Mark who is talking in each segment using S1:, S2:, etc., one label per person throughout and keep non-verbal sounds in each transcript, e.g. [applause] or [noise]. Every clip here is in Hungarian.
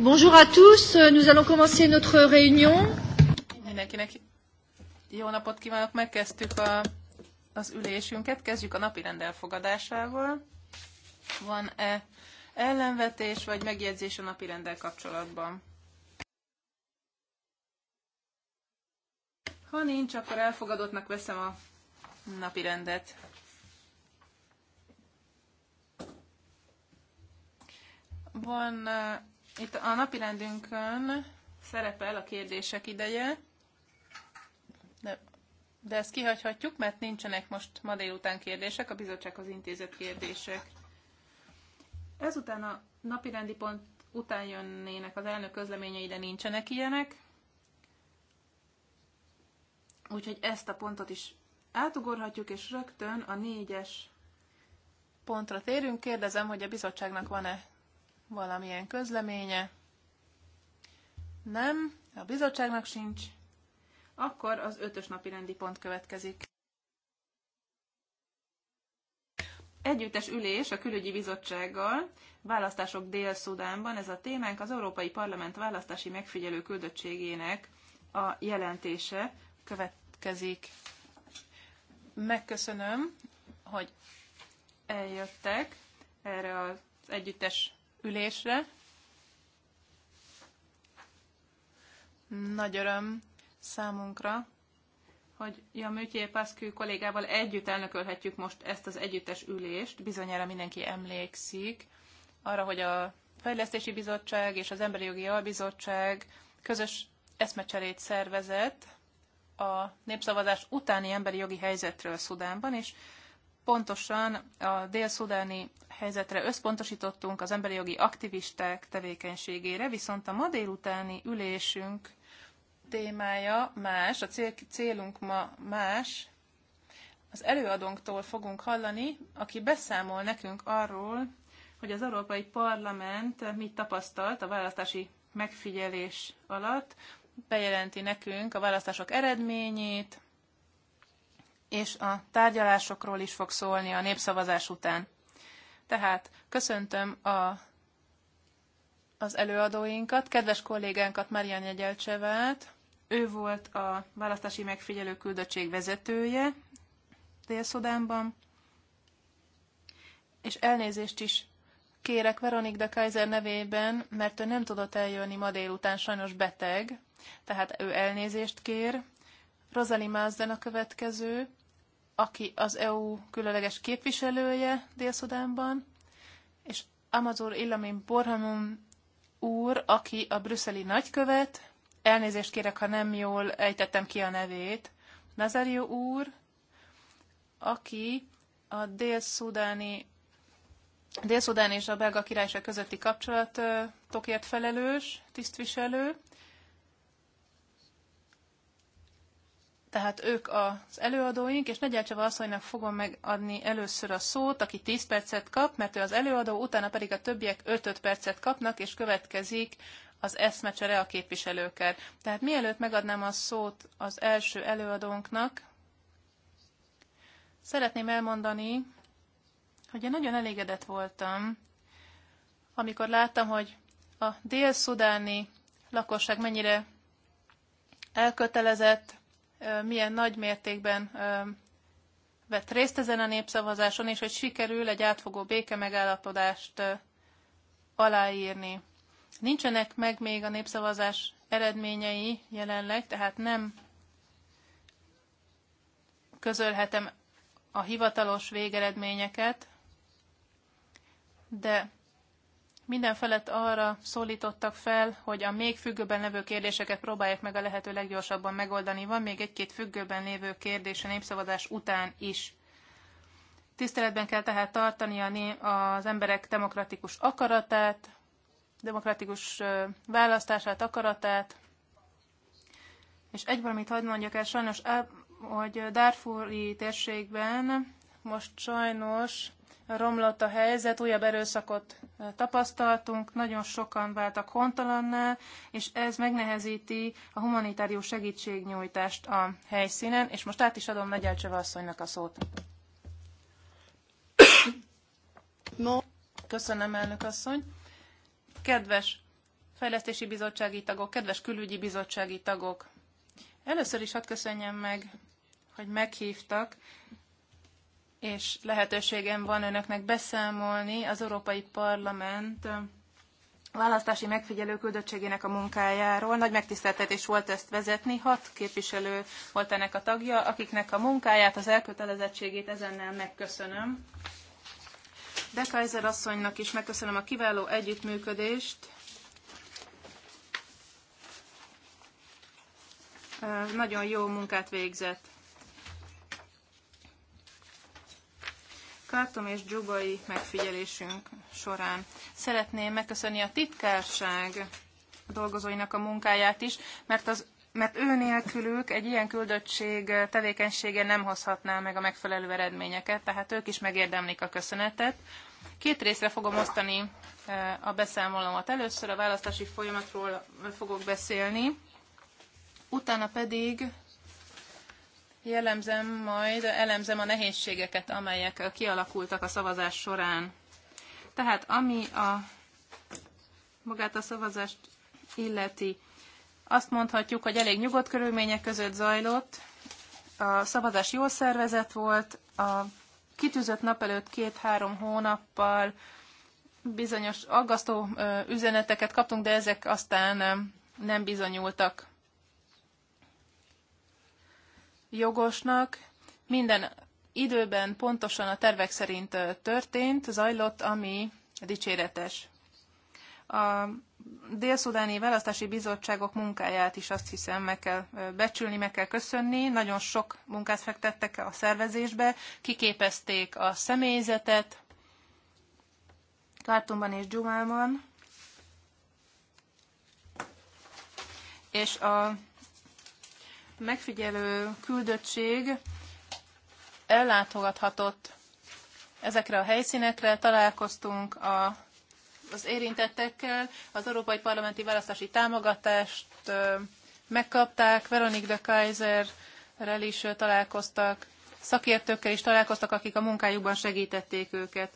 S1: Bonjour à tous, nous allons commencer notre réunion.
S2: Mindenkinek jó napot kívánok, megkezdtük a, az ülésünket, kezdjük a napi rendelfogadásával. Van-e ellenvetés vagy megjegyzés a napi rendel kapcsolatban? Ha nincs, akkor elfogadottnak veszem a napi rendet. Van eh, itt a napirendünkön szerepel a kérdések ideje, de, de ezt kihagyhatjuk, mert nincsenek most ma délután kérdések, a bizottsághoz intézett
S3: kérdések.
S2: Ezután a napirendi pont után jönnének az elnök közleményei, de nincsenek ilyenek. Úgyhogy ezt a pontot is átugorhatjuk, és rögtön a négyes pontra térünk. Kérdezem, hogy a bizottságnak van-e valamilyen közleménye? Nem, a bizottságnak sincs. Akkor az ötös napi rendi pont következik. Együttes ülés a külügyi bizottsággal, választások Dél-Szudánban, ez a témánk az Európai Parlament választási megfigyelő küldöttségének a jelentése következik. Megköszönöm, hogy eljöttek erre az együttes ülésre. Nagy öröm számunkra, hogy ja, Műtyé Paszkő kollégával együtt elnökölhetjük most ezt az együttes ülést. Bizonyára mindenki emlékszik arra, hogy a Fejlesztési Bizottság és az Emberi Jogi Albizottság közös eszmecserét szervezett a népszavazás utáni emberi jogi helyzetről Szudánban, és pontosan a dél-szudáni helyzetre összpontosítottunk az emberi jogi aktivisták tevékenységére, viszont a ma délutáni ülésünk témája más, a cél, célunk ma más. Az előadónktól fogunk hallani, aki beszámol nekünk arról, hogy az Európai Parlament mit tapasztalt a választási megfigyelés alatt, bejelenti nekünk a választások eredményét, és a tárgyalásokról is fog szólni a népszavazás után. Tehát köszöntöm a, az előadóinkat, kedves kollégánkat, Marian Jegyelcsevát. Ő volt a választási megfigyelő küldöttség vezetője Dél-Szudánban, és elnézést is kérek Veronik de Kaiser nevében, mert ő nem tudott eljönni ma délután, sajnos beteg, tehát ő elnézést kér. Rosalie Mazden a következő, aki az EU különleges képviselője Dél-Szudánban, és Amazur Illamin Borhamun úr, aki a brüsszeli nagykövet, elnézést kérek, ha nem jól ejtettem ki a nevét, Nazario úr, aki a dél-szudáni Dél-Szudán és a belga királyság közötti kapcsolatokért felelős tisztviselő, tehát ők az előadóink, és Negyelcseva asszonynak fogom megadni először a szót, aki 10 percet kap, mert ő az előadó, utána pedig a többiek 5-5 percet kapnak, és következik az eszmecsere a képviselőkkel. Tehát mielőtt megadnám a szót az első előadónknak, szeretném elmondani, hogy én nagyon elégedett voltam, amikor láttam, hogy a dél-szudáni lakosság mennyire elkötelezett, milyen nagy mértékben vett részt ezen a népszavazáson, és hogy sikerül egy átfogó béke megállapodást aláírni. Nincsenek meg még a népszavazás eredményei jelenleg, tehát nem közölhetem a hivatalos végeredményeket, de Mindenfelett arra szólítottak fel, hogy a még függőben levő kérdéseket próbálják meg a lehető leggyorsabban megoldani. Van még egy-két függőben lévő kérdés a népszavazás után is. Tiszteletben kell tehát tartani az emberek demokratikus akaratát, demokratikus választását, akaratát. És egy valamit hagyd mondjak el, sajnos, hogy Darfuri térségben most sajnos romlott a helyzet, újabb erőszakot tapasztaltunk, nagyon sokan váltak hontalanná, és ez megnehezíti a humanitárius segítségnyújtást a helyszínen, és most át is adom Negyelcseve asszonynak a szót. Köszönöm, elnök asszony. Kedves fejlesztési bizottsági tagok, kedves külügyi bizottsági tagok, először is hadd köszönjem meg, hogy meghívtak, és lehetőségem van önöknek beszámolni az Európai Parlament választási megfigyelő küldöttségének a munkájáról. Nagy megtiszteltetés volt ezt vezetni. Hat képviselő volt ennek a tagja, akiknek a munkáját, az elkötelezettségét ezennel megköszönöm. De Kaiser asszonynak is megköszönöm a kiváló együttműködést. Nagyon jó munkát végzett. Kartom és Dzsubai megfigyelésünk során. Szeretném megköszönni a titkárság dolgozóinak a munkáját is, mert az mert ő nélkülük egy ilyen küldöttség tevékenysége nem hozhatná meg a megfelelő eredményeket, tehát ők is megérdemlik a köszönetet. Két részre fogom osztani e, a beszámolómat. Először a választási folyamatról fogok beszélni, utána pedig jellemzem majd, elemzem a nehézségeket, amelyek kialakultak a szavazás során. Tehát ami a magát a szavazást illeti, azt mondhatjuk, hogy elég nyugodt körülmények között zajlott, a szavazás jól szervezett volt, a kitűzött nap előtt két-három hónappal bizonyos aggasztó üzeneteket kaptunk, de ezek aztán nem bizonyultak jogosnak, minden időben pontosan a tervek szerint történt, zajlott, ami dicséretes. A délszudáni választási bizottságok munkáját is azt hiszem meg kell becsülni, meg kell köszönni. Nagyon sok munkát fektettek a szervezésbe, kiképezték a személyzetet, Kártumban és Dzsumában, és a megfigyelő küldöttség ellátogathatott ezekre a helyszínekre, találkoztunk a, az érintettekkel, az Európai Parlamenti Választási Támogatást megkapták, Veronik de Kaiserrel is találkoztak, szakértőkkel is találkoztak, akik a munkájukban segítették őket.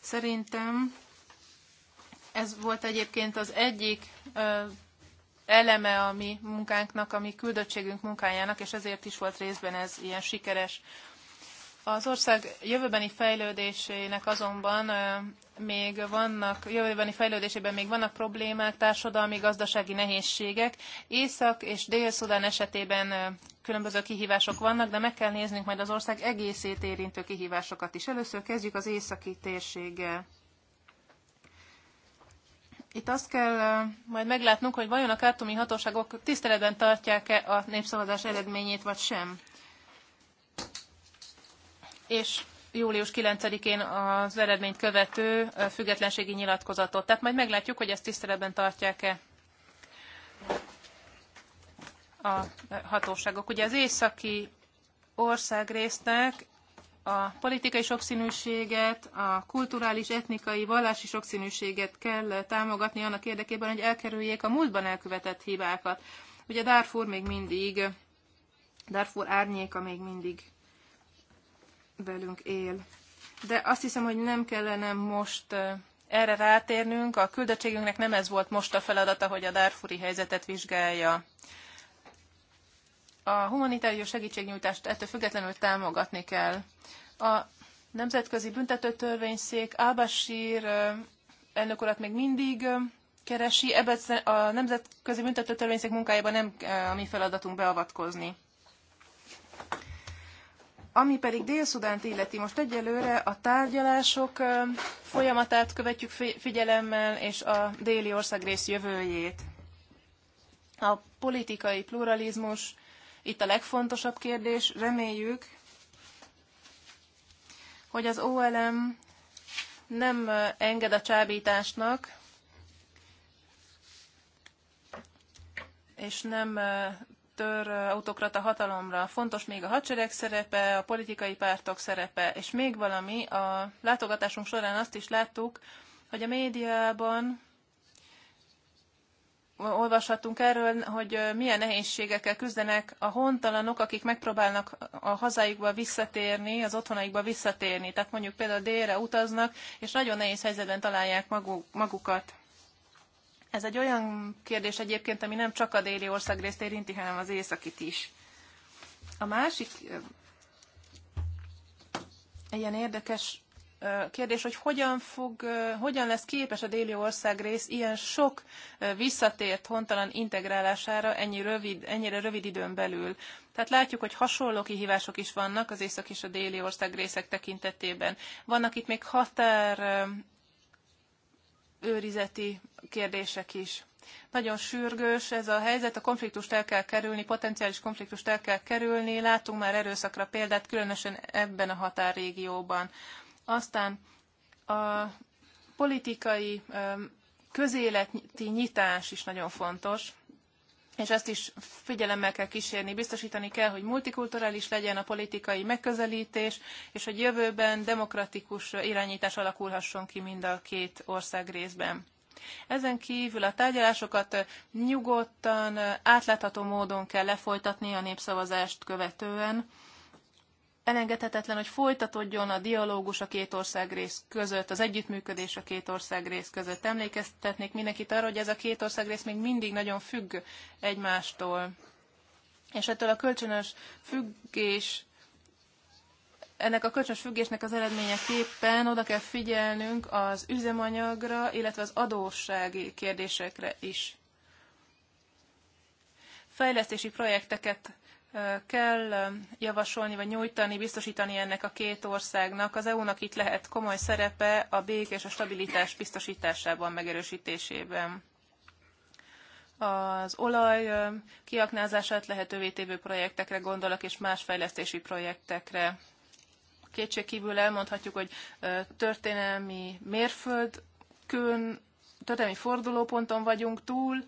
S2: Szerintem ez volt egyébként az egyik eleme a mi munkánknak, a mi küldöttségünk munkájának, és ezért is volt részben ez ilyen sikeres. Az ország jövőbeni fejlődésének azonban még vannak, jövőbeni fejlődésében még vannak problémák, társadalmi, gazdasági nehézségek. Észak és Dél-Szudán esetében különböző kihívások vannak, de meg kell néznünk majd az ország egészét érintő kihívásokat is. Először kezdjük az északi térséggel. Itt azt kell majd meglátnunk, hogy vajon a kártumi hatóságok tiszteletben tartják-e a népszavazás eredményét, vagy sem. És július 9-én az eredményt követő függetlenségi nyilatkozatot. Tehát majd meglátjuk, hogy ezt tiszteletben tartják-e a hatóságok. Ugye az északi országrésznek a politikai sokszínűséget, a kulturális, etnikai, vallási sokszínűséget kell támogatni annak érdekében, hogy elkerüljék a múltban elkövetett hibákat. Ugye Darfur még mindig, Darfur árnyéka még mindig velünk él. De azt hiszem, hogy nem kellene most erre rátérnünk. A küldöttségünknek nem ez volt most a feladata, hogy a Darfuri helyzetet vizsgálja a humanitárius segítségnyújtást ettől függetlenül támogatni kell. A Nemzetközi Büntetőtörvényszék Ábasír elnök urat még mindig keresi, ebben a Nemzetközi Büntetőtörvényszék munkájában nem a mi feladatunk beavatkozni. Ami pedig Dél-Szudánt illeti, most egyelőre a tárgyalások folyamatát követjük figyelemmel, és a déli országrész jövőjét. A politikai pluralizmus itt a legfontosabb kérdés. Reméljük, hogy az OLM nem enged a csábításnak, és nem tör autokrata hatalomra. Fontos még a hadsereg szerepe, a politikai pártok szerepe, és még valami, a látogatásunk során azt is láttuk, hogy a médiában olvashatunk erről, hogy milyen nehézségekkel küzdenek a hontalanok, akik megpróbálnak a hazájukba visszatérni, az otthonaikba visszatérni. Tehát mondjuk például délre utaznak, és nagyon nehéz helyzetben találják magukat. Ez egy olyan kérdés egyébként, ami nem csak a déli országrészt érinti, hanem az északit is. A másik ilyen érdekes kérdés, hogy hogyan, fog, hogyan lesz képes a déli ország rész ilyen sok visszatért hontalan integrálására ennyi rövid, ennyire rövid időn belül. Tehát látjuk, hogy hasonló kihívások is vannak az észak és a déli ország részek tekintetében. Vannak itt még határ őrizeti kérdések is. Nagyon sürgős ez a helyzet, a konfliktust el kell kerülni, potenciális konfliktust el kell kerülni, látunk már erőszakra példát, különösen ebben a határrégióban. Aztán a politikai közéleti nyitás is nagyon fontos, és ezt is figyelemmel kell kísérni. Biztosítani kell, hogy multikulturális legyen a politikai megközelítés, és hogy jövőben demokratikus irányítás alakulhasson ki mind a két ország részben. Ezen kívül a tárgyalásokat nyugodtan, átlátható módon kell lefolytatni a népszavazást követően, elengedhetetlen, hogy folytatódjon a dialógus a két ország rész között, az együttműködés a két ország rész között. Emlékeztetnék mindenkit arra, hogy ez a két ország rész még mindig nagyon függ egymástól. És ettől a kölcsönös függés, ennek a kölcsönös függésnek az eredményeképpen oda kell figyelnünk az üzemanyagra, illetve az adóssági kérdésekre is. Fejlesztési projekteket kell javasolni vagy nyújtani, biztosítani ennek a két országnak. Az EU-nak itt lehet komoly szerepe a bék és a stabilitás biztosításában, megerősítésében. Az olaj kiaknázását lehetővé tévő projektekre gondolok, és más fejlesztési projektekre. Kétségkívül elmondhatjuk, hogy történelmi mérföldkőn, történelmi fordulóponton vagyunk túl,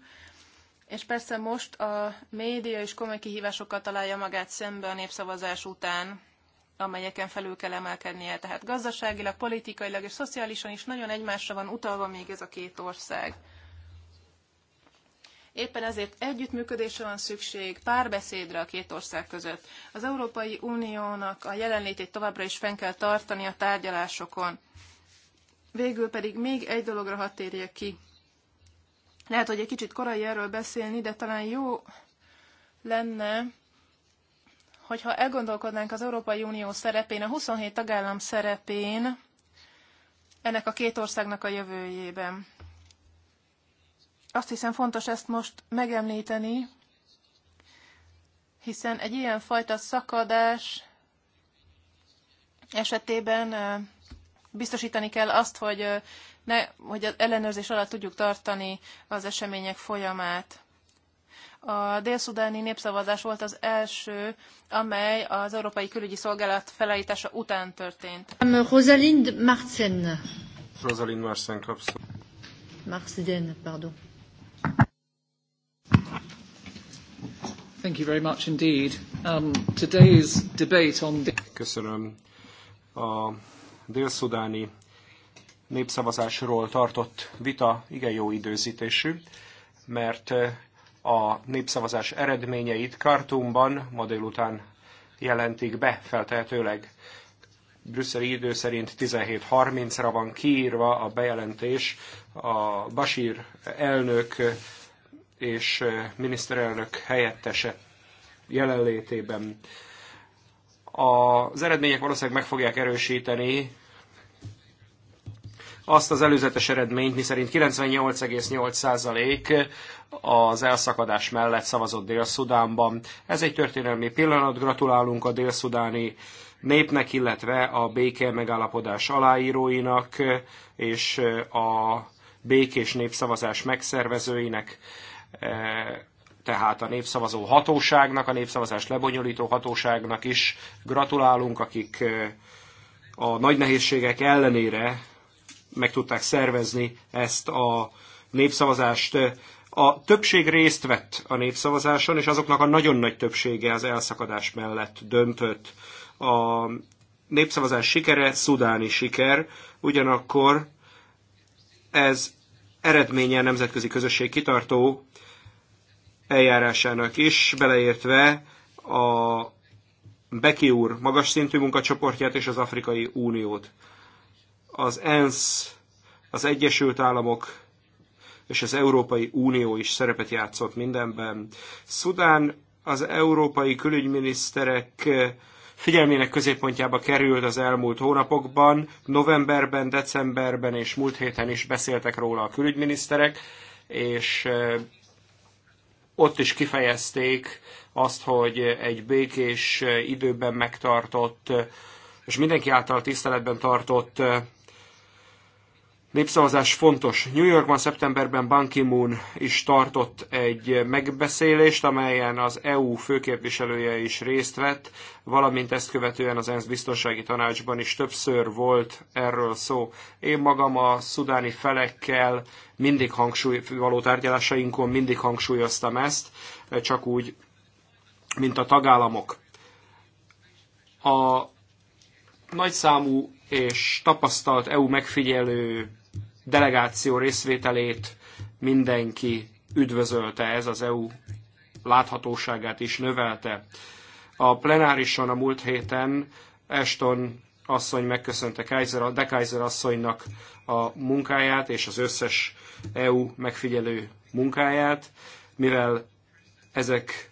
S2: és persze most a média is komoly kihívásokat találja magát szembe a népszavazás után, amelyeken felül kell emelkednie. Tehát gazdaságilag, politikailag és szociálisan is nagyon egymásra van utalva még ez a két ország. Éppen ezért együttműködésre van szükség, párbeszédre a két ország között. Az Európai Uniónak a jelenlétét továbbra is fenn kell tartani a tárgyalásokon. Végül pedig még egy dologra hadd térjek ki. Lehet, hogy egy kicsit korai erről beszélni, de talán jó lenne, hogyha elgondolkodnánk az Európai Unió szerepén, a 27 tagállam szerepén, ennek a két országnak a jövőjében. Azt hiszem fontos ezt most megemlíteni, hiszen egy ilyen fajta szakadás esetében biztosítani kell azt, hogy ne, hogy az ellenőrzés alatt tudjuk tartani az események folyamát. A délszudáni népszavazás volt az első, amely az Európai Külügyi Szolgálat felállítása után történt.
S1: Rosalind Marcen.
S4: Rosalind Marcen kapszol.
S1: Marcen, pardon. Thank you very much indeed. Um, today's
S4: debate on... Köszönöm. A délszudáni népszavazásról tartott vita igen jó időzítésű, mert eh, a népszavazás eredményeit Kartumban ma délután jelentik be, feltehetőleg brüsszeli idő szerint 17.30-ra van kiírva a bejelentés a Basír elnök eh, és eh, miniszterelnök helyettese jelenlétében. Az eredmények valószínűleg meg fogják erősíteni azt az előzetes eredményt, miszerint 98,8% az elszakadás mellett szavazott Dél-Szudánban. Ez egy történelmi pillanat, gratulálunk a dél-szudáni népnek, illetve a béke megállapodás aláíróinak és a békés népszavazás megszervezőinek tehát a népszavazó hatóságnak, a népszavazást lebonyolító hatóságnak is gratulálunk, akik a nagy nehézségek ellenére meg tudták szervezni ezt a népszavazást. A többség részt vett a népszavazáson, és azoknak a nagyon nagy többsége az elszakadás mellett döntött. A népszavazás sikere szudáni siker, ugyanakkor ez eredménye a nemzetközi közösség kitartó eljárásának is, beleértve a Beki úr magas szintű munkacsoportját és az Afrikai Uniót az ENSZ, az Egyesült Államok és az Európai Unió is szerepet játszott mindenben. Szudán az európai külügyminiszterek eh, figyelmének középpontjába került az elmúlt hónapokban. Novemberben, decemberben és múlt héten is beszéltek róla a külügyminiszterek, és eh, ott is kifejezték azt, hogy egy békés eh, időben megtartott és mindenki által tiszteletben tartott népszavazás fontos. New Yorkban szeptemberben Ban Ki-moon is tartott egy megbeszélést, amelyen az EU főképviselője is részt vett, valamint ezt követően az ENSZ biztonsági tanácsban is többször volt erről szó. Én magam a szudáni felekkel mindig hangsúly, való tárgyalásainkon mindig hangsúlyoztam ezt, csak úgy, mint a tagállamok. A nagyszámú és tapasztalt EU megfigyelő delegáció részvételét mindenki üdvözölte, ez az EU láthatóságát is növelte. A plenárison a múlt héten Ashton asszony megköszönte Kaiser, de Kaiser asszonynak a munkáját és az összes EU megfigyelő munkáját, mivel ezek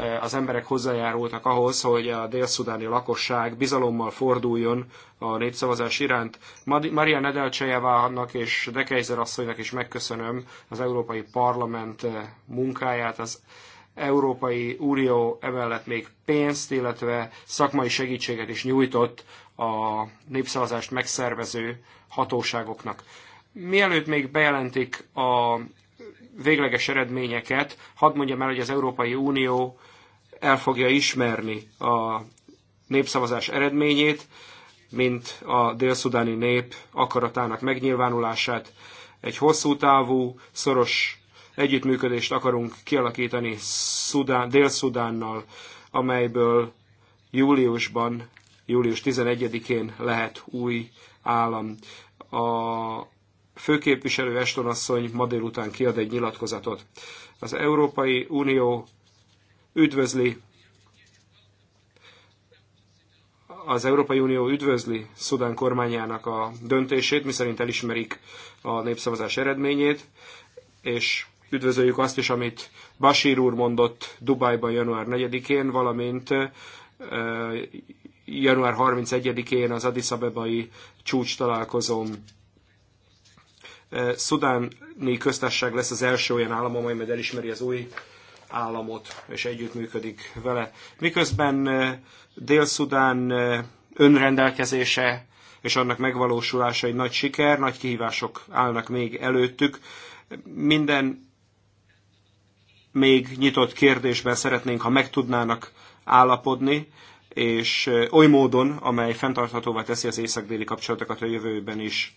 S4: Eh, az emberek hozzájárultak ahhoz, hogy a dél dél-szudáni lakosság bizalommal forduljon a népszavazás iránt. Maria Nedelcsejevának és De Keizer asszonynak is megköszönöm az Európai Parlament eh, munkáját, az Európai Unió emellett még pénzt, illetve szakmai segítséget is nyújtott a népszavazást megszervező hatóságoknak. Mielőtt még bejelentik a végleges eredményeket, hadd mondjam el, hogy az Európai Unió el fogja ismerni a népszavazás eredményét, mint a délszudáni nép akaratának megnyilvánulását. Egy hosszú távú, szoros együttműködést akarunk kialakítani Szudán, Dél-Szudánnal, amelyből júliusban, július 11-én lehet új állam. A főképviselő Eston asszony ma délután kiad egy nyilatkozatot. Az Európai Unió üdvözli az Európai Unió üdvözli Szudán kormányának a döntését, miszerint elismerik a népszavazás eredményét, és üdvözöljük azt is, amit Bashir úr mondott Dubajban január 4-én, valamint január 31-én az Addis Abebai csúcs találkozón Szudáni köztársaság lesz az első olyan állam, amely majd elismeri az új államot, és együttműködik vele. Miközben Dél-Szudán önrendelkezése és annak megvalósulása egy nagy siker, nagy kihívások állnak még előttük. Minden még nyitott kérdésben szeretnénk, ha meg tudnának állapodni, és oly módon, amely fenntarthatóvá teszi az észak-déli kapcsolatokat a jövőben is.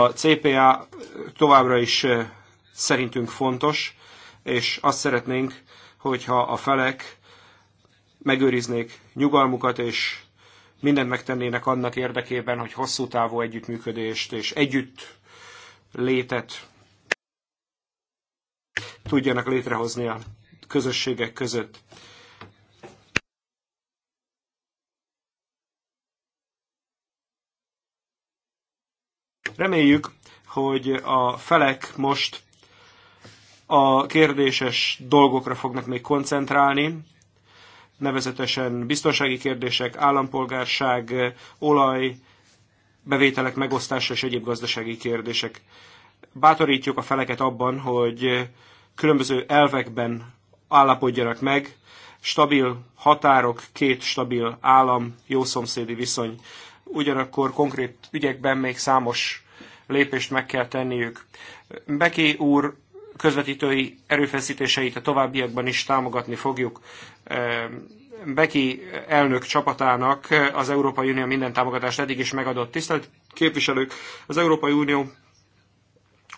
S4: A CPA továbbra is szerintünk fontos, és azt szeretnénk, hogyha a felek megőriznék nyugalmukat, és mindent megtennének annak érdekében, hogy hosszú távú együttműködést és együtt létet tudjanak létrehozni a közösségek között. Reméljük, hogy a felek most a kérdéses dolgokra fognak még koncentrálni, nevezetesen biztonsági kérdések, állampolgárság, olaj, bevételek megosztása és egyéb gazdasági kérdések. Bátorítjuk a feleket abban, hogy különböző elvekben állapodjanak meg, stabil határok, két stabil állam, jó szomszédi viszony. Ugyanakkor konkrét ügyekben még számos lépést meg kell tenniük. Beki úr közvetítői erőfeszítéseit a továbbiakban is támogatni fogjuk. Ehm, Beki elnök csapatának az Európai Unió minden támogatást eddig is megadott. Tisztelt képviselők, az Európai Unió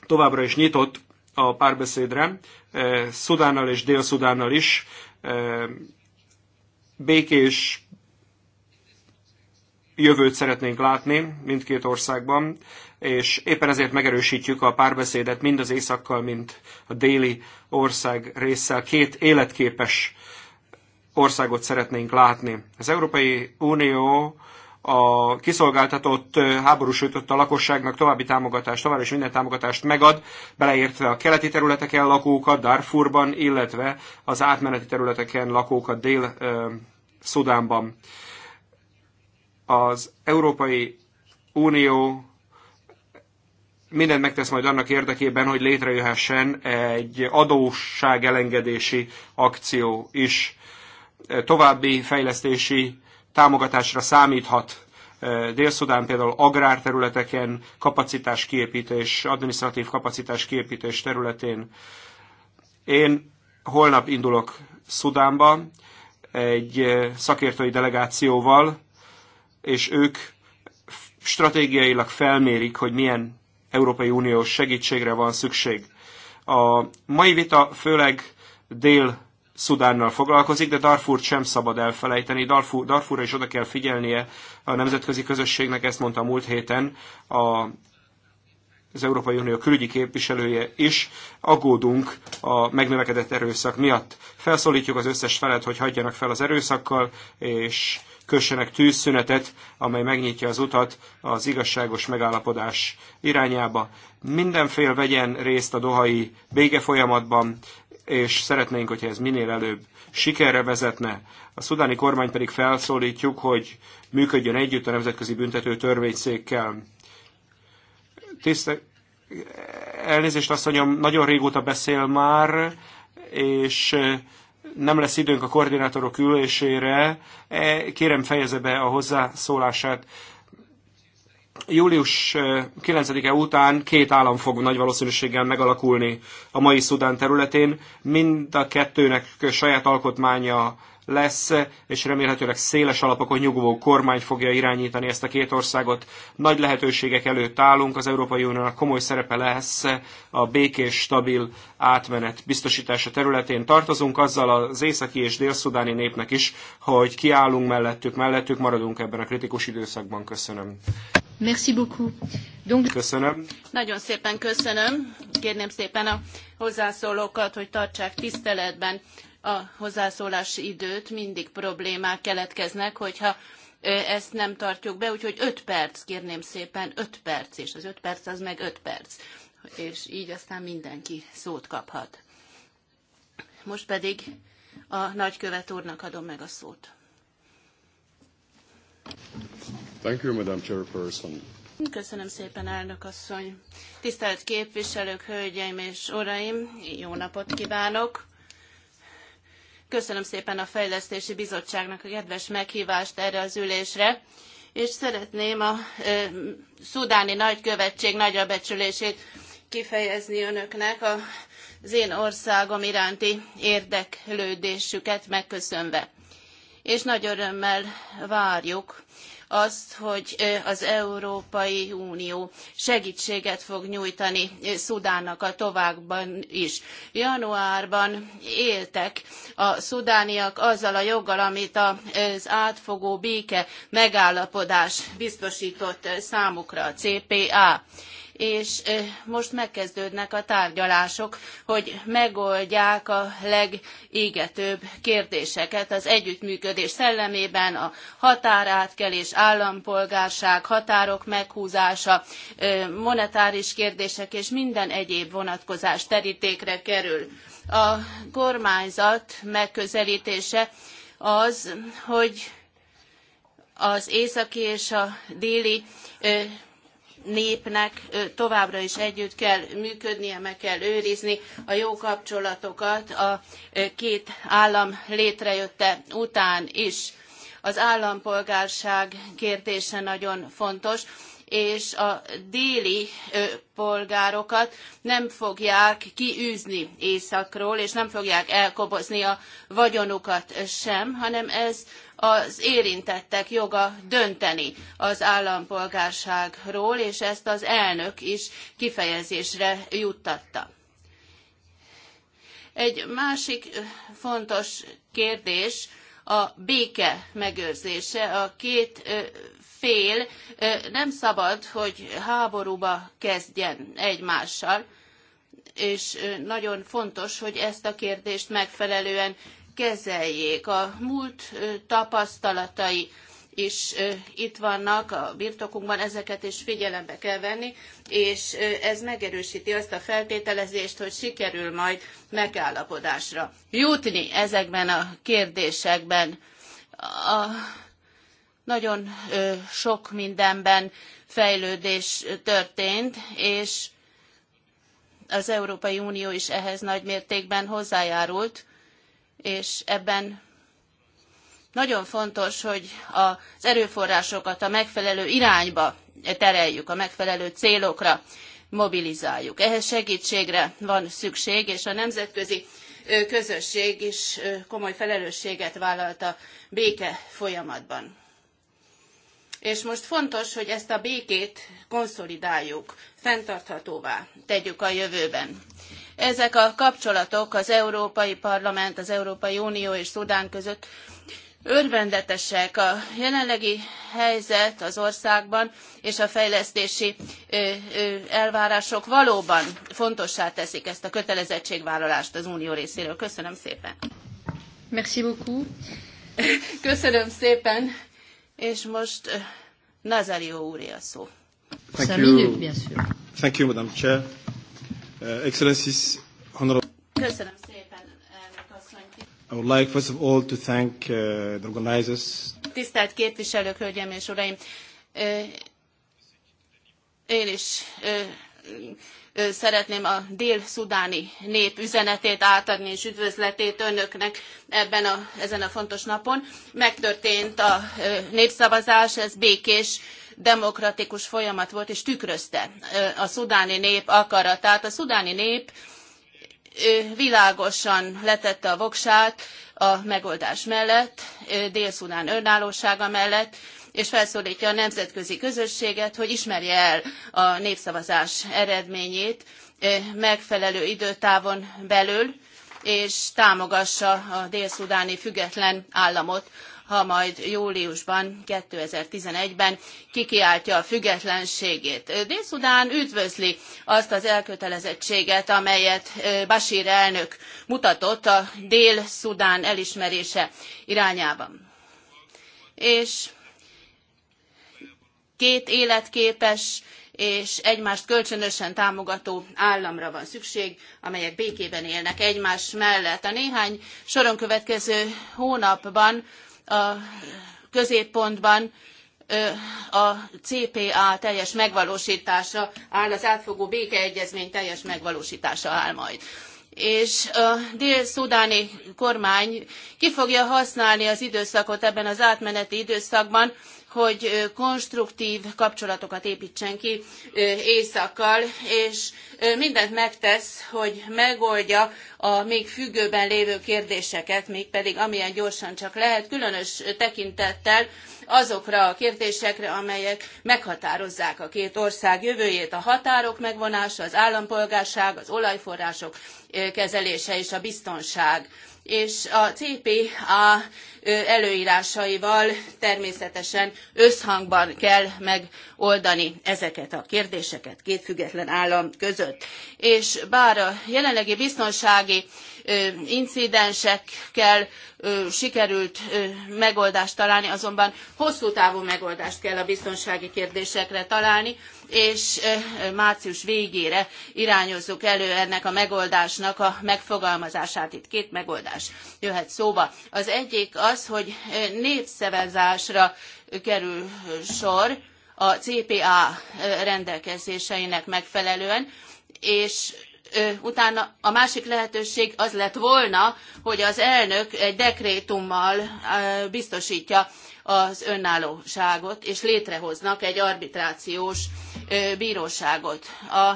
S4: továbbra is nyitott a párbeszédre, ehm, Szudánnal és Dél-Szudánnal is, ehm, békés jövőt szeretnénk látni mindkét országban és éppen ezért megerősítjük a párbeszédet mind az északkal, mint a déli ország résszel. Két életképes országot szeretnénk látni. Az Európai Unió a kiszolgáltatott, háborúsított a lakosságnak további támogatást, tovább is minden támogatást megad, beleértve a keleti területeken lakókat, Darfurban, illetve az átmeneti területeken lakókat Dél-Szudánban. Az Európai Unió mindent megtesz majd annak érdekében, hogy létrejöhessen egy adósság elengedési akció is. További fejlesztési támogatásra számíthat eh, Dél-Szudán például agrárterületeken, kapacitás kiépítés, administratív kapacitás kiépítés területén. Én holnap indulok Szudánba egy eh, szakértői delegációval, és ők stratégiailag felmérik, hogy milyen Európai Uniós segítségre van szükség. A mai vita főleg dél Szudánnal foglalkozik, de Darfurt sem szabad elfelejteni. Darfur, Darfurra is oda kell figyelnie a nemzetközi közösségnek, ezt mondta múlt héten a az Európai Unió külügyi képviselője is, aggódunk a megnövekedett erőszak miatt. Felszólítjuk az összes felet, hogy hagyjanak fel az erőszakkal, és kössenek tűzszünetet, amely megnyitja az utat az igazságos megállapodás irányába. Minden fél vegyen részt a dohai békefolyamatban folyamatban, és szeretnénk, hogyha ez minél előbb sikerre vezetne. A szudáni kormány pedig felszólítjuk, hogy működjön együtt a Nemzetközi Büntető Törvényszékkel. Tisztelt elnézést asszonyom, nagyon régóta beszél már, és nem lesz időnk a koordinátorok ülésére. E, kérem fejeze be a hozzászólását. Július 9-e után két állam fog nagy valószínűséggel megalakulni a mai Szudán területén. Mind a kettőnek saját alkotmánya lesz, és remélhetőleg széles alapokon nyugvó kormány fogja irányítani ezt a két országot. Nagy lehetőségek előtt állunk, az Európai Uniónak komoly szerepe lesz a békés, stabil átmenet biztosítása területén. Tartozunk azzal az északi és délszudáni népnek is, hogy kiállunk mellettük, mellettük maradunk ebben a kritikus időszakban. Köszönöm.
S1: Merci beaucoup.
S3: Donc... Köszönöm. Nagyon szépen köszönöm. Kérném szépen a hozzászólókat, hogy tartsák tiszteletben a hozzászólási időt, mindig problémák keletkeznek, hogyha ezt nem tartjuk be, úgyhogy 5 perc, kérném szépen, 5 perc, és az 5 perc az meg 5 perc, és így aztán mindenki szót kaphat. Most pedig a nagykövet úrnak adom meg a szót. Thank you, Madam Chairperson. Köszönöm szépen, elnök asszony. Tisztelt képviselők, hölgyeim és uraim, jó napot kívánok! Köszönöm szépen a Fejlesztési Bizottságnak a kedves meghívást erre az ülésre, és szeretném a ö, szudáni nagykövetség nagyobb becsülését kifejezni önöknek a, az én országom iránti érdeklődésüket megköszönve. És nagy örömmel várjuk azt, hogy az Európai Unió segítséget fog nyújtani Szudánnak a továbbban is. Januárban éltek a szudániak azzal a joggal, amit az átfogó béke megállapodás biztosított számukra, a CPA és most megkezdődnek a tárgyalások, hogy megoldják a legégetőbb kérdéseket az együttműködés szellemében, a határátkelés, állampolgárság, határok meghúzása, monetáris kérdések és minden egyéb vonatkozás terítékre kerül. A kormányzat megközelítése az, hogy az északi és a déli népnek továbbra is együtt kell működnie, meg kell őrizni a jó kapcsolatokat a két állam létrejötte után is. Az állampolgárság kérdése nagyon fontos és a déli polgárokat nem fogják kiűzni északról, és nem fogják elkobozni a vagyonukat sem, hanem ez az érintettek joga dönteni az állampolgárságról, és ezt az elnök is kifejezésre juttatta. Egy másik fontos kérdés a béke megőrzése. A két fél nem szabad, hogy háborúba kezdjen egymással, és nagyon fontos, hogy ezt a kérdést megfelelően kezeljék. A múlt tapasztalatai is itt vannak a birtokunkban, ezeket is figyelembe kell venni, és ez megerősíti azt a feltételezést, hogy sikerül majd megállapodásra jutni ezekben a kérdésekben. A nagyon sok mindenben fejlődés történt, és az Európai Unió is ehhez nagy mértékben hozzájárult és ebben nagyon fontos, hogy az erőforrásokat a megfelelő irányba tereljük, a megfelelő célokra mobilizáljuk. Ehhez segítségre van szükség, és a nemzetközi közösség is komoly felelősséget vállalt a béke folyamatban. És most fontos, hogy ezt a békét konszolidáljuk, fenntarthatóvá tegyük a jövőben. Ezek a kapcsolatok az Európai Parlament, az Európai Unió és Szudán között örvendetesek. A jelenlegi helyzet az országban és a fejlesztési elvárások valóban fontossá teszik ezt a kötelezettségvállalást az Unió részéről. Köszönöm szépen.
S1: Merci beaucoup.
S3: [laughs] Köszönöm szépen, és most Nazario úr a szó.
S4: Thank you. Thank you, Madam Chair. Uh, Excellencies, Honorable...
S3: Köszönöm szépen, I would like first of
S4: all to thank uh, the organizers.
S3: Tisztelt képviselők, hölgyeim és uraim! Uh, én is uh, szeretném a dél-szudáni nép üzenetét átadni és üdvözletét önöknek ebben a, ezen a fontos napon. Megtörtént a népszavazás, ez békés demokratikus folyamat volt, és tükrözte a szudáni nép akaratát. A szudáni nép világosan letette a voksát a megoldás mellett, Dél-Szudán önállósága mellett, és felszólítja a nemzetközi közösséget, hogy ismerje el a népszavazás eredményét megfelelő időtávon belül, és támogassa a dél-szudáni független államot, ha majd júliusban, 2011-ben kikiáltja a függetlenségét. Dél-Szudán üdvözli azt az elkötelezettséget, amelyet Bashir elnök mutatott a Dél-Szudán elismerése irányában. És két életképes és egymást kölcsönösen támogató államra van szükség, amelyek békében élnek egymás mellett. A néhány soron következő hónapban a középpontban a CPA teljes megvalósítása áll, az átfogó békeegyezmény teljes megvalósítása áll majd és a dél-szudáni kormány ki fogja használni az időszakot ebben az átmeneti időszakban, hogy konstruktív kapcsolatokat építsen ki Északkal, és mindent megtesz, hogy megoldja a még függőben lévő kérdéseket, mégpedig amilyen gyorsan csak lehet, különös tekintettel azokra a kérdésekre, amelyek meghatározzák a két ország jövőjét, a határok megvonása, az állampolgárság, az olajforrások kezelése és a biztonság és a CPA előírásaival természetesen összhangban kell megoldani ezeket a kérdéseket két független állam között. És bár a jelenlegi biztonsági incidensekkel sikerült megoldást találni, azonban hosszú távú megoldást kell a biztonsági kérdésekre találni, és március végére irányozzuk elő ennek a megoldásnak a megfogalmazását. Itt két megoldás jöhet szóba. Az egyik az, hogy népszavazásra kerül sor a CPA rendelkezéseinek megfelelően, és utána a másik lehetőség az lett volna, hogy az elnök egy dekrétummal biztosítja az önállóságot, és létrehoznak egy arbitrációs bíróságot. A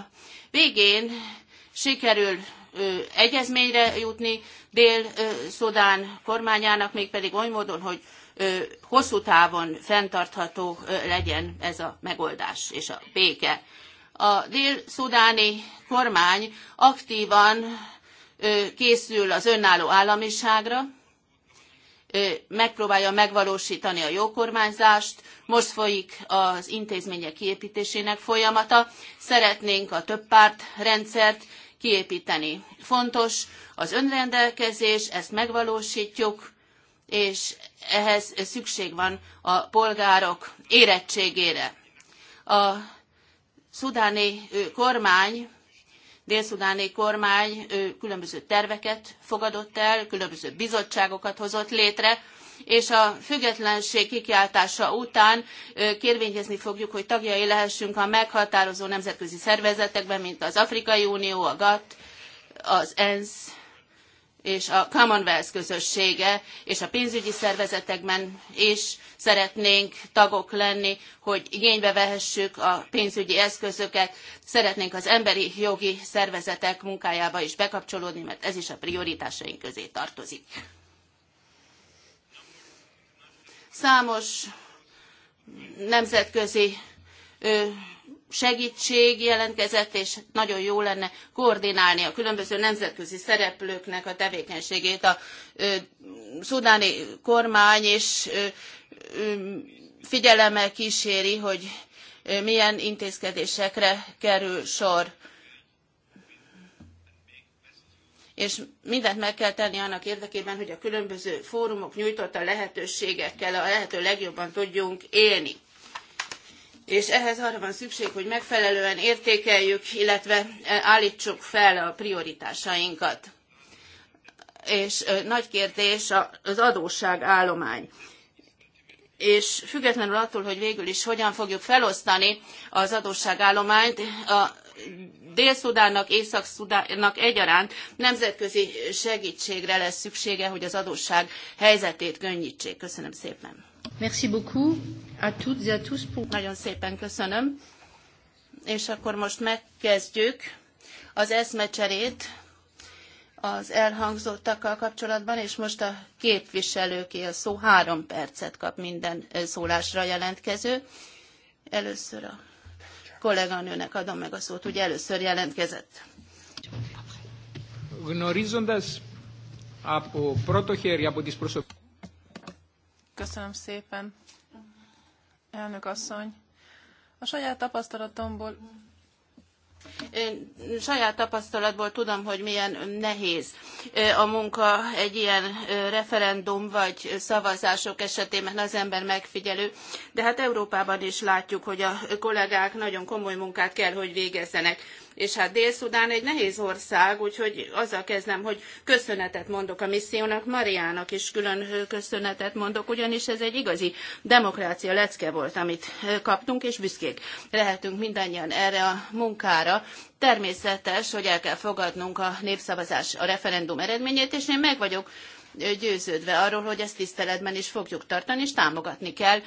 S3: végén sikerül egyezményre jutni Dél-Szudán kormányának, mégpedig oly módon, hogy hosszú távon fenntartható legyen ez a megoldás és a béke. A dél-szudáni kormány aktívan készül az önálló államiságra, megpróbálja megvalósítani a jó kormányzást. Most folyik az intézmények kiépítésének folyamata. Szeretnénk a több párt rendszert kiépíteni. Fontos az önrendelkezés, ezt megvalósítjuk, és ehhez szükség van a polgárok érettségére. A szudáni kormány dél-szudáni kormány különböző terveket fogadott el, különböző bizottságokat hozott létre, és a függetlenség kikiáltása után kérvényezni fogjuk, hogy tagjai lehessünk a meghatározó nemzetközi szervezetekben, mint az Afrikai Unió, a GATT, az ENSZ, és a Commonwealth közössége és a pénzügyi szervezetekben is szeretnénk tagok lenni, hogy igénybe vehessük a pénzügyi eszközöket, szeretnénk az emberi jogi szervezetek munkájába is bekapcsolódni, mert ez is a prioritásaink közé tartozik. Számos nemzetközi segítség jelentkezett, és nagyon jó lenne koordinálni a különböző nemzetközi szereplőknek a tevékenységét. A ö, szudáni kormány is figyelemmel kíséri, hogy milyen intézkedésekre kerül sor. és mindent meg kell tenni annak érdekében, hogy a különböző fórumok nyújtotta lehetőségekkel a lehető legjobban tudjunk élni és ehhez arra van szükség, hogy megfelelően értékeljük, illetve e, állítsuk fel a prioritásainkat. És e, nagy kérdés az adósság állomány és függetlenül attól, hogy végül is hogyan fogjuk felosztani az adósságállományt, a Dél-Szudánnak, Észak-Szudánnak egyaránt nemzetközi segítségre lesz szüksége, hogy az adósság helyzetét könnyítsék. Köszönöm szépen.
S1: Merci beaucoup à toutes et à tous
S3: pour... Nagyon szépen köszönöm. És akkor most megkezdjük az eszmecserét az elhangzottakkal kapcsolatban, és most a képviselőké a szó három percet kap minden eh, szólásra jelentkező. Először a kolléganőnek adom meg a szót, ugye először jelentkezett.
S4: Γνωρίζοντας από πρώτο χέρι,
S2: Köszönöm szépen, elnök asszony. A saját tapasztalatomból
S3: én saját tapasztalatból tudom, hogy milyen nehéz a munka egy ilyen referendum vagy szavazások esetében az ember megfigyelő, de hát Európában is látjuk, hogy a kollégák nagyon komoly munkát kell, hogy végezzenek és hát Dél-Szudán egy nehéz ország, úgyhogy azzal kezdem, hogy köszönetet mondok a missziónak, Mariának is külön köszönetet mondok, ugyanis ez egy igazi demokrácia lecke volt, amit kaptunk, és büszkék lehetünk mindannyian erre a munkára, Természetes, hogy el kell fogadnunk a népszavazás, a referendum eredményét, és én meg vagyok győződve arról, hogy ezt tiszteletben is fogjuk tartani, és támogatni kell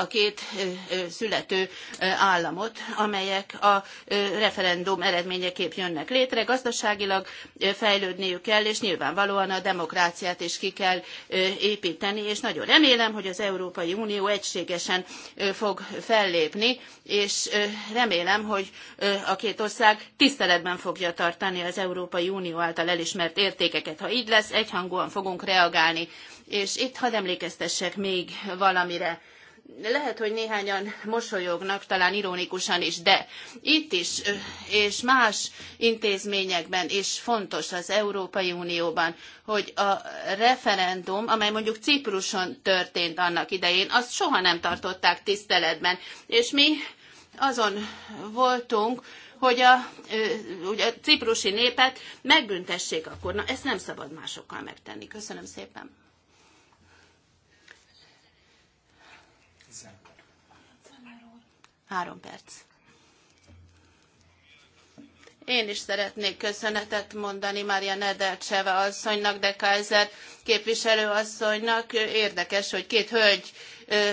S3: a két születő államot, amelyek a referendum eredményeképp jönnek létre, gazdaságilag fejlődniük kell, és nyilvánvalóan a demokráciát is ki kell építeni, és nagyon remélem, hogy az Európai Unió egységesen fog fellépni, és remélem, hogy a két ország tiszteletben fogja tartani az Európai Unió által elismert értékeket. Ha így lesz, egyhangúan fogunk reagálni. És itt hadd emlékeztessek még valamire lehet, hogy néhányan mosolyognak, talán ironikusan is, de itt is, és más intézményekben is fontos az Európai Unióban, hogy a referendum, amely mondjuk Cipruson történt annak idején, azt soha nem tartották tiszteletben. És mi azon voltunk, hogy a, hogy a ciprusi népet megbüntessék akkor. Na, ezt nem szabad másokkal megtenni. Köszönöm szépen. Három perc. Én is szeretnék köszönetet mondani Mária Nedelcseve asszonynak, de Kaiser képviselő asszonynak. Érdekes, hogy két hölgy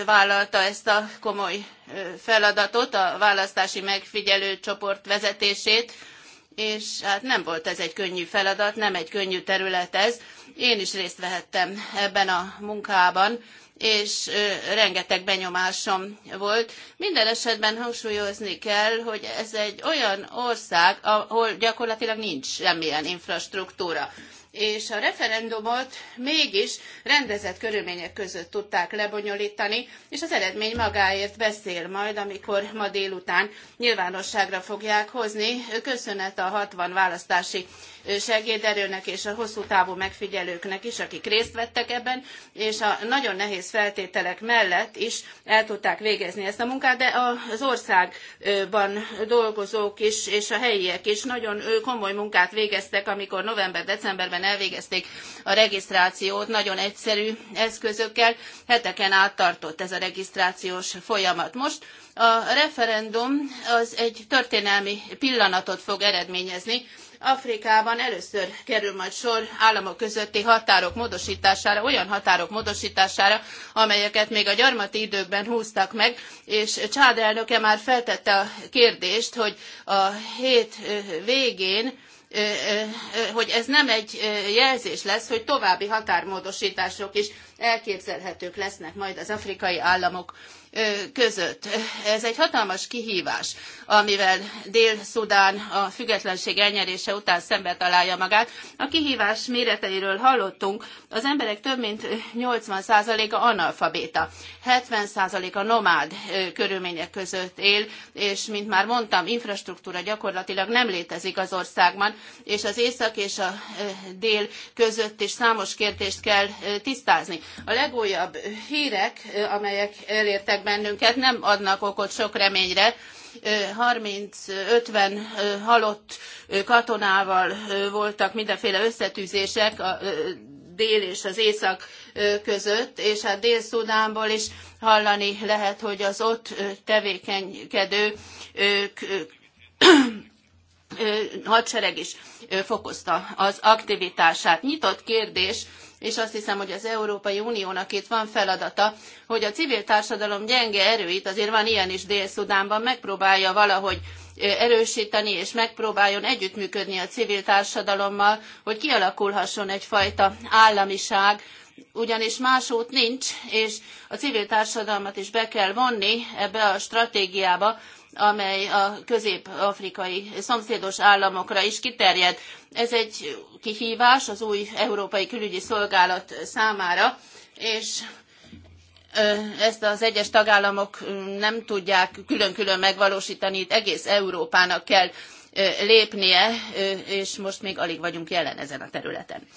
S3: vállalta ezt a komoly feladatot, a választási megfigyelő csoport vezetését, és hát nem volt ez egy könnyű feladat, nem egy könnyű terület ez. Én is részt vehettem ebben a munkában, és rengeteg benyomásom volt. Minden esetben hangsúlyozni kell, hogy ez egy olyan ország, ahol gyakorlatilag nincs semmilyen infrastruktúra és a referendumot mégis rendezett körülmények között tudták lebonyolítani, és az eredmény magáért beszél majd, amikor ma délután nyilvánosságra fogják hozni. Köszönet a 60 választási segéderőnek és a hosszú távú megfigyelőknek is, akik részt vettek ebben, és a nagyon nehéz feltételek mellett is el tudták végezni ezt a munkát, de az országban dolgozók is, és a helyiek is nagyon komoly munkát végeztek, amikor november-decemberben elvégezték a regisztrációt nagyon egyszerű eszközökkel. Heteken át tartott ez a regisztrációs folyamat. Most a referendum az egy történelmi pillanatot fog eredményezni, Afrikában először kerül majd sor államok közötti határok módosítására, olyan határok módosítására, amelyeket még a gyarmati időkben húztak meg, és Csád elnöke már feltette a kérdést, hogy a hét végén hogy ez nem egy jelzés lesz, hogy további határmódosítások is elképzelhetők lesznek majd az afrikai államok között. Ez egy hatalmas kihívás, amivel Dél-Szudán a függetlenség elnyerése után szembe találja magát. A kihívás méreteiről hallottunk, az emberek több mint 80%-a analfabéta, 70%-a nomád körülmények között él, és mint már mondtam, infrastruktúra gyakorlatilag nem létezik az országban, és az észak és a dél között is számos kérdést kell tisztázni. A legújabb hírek, amelyek elértek meg bennünket, nem adnak okot sok reményre. 30-50 halott katonával voltak mindenféle összetűzések a dél és az észak között, és hát Dél-Szudánból is hallani lehet, hogy az ott tevékenykedő hadsereg is fokozta az aktivitását. Nyitott kérdés, és azt hiszem, hogy az Európai Uniónak itt van feladata, hogy a civil társadalom gyenge erőit, azért van ilyen is Dél-Szudánban, megpróbálja valahogy erősíteni, és megpróbáljon együttműködni a civil társadalommal, hogy kialakulhasson egyfajta államiság, ugyanis más út nincs, és a civil társadalmat is be kell vonni ebbe a stratégiába, amely a közép-afrikai szomszédos államokra is kiterjed. Ez egy kihívás az új Európai Külügyi Szolgálat számára, és ezt az egyes tagállamok nem tudják külön-külön megvalósítani, itt egész Európának kell lépnie, és most még alig vagyunk jelen ezen a területen.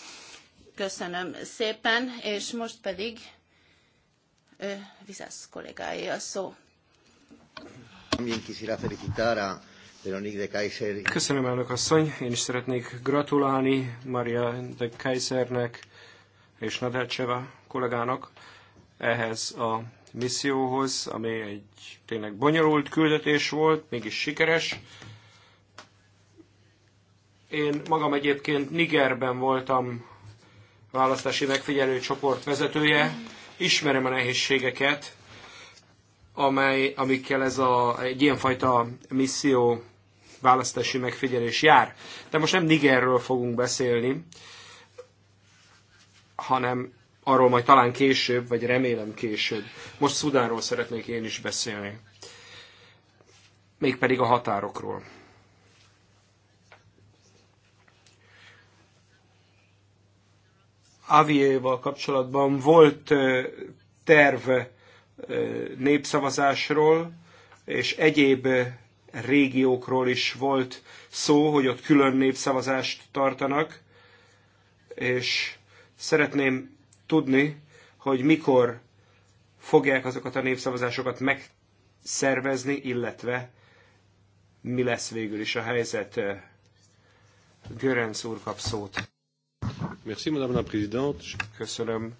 S3: Köszönöm szépen, és most pedig Vizász kollégáé a szó.
S4: Köszönöm, elnök asszony. Én is szeretnék gratulálni Maria de Kaisernek és Nadelcseva kollégának ehhez a misszióhoz, ami egy tényleg bonyolult küldetés volt, mégis sikeres. Én magam egyébként Nigerben voltam választási megfigyelő csoport vezetője, ismerem a nehézségeket, amely, amikkel ez a, egy ilyenfajta misszió választási megfigyelés jár. De most nem Nigerről fogunk beszélni, hanem arról majd talán később, vagy remélem később. Most Szudánról szeretnék én is beszélni. Mégpedig a határokról. Avieval kapcsolatban volt terve népszavazásról, és egyéb régiókról is volt szó, hogy ott külön népszavazást tartanak, és szeretném tudni, hogy mikor fogják azokat a népszavazásokat megszervezni, illetve mi lesz végül is a helyzet. Görenc úr kap szót. Merci, Madame la Présidente. Köszönöm,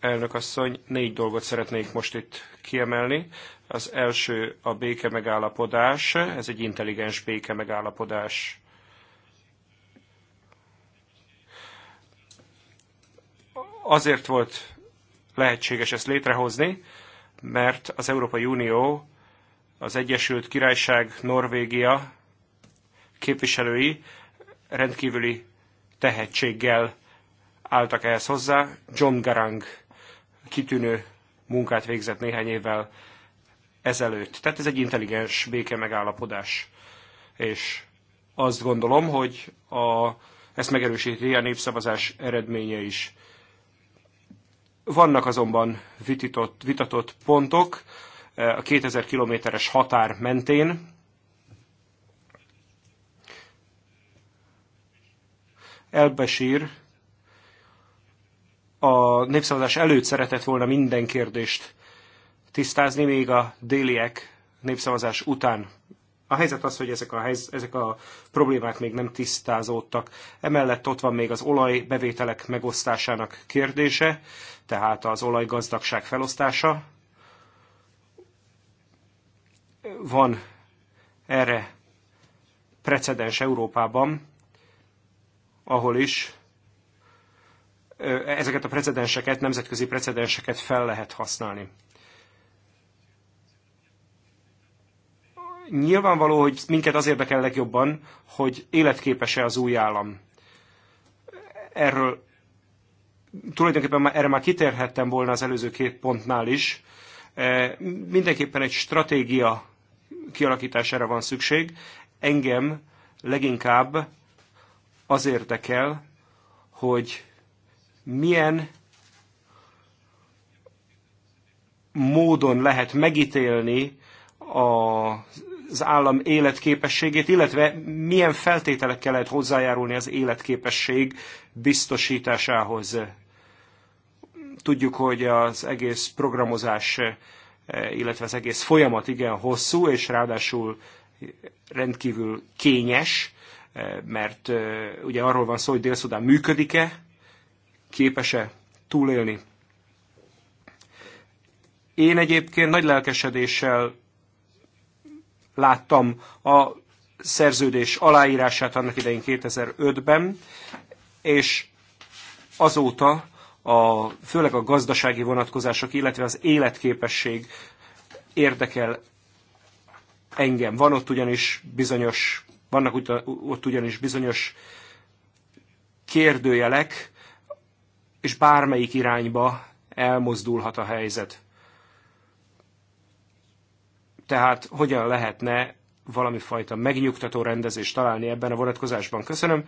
S4: elnök asszony, négy dolgot szeretnék most itt kiemelni. Az első a béke megállapodás, ez egy intelligens béke megállapodás. Azért volt lehetséges ezt létrehozni, mert az Európai Unió, az Egyesült Királyság, Norvégia képviselői rendkívüli tehetséggel álltak ehhez hozzá. John Garang kitűnő munkát végzett néhány évvel ezelőtt. Tehát ez egy intelligens béke megállapodás. És azt gondolom, hogy a, ezt megerősíti a népszavazás eredménye is. Vannak azonban vitatott, vitatott pontok eh, a 2000 kilométeres határ mentén. Elbesír a népszavazás előtt szeretett volna minden kérdést tisztázni, még a déliek népszavazás után. A helyzet az, hogy ezek a, helyz, ezek a problémák még nem tisztázódtak. Emellett ott van még az olajbevételek megosztásának kérdése, tehát az olajgazdagság felosztása. Van erre precedens Európában, ahol is ezeket a precedenseket, nemzetközi precedenseket fel lehet használni. Nyilvánvaló, hogy minket az érdekel legjobban, hogy életképes-e az új állam. Erről tulajdonképpen erre már kitérhettem volna az előző két pontnál is. Mindenképpen egy stratégia kialakítására van szükség. Engem leginkább az érdekel, hogy milyen módon lehet megítélni a az állam életképességét, illetve milyen feltételekkel lehet hozzájárulni az életképesség biztosításához. Tudjuk, hogy az egész programozás, illetve az egész folyamat igen hosszú, és ráadásul rendkívül kényes, mert eh, ugye arról van szó, hogy Dél-Szudán működik-e, képes-e túlélni. Én egyébként nagy lelkesedéssel láttam a szerződés aláírását annak idején 2005-ben, és azóta a, főleg a gazdasági vonatkozások, illetve az életképesség érdekel engem. Van ott ugyanis bizonyos, vannak ott ugyanis bizonyos kérdőjelek, és bármelyik irányba elmozdulhat a helyzet. Tehát hogyan lehetne valami fajta megnyugtató rendezést találni ebben a vonatkozásban. Köszönöm.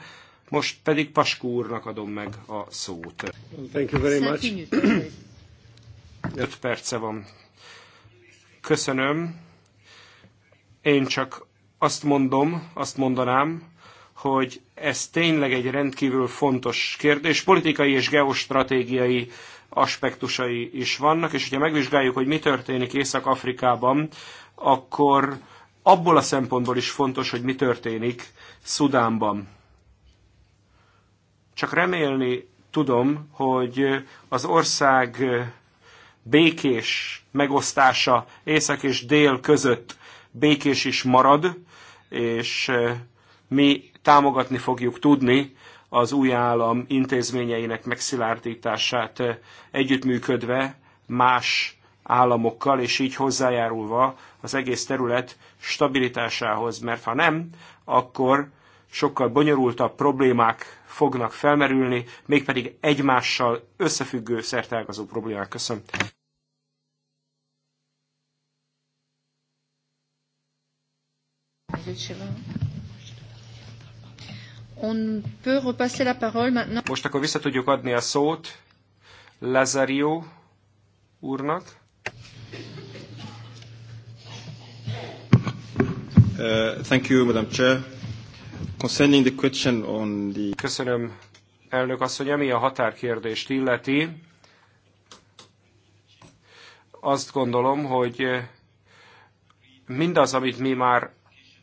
S4: Most pedig Paskú úrnak adom meg a szót. Thank you very much. Öt perce van. Köszönöm. Én csak azt mondom, azt mondanám, hogy ez tényleg egy rendkívül fontos kérdés, politikai és geostratégiai aspektusai is vannak, és hogyha megvizsgáljuk, hogy mi történik Észak-Afrikában, akkor abból a szempontból is fontos, hogy mi történik Szudánban. Csak remélni tudom, hogy az ország békés megosztása észak és dél között békés is marad, és mi támogatni fogjuk tudni az új állam intézményeinek megszilárdítását eh, együttműködve más államokkal, és így hozzájárulva az egész terület stabilitásához, mert ha nem, akkor sokkal bonyolultabb problémák fognak felmerülni, mégpedig egymással összefüggő szertágazó problémák. Köszönöm.
S1: On peut repasser la parole maintenant.
S4: Most akkor vissza tudjuk adni a szót Lazario úrnak. Uh, thank you, Madam Chair. Concerning the question on the... Köszönöm, elnök asszony. Ami a határkérdést illeti, azt gondolom, hogy eh, mindaz, amit mi már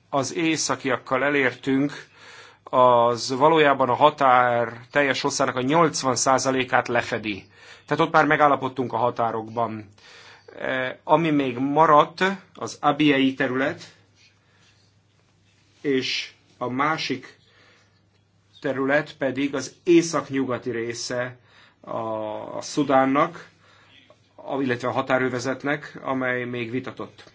S4: az északiakkal elértünk, az valójában a határ teljes hosszának a 80%-át lefedi. Tehát ott már megállapodtunk a határokban. E, ami még maradt, az abiei terület, és a másik terület pedig az északnyugati része a, a Szudánnak, illetve a határövezetnek, amely még vitatott.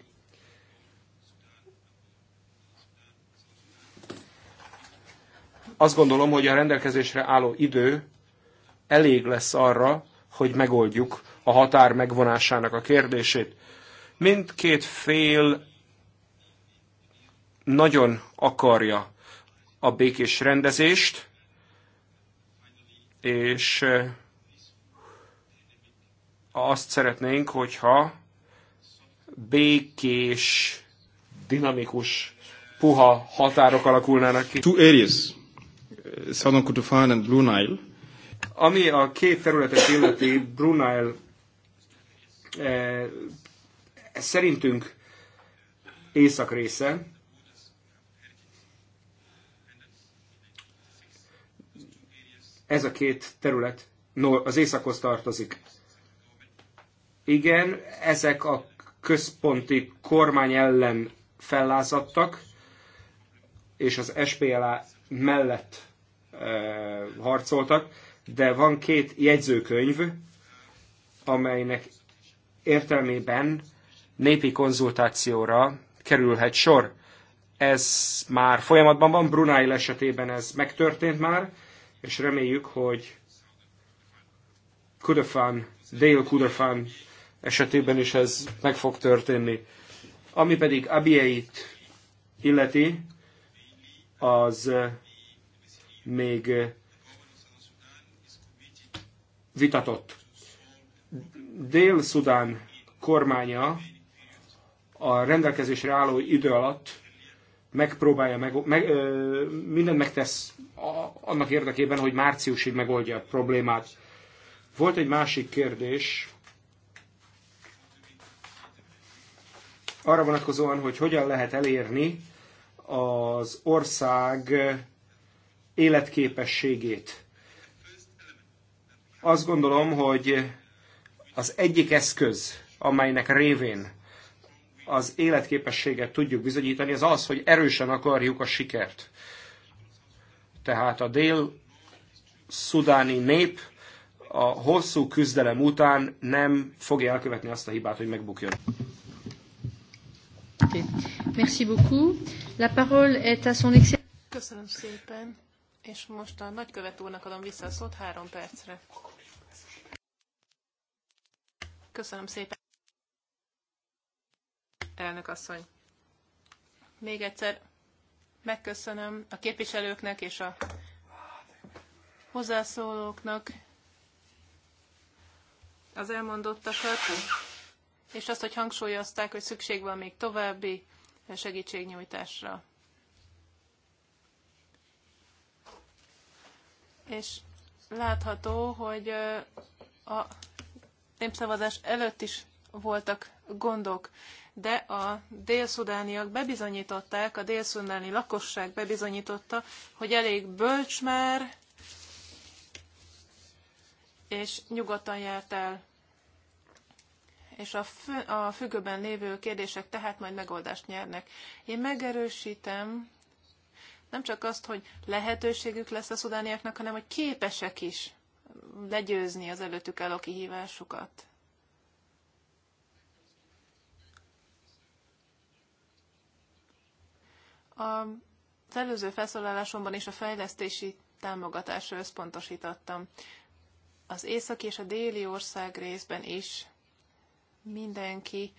S4: Azt gondolom, hogy a rendelkezésre álló idő elég lesz arra, hogy megoldjuk a határ megvonásának a kérdését. Mindkét fél nagyon akarja a békés rendezést, és eh, azt szeretnénk, hogyha békés, dinamikus, puha határok alakulnának ki. Two areas Southern and Blue Nile. Ami a két területet illeti, Blue Nile eh, szerintünk észak része, ez a két terület no, az északhoz tartozik. Igen, ezek a központi kormány ellen fellázadtak, és az SPLA mellett harcoltak, de van két jegyzőkönyv, amelynek értelmében népi konzultációra kerülhet sor. Ez már folyamatban van, Brunei esetében ez megtörtént már, és reméljük, hogy Kudafán, Dale Kudafán esetében is ez meg fog történni. Ami pedig Abieit illeti, az még vitatott. Dél-Szudán kormánya a rendelkezésre álló idő alatt megpróbálja, meg, meg, ö, mindent megtesz a, annak érdekében, hogy márciusig megoldja a problémát. Volt egy másik kérdés, arra vonatkozóan, hogy hogyan lehet elérni az ország életképességét. Azt gondolom, hogy az egyik eszköz, amelynek révén az életképességet tudjuk bizonyítani, az az, hogy erősen akarjuk a sikert. Tehát a dél-szudáni nép a hosszú küzdelem után nem fogja elkövetni azt a hibát, hogy megbukjon.
S1: Köszönöm
S2: szépen. És most a nagykövet úrnak adom vissza a szót három percre. Köszönöm szépen. Elnök asszony. Még egyszer megköszönöm a képviselőknek és a hozzászólóknak az elmondottakat, és azt, hogy hangsúlyozták, hogy szükség van még további segítségnyújtásra. és látható, hogy a népszavazás előtt is voltak gondok, de a délszudániak bebizonyították, a délszudáni lakosság bebizonyította, hogy elég bölcs már, és nyugodtan járt el. És a, fü- a függőben lévő kérdések tehát majd megoldást nyernek. Én megerősítem, nem csak azt, hogy lehetőségük lesz a szudániaknak, hanem hogy képesek is legyőzni az előttük álló kihívásukat. Az előző felszólalásomban is a fejlesztési támogatásra összpontosítottam. Az északi és a déli ország részben is mindenki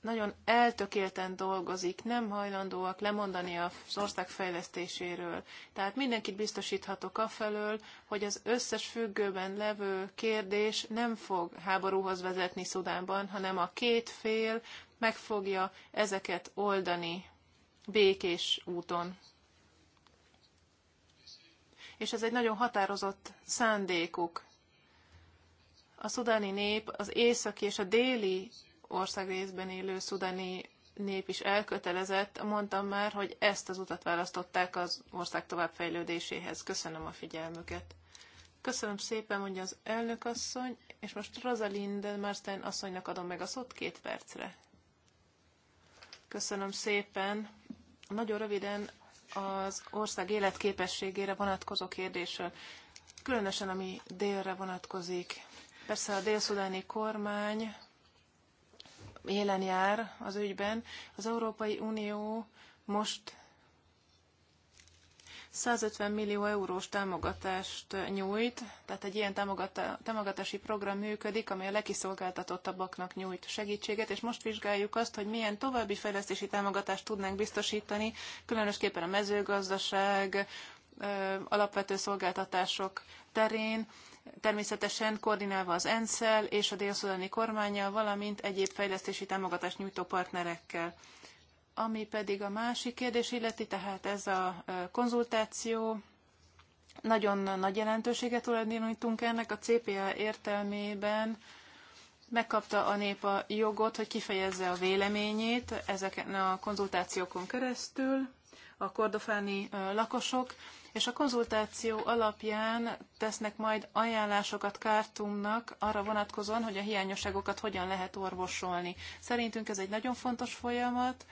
S2: nagyon eltökélten dolgozik, nem hajlandóak lemondani az ország fejlesztéséről. Tehát mindenkit biztosíthatok afelől, hogy az összes függőben levő kérdés nem fog háborúhoz vezetni Szudánban, hanem a két fél meg fogja ezeket oldani békés úton. És ez egy nagyon határozott szándékuk. A szudáni nép az északi és a déli országrészben élő szudani nép is elkötelezett. Mondtam már, hogy ezt az utat választották az ország továbbfejlődéséhez. Köszönöm a figyelmüket. Köszönöm szépen, mondja az elnök asszony, és most Rosalind Marstein asszonynak adom meg a szót két percre. Köszönöm szépen. Nagyon röviden az ország életképességére vonatkozó kérdésről, különösen ami délre vonatkozik. Persze a délszudáni kormány élen jár az ügyben. Az Európai Unió most 150 millió eurós támogatást nyújt, tehát egy ilyen támogatási program működik, amely a lekiszolgáltatottabbaknak nyújt segítséget, és most vizsgáljuk azt, hogy milyen további fejlesztési támogatást tudnánk biztosítani, különösképpen a mezőgazdaság, alapvető szolgáltatások terén, természetesen koordinálva az ensz és a dél-szudáni kormányjal, valamint egyéb fejlesztési támogatást nyújtó partnerekkel. Ami pedig a másik kérdés illeti, tehát ez a konzultáció, nagyon nagy jelentőséget tulajdonítunk ennek a CPA értelmében, megkapta a nép a jogot, hogy kifejezze a véleményét ezeken a konzultációkon keresztül, a kordofáni lakosok, és a konzultáció alapján tesznek majd ajánlásokat Kártumnak arra vonatkozóan, hogy a hiányosságokat hogyan lehet orvosolni. Szerintünk ez egy nagyon fontos folyamat,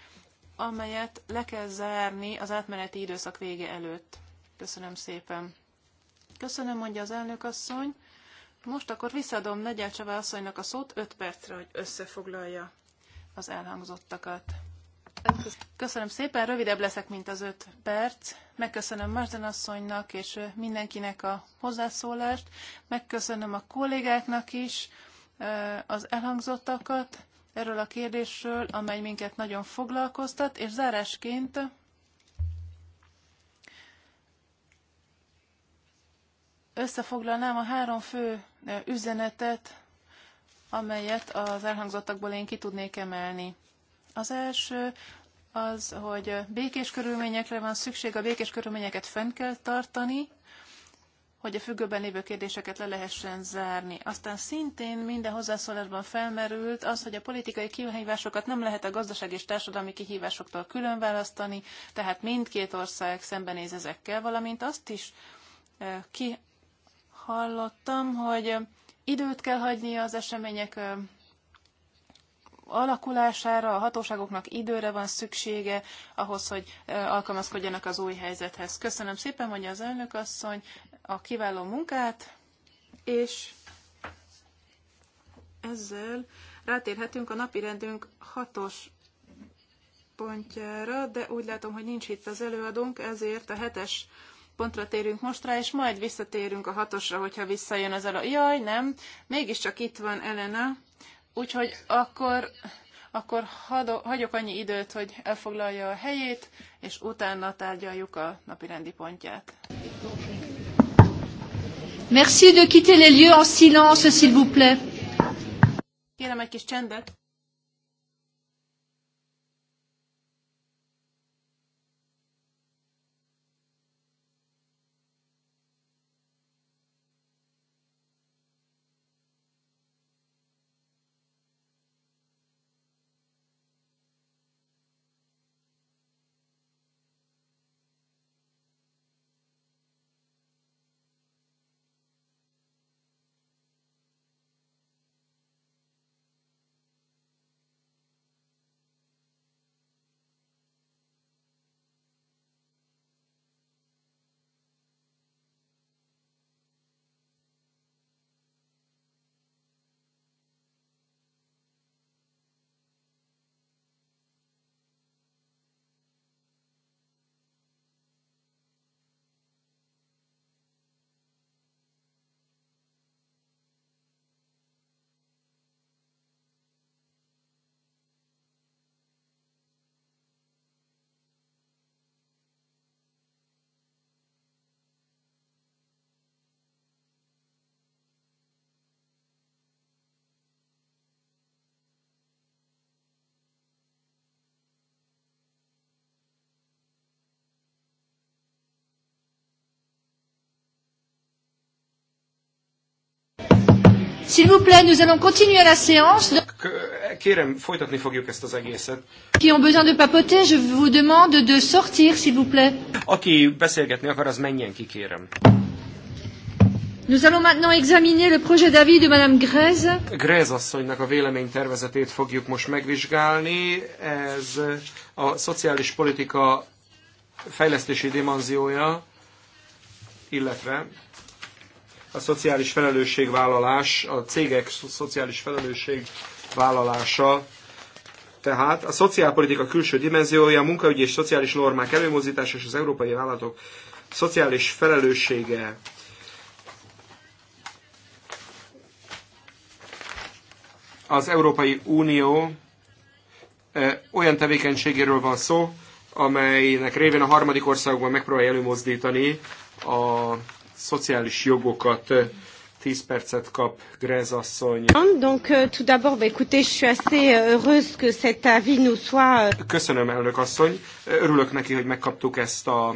S2: amelyet le kell zárni az átmeneti időszak vége előtt. Köszönöm szépen. Köszönöm, mondja az elnök asszony. Most akkor visszadom Negyel Csavá asszonynak a szót 5 percre, hogy összefoglalja az elhangzottakat. Köszönöm szépen, rövidebb leszek, mint az öt perc. Megköszönöm Marzen asszonynak és mindenkinek a hozzászólást. Megköszönöm a kollégáknak is az elhangzottakat erről a kérdésről, amely minket nagyon foglalkoztat, és zárásként összefoglalnám a három fő üzenetet, amelyet az elhangzottakból én ki tudnék emelni. Az első az, hogy békés körülményekre van szükség, a békés körülményeket fenn kell tartani, hogy a függőben lévő kérdéseket le lehessen zárni. Aztán szintén minden hozzászólásban felmerült az, hogy a politikai kihívásokat nem lehet a gazdaság és társadalmi kihívásoktól külön választani, tehát mindkét ország szembenéz ezekkel, valamint azt is eh, kihallottam, hogy időt kell hagyni az események eh, alakulására, a hatóságoknak időre van szüksége ahhoz, hogy alkalmazkodjanak az új helyzethez. Köszönöm szépen, mondja az elnök asszony, a kiváló munkát, és ezzel rátérhetünk a napi rendünk hatos pontjára, de úgy látom, hogy nincs itt az előadónk, ezért a hetes pontra térünk most rá, és majd visszatérünk a hatosra, hogyha visszajön az elő. Jaj, nem, mégiscsak itt van Elena, Úgyhogy akkor, akkor hado, hagyok annyi időt, hogy elfoglalja a helyét, és utána tárgyaljuk a napirendi pontját.
S1: Merci de quitter les lieux en silence, s'il vous plaît.
S2: Kérem egy kis csendet.
S1: S'il vous plaît, nous allons continuer la séance.
S4: Kérem, folytatni fogjuk ezt az egészet.
S1: Qui ont besoin de papoter, je vous demande de sortir, s'il vous plaît.
S4: Aki beszélgetni akar, az menjen ki, kérem.
S1: Nous allons maintenant examiner le projet d'avis de Madame Grez.
S4: Grez asszonynak a vélemény tervezetét fogjuk most megvizsgálni. Ez a szociális politika fejlesztési dimenziója, illetve a szociális felelősségvállalás, a cégek szociális felelősségvállalása, tehát a szociálpolitika külső dimenziója, a munkaügyi és szociális normák előmozdítása és az európai vállalatok szociális felelőssége. Az Európai Unió e, olyan tevékenységéről van szó, amelynek révén a harmadik országokban megpróbálja előmozdítani a szociális jogokat. 10 percet kap Grez asszony.
S3: Donc euh, tout d'abord, écoutez, je suis assez euh, heureuse que cet avis nous soit... Euh,
S4: Köszönöm, elnök asszony. Örülök neki, hogy megkaptuk ezt a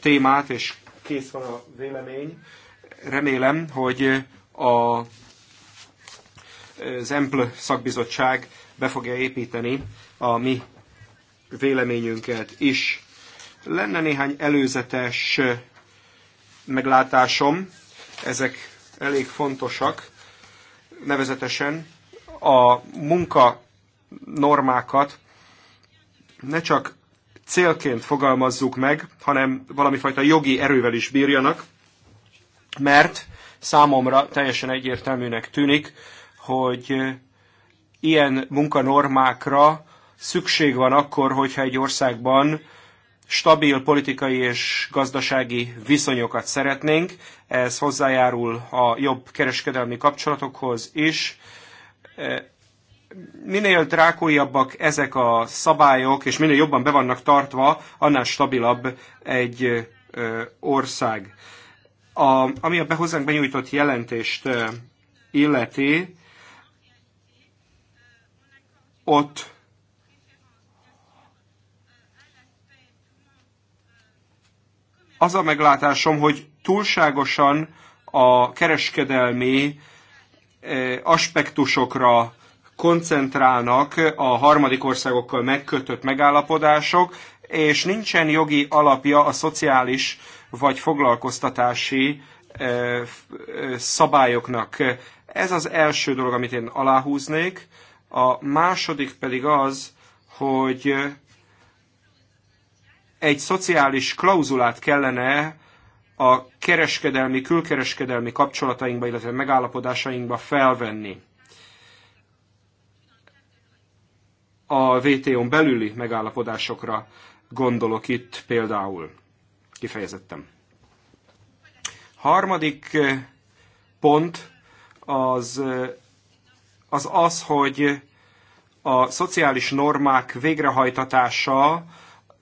S4: témát, és kész van a vélemény. Remélem, hogy a, az EMPL szakbizottság be fogja építeni a mi véleményünket is. Lenne néhány előzetes meglátásom, ezek elég fontosak, nevezetesen a munka normákat ne csak célként fogalmazzuk meg, hanem valamifajta jogi erővel is bírjanak, mert számomra teljesen egyértelműnek tűnik, hogy ilyen munkanormákra szükség van akkor, hogyha egy országban stabil politikai és gazdasági viszonyokat szeretnénk. Ez hozzájárul a jobb kereskedelmi kapcsolatokhoz is. E, minél drákóiabbak ezek a szabályok, és minél jobban be vannak tartva, annál stabilabb egy e, ország. A, ami a behozzánk benyújtott jelentést e, illeti, ott az a meglátásom, hogy túlságosan a kereskedelmi eh, aspektusokra koncentrálnak a harmadik országokkal megkötött megállapodások, és nincsen jogi alapja a szociális vagy foglalkoztatási eh, eh, szabályoknak. Ez az első dolog, amit én aláhúznék. A második pedig az, hogy egy szociális klauzulát kellene a kereskedelmi, külkereskedelmi kapcsolatainkba, illetve megállapodásainkba felvenni. A VTO-n belüli megállapodásokra gondolok itt például. Kifejezettem. Harmadik eh, pont az eh, az, az hogy a szociális normák végrehajtatása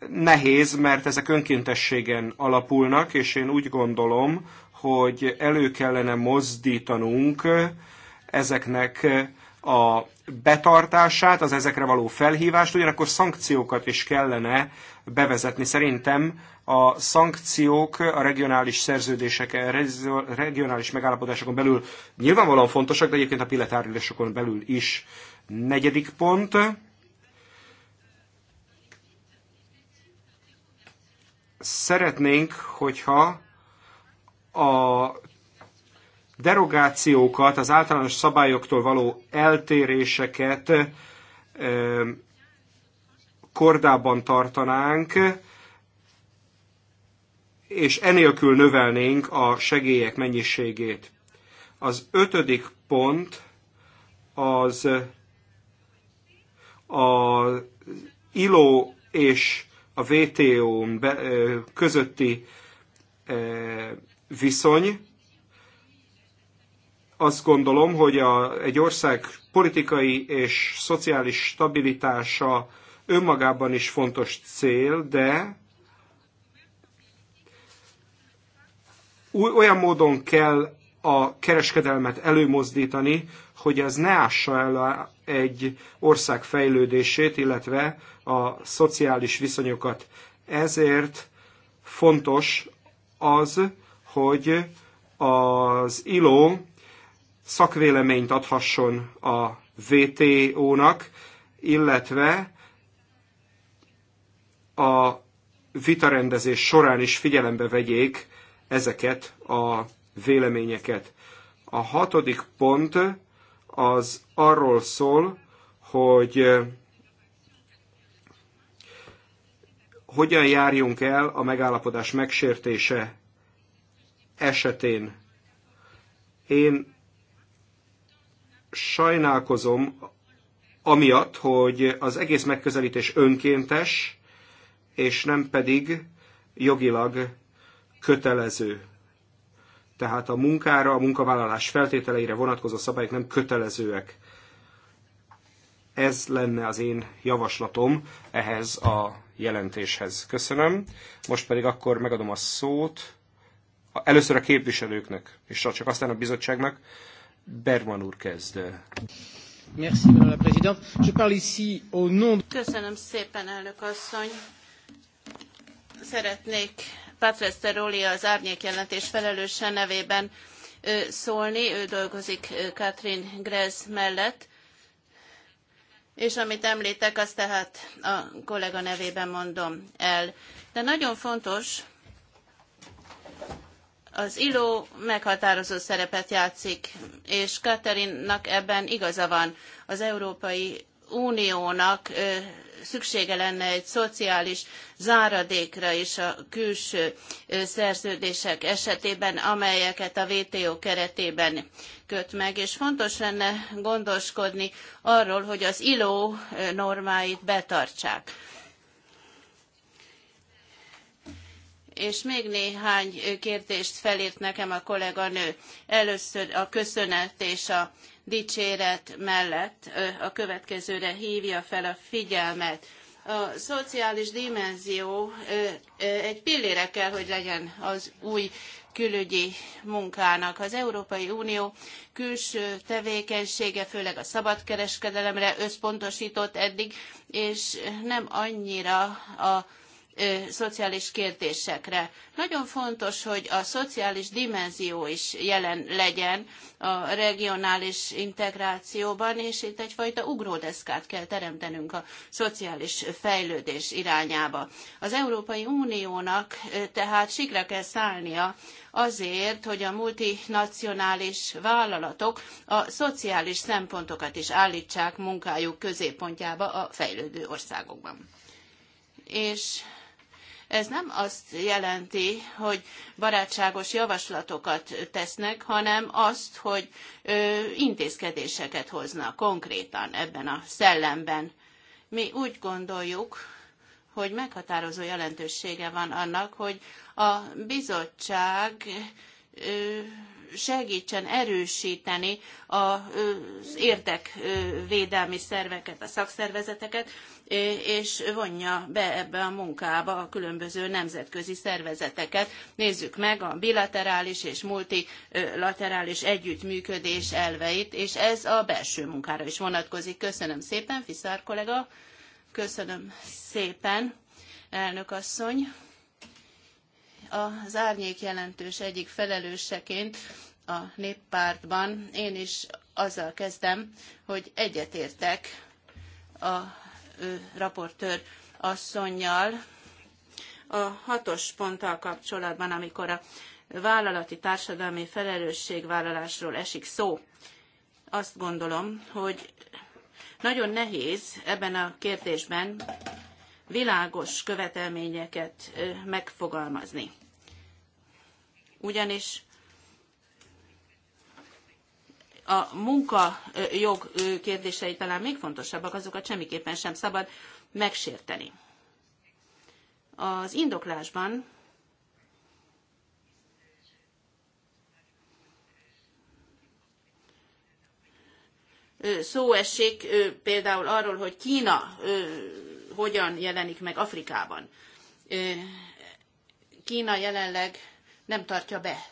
S4: nehéz, mert ezek önkéntességen alapulnak, és én úgy gondolom, hogy elő kellene mozdítanunk ezeknek a betartását, az ezekre való felhívást, ugyanakkor szankciókat is kellene bevezetni. Szerintem a szankciók a regionális szerződéseken, regionális megállapodásokon belül nyilvánvalóan fontosak, de egyébként a pilletárgyalásokon belül is. Negyedik pont, szeretnénk, hogyha a derogációkat, az általános szabályoktól való eltéréseket kordában tartanánk, és enélkül növelnénk a segélyek mennyiségét. Az ötödik pont az a ILO és a wto n közötti viszony, azt gondolom, hogy a, egy ország politikai és szociális stabilitása önmagában is fontos cél, de olyan módon kell a kereskedelmet előmozdítani, hogy ez ne ássa el egy ország fejlődését, illetve a szociális viszonyokat. Ezért fontos az, hogy az ILO szakvéleményt adhasson a VTO-nak, illetve a vitarendezés során is figyelembe vegyék ezeket a véleményeket. A hatodik pont az arról szól, hogy eh, hogyan járjunk el a megállapodás megsértése esetén. Én sajnálkozom amiatt, hogy az egész megközelítés önkéntes, és nem pedig jogilag kötelező. Tehát a munkára, a munkavállalás feltételeire vonatkozó szabályok nem kötelezőek. Ez lenne az én javaslatom ehhez a jelentéshez. Köszönöm. Most pedig akkor megadom a szót először a képviselőknek, és csak aztán a bizottságnak. Berman úr kezd.
S1: Merci, Madame la Présidente. Je parle ici au nom...
S3: Köszönöm szépen, elnök asszony. Szeretnék Patrester Roli az árnyékjelentés felelőse nevében szólni. Ő dolgozik Katrin Grez mellett. És amit említek, azt tehát a kollega nevében mondom el. De nagyon fontos, az ILO meghatározó szerepet játszik, és Katerinnak ebben igaza van. Az Európai Uniónak szüksége lenne egy szociális záradékra is a külső szerződések esetében, amelyeket a WTO keretében köt meg, és fontos lenne gondoskodni arról, hogy az ILO normáit betartsák. és még néhány kérdést felírt nekem a kolléganő. Először a köszönet és a dicséret mellett a következőre hívja fel a figyelmet. A szociális dimenzió egy pillére kell, hogy legyen az új külügyi munkának. Az Európai Unió külső tevékenysége, főleg a szabadkereskedelemre összpontosított eddig, és nem annyira a szociális kérdésekre. Nagyon fontos, hogy a szociális dimenzió is jelen legyen a regionális integrációban, és itt egyfajta ugródeszkát kell teremtenünk a szociális fejlődés irányába. Az Európai Uniónak tehát sikre kell szállnia azért, hogy a multinacionális vállalatok a szociális szempontokat is állítsák munkájuk középpontjába a fejlődő országokban. És ez nem azt jelenti, hogy barátságos javaslatokat tesznek, hanem azt, hogy intézkedéseket hoznak konkrétan ebben a szellemben. Mi úgy gondoljuk, hogy meghatározó jelentősége van annak, hogy a bizottság segítsen erősíteni az érdekvédelmi szerveket, a szakszervezeteket, és vonja be ebbe a munkába a különböző nemzetközi szervezeteket. Nézzük meg a bilaterális és multilaterális együttműködés elveit, és ez a belső munkára is vonatkozik. Köszönöm szépen, Fiszár kollega. Köszönöm szépen, elnök asszony az árnyék jelentős egyik felelőseként a néppártban én is azzal kezdem, hogy egyetértek a ő, raportőr asszonynal a hatos ponttal kapcsolatban, amikor a vállalati társadalmi felelősségvállalásról esik szó. Azt gondolom, hogy nagyon nehéz ebben a kérdésben világos követelményeket megfogalmazni. Ugyanis a munkajog kérdései talán még fontosabbak, azokat semmiképpen sem szabad megsérteni. Az indoklásban szó esik például arról, hogy Kína hogyan jelenik meg Afrikában. Kína jelenleg nem tartja be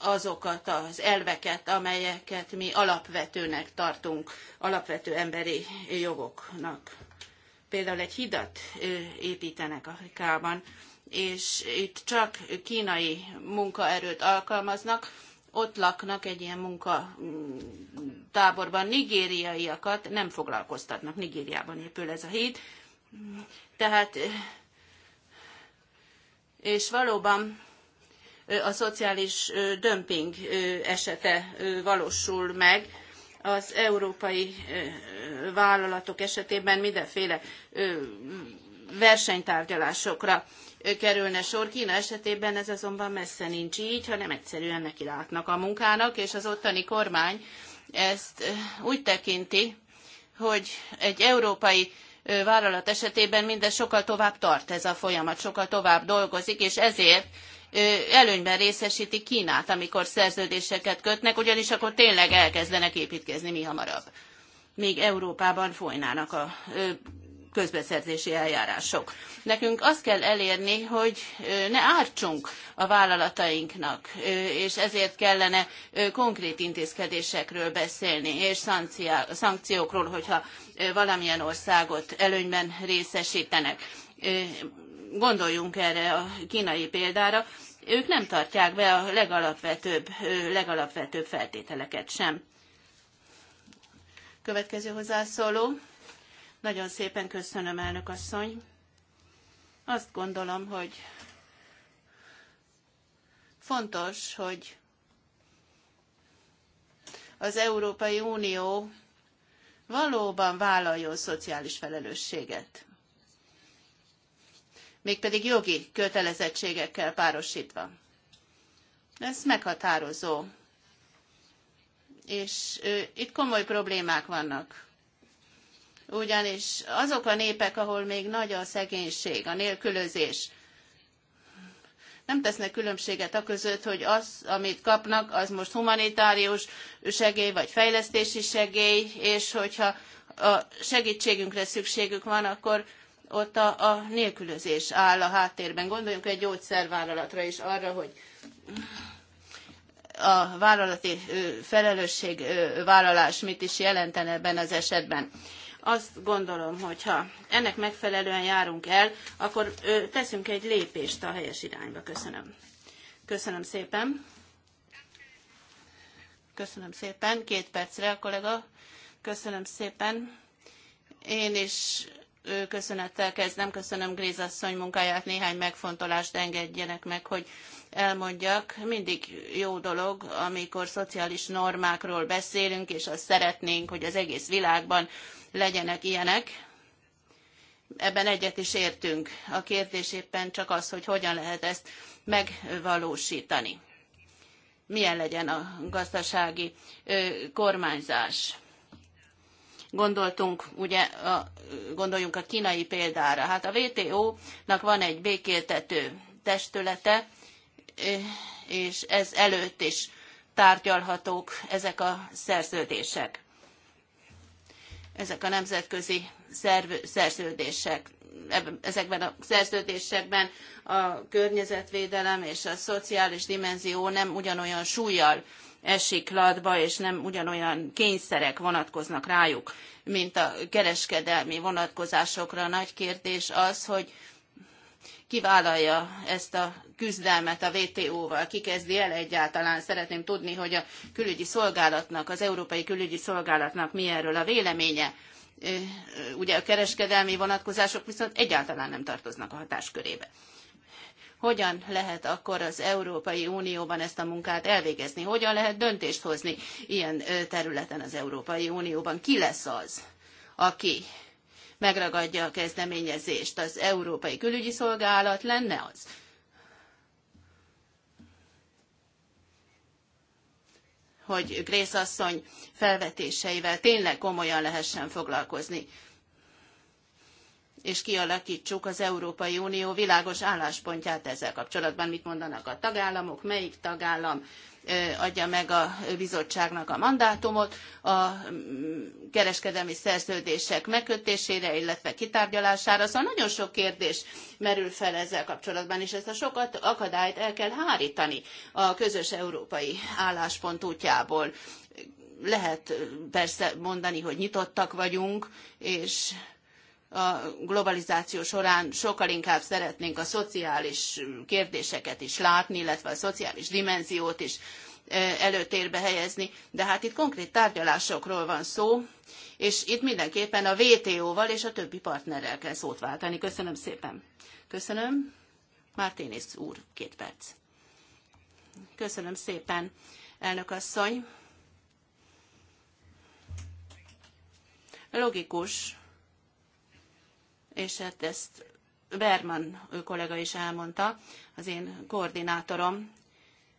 S3: azokat az elveket, amelyeket mi alapvetőnek tartunk, alapvető emberi jogoknak. Például egy hidat építenek Afrikában, és itt csak kínai munkaerőt alkalmaznak, ott laknak egy ilyen munkatáborban. Mm, Nigériaiakat nem foglalkoztatnak. Nigériában épül ez a híd. Tehát, és valóban a szociális dömping esete valósul meg. Az európai vállalatok esetében mindenféle versenytárgyalásokra kerülne sor. Kína esetében ez azonban messze nincs így, hanem egyszerűen neki látnak a munkának, és az ottani kormány ezt úgy tekinti, hogy egy európai vállalat esetében mindez sokkal tovább tart ez a folyamat, sokkal tovább dolgozik, és ezért előnyben részesíti Kínát, amikor szerződéseket kötnek, ugyanis akkor tényleg elkezdenek építkezni mi hamarabb. Még Európában folynának a közbeszerzési eljárások. Nekünk azt kell elérni, hogy ne ártsunk a vállalatainknak, és ezért kellene konkrét intézkedésekről beszélni, és szankciókról, hogyha valamilyen országot előnyben részesítenek. Gondoljunk erre a kínai példára, ők nem tartják be a legalapvetőbb, legalapvetőbb feltételeket sem. Következő hozzászóló. Nagyon szépen köszönöm, elnök asszony. Azt gondolom, hogy fontos, hogy az Európai Unió valóban vállaljon szociális felelősséget. Mégpedig jogi kötelezettségekkel párosítva. Ez meghatározó. És itt komoly problémák vannak ugyanis azok a népek, ahol még nagy a szegénység, a nélkülözés, nem tesznek különbséget a között, hogy az, amit kapnak, az most humanitárius segély, vagy fejlesztési segély, és hogyha a segítségünkre szükségük van, akkor ott a, a nélkülözés áll a háttérben. Gondoljunk egy gyógyszervállalatra is arra, hogy a vállalati felelősségvállalás mit is jelentene ebben az esetben. Azt gondolom, hogyha ennek megfelelően járunk el, akkor teszünk egy lépést a helyes irányba. Köszönöm. Köszönöm szépen. Köszönöm szépen. Két percre a kollega. Köszönöm szépen. Én is köszönettel kezdem. Köszönöm Gréz asszony munkáját. Néhány megfontolást engedjenek meg, hogy elmondjak. Mindig jó dolog, amikor szociális normákról beszélünk, és azt szeretnénk, hogy az egész világban legyenek ilyenek. Ebben egyet is értünk. A kérdés éppen csak az, hogy hogyan lehet ezt megvalósítani. Milyen legyen a gazdasági kormányzás gondoltunk, ugye, a, gondoljunk a kínai példára. Hát a WTO-nak van egy békéltető testülete, és ez előtt is tárgyalhatók ezek a szerződések ezek a nemzetközi szerv, szerződések. Ezekben a szerződésekben a környezetvédelem és a szociális dimenzió nem ugyanolyan súlyjal esik latba, és nem ugyanolyan kényszerek vonatkoznak rájuk, mint a kereskedelmi vonatkozásokra. A nagy kérdés az, hogy kivállalja ezt a küzdelmet a WTO-val, ki kezdi el egyáltalán. Szeretném tudni, hogy a külügyi szolgálatnak, az Európai Külügyi Szolgálatnak mi erről a véleménye. Ugye a kereskedelmi vonatkozások viszont egyáltalán nem tartoznak a hatáskörébe hogyan lehet akkor az Európai Unióban ezt a munkát elvégezni, hogyan lehet döntést hozni ilyen területen az Európai Unióban. Ki lesz az, aki megragadja a kezdeményezést. Az Európai Külügyi Szolgálat lenne az? hogy Grész asszony felvetéseivel tényleg komolyan lehessen foglalkozni és kialakítsuk az Európai Unió világos álláspontját ezzel kapcsolatban. Mit mondanak a tagállamok, melyik tagállam adja meg a bizottságnak a mandátumot a kereskedelmi szerződések megkötésére, illetve kitárgyalására. Szóval nagyon sok kérdés merül fel ezzel kapcsolatban, és ezt a sokat akadályt el kell hárítani a közös európai álláspont útjából. Lehet persze mondani, hogy nyitottak vagyunk, és a globalizáció során sokkal inkább szeretnénk a szociális kérdéseket is látni, illetve a szociális dimenziót is előtérbe helyezni, de hát itt konkrét tárgyalásokról van szó, és itt mindenképpen a WTO-val és a többi partnerrel kell szót váltani. Köszönöm szépen. Köszönöm. Márténész úr, két perc. Köszönöm szépen, elnök asszony. Logikus, és hát ezt Berman kollega is elmondta, az én koordinátorom,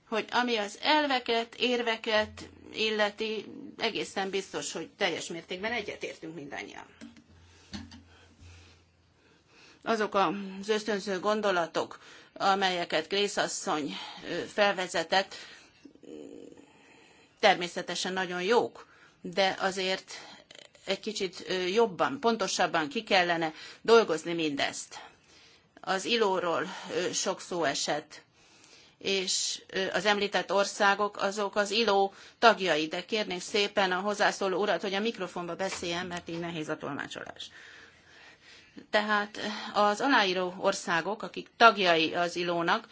S3: hogy ami az elveket, érveket illeti, egészen biztos, hogy teljes mértékben egyetértünk mindannyian. Azok az ösztönző gondolatok, amelyeket Grész asszony felvezetett, természetesen nagyon jók, de azért egy kicsit jobban, pontosabban ki kellene dolgozni mindezt. Az ilóról sok szó esett és az említett országok azok az ILO tagjai, de kérném szépen a hozzászóló urat, hogy a mikrofonba beszéljen, mert így nehéz a tolmácsolás. Tehát az aláíró országok, akik tagjai az ILO-nak,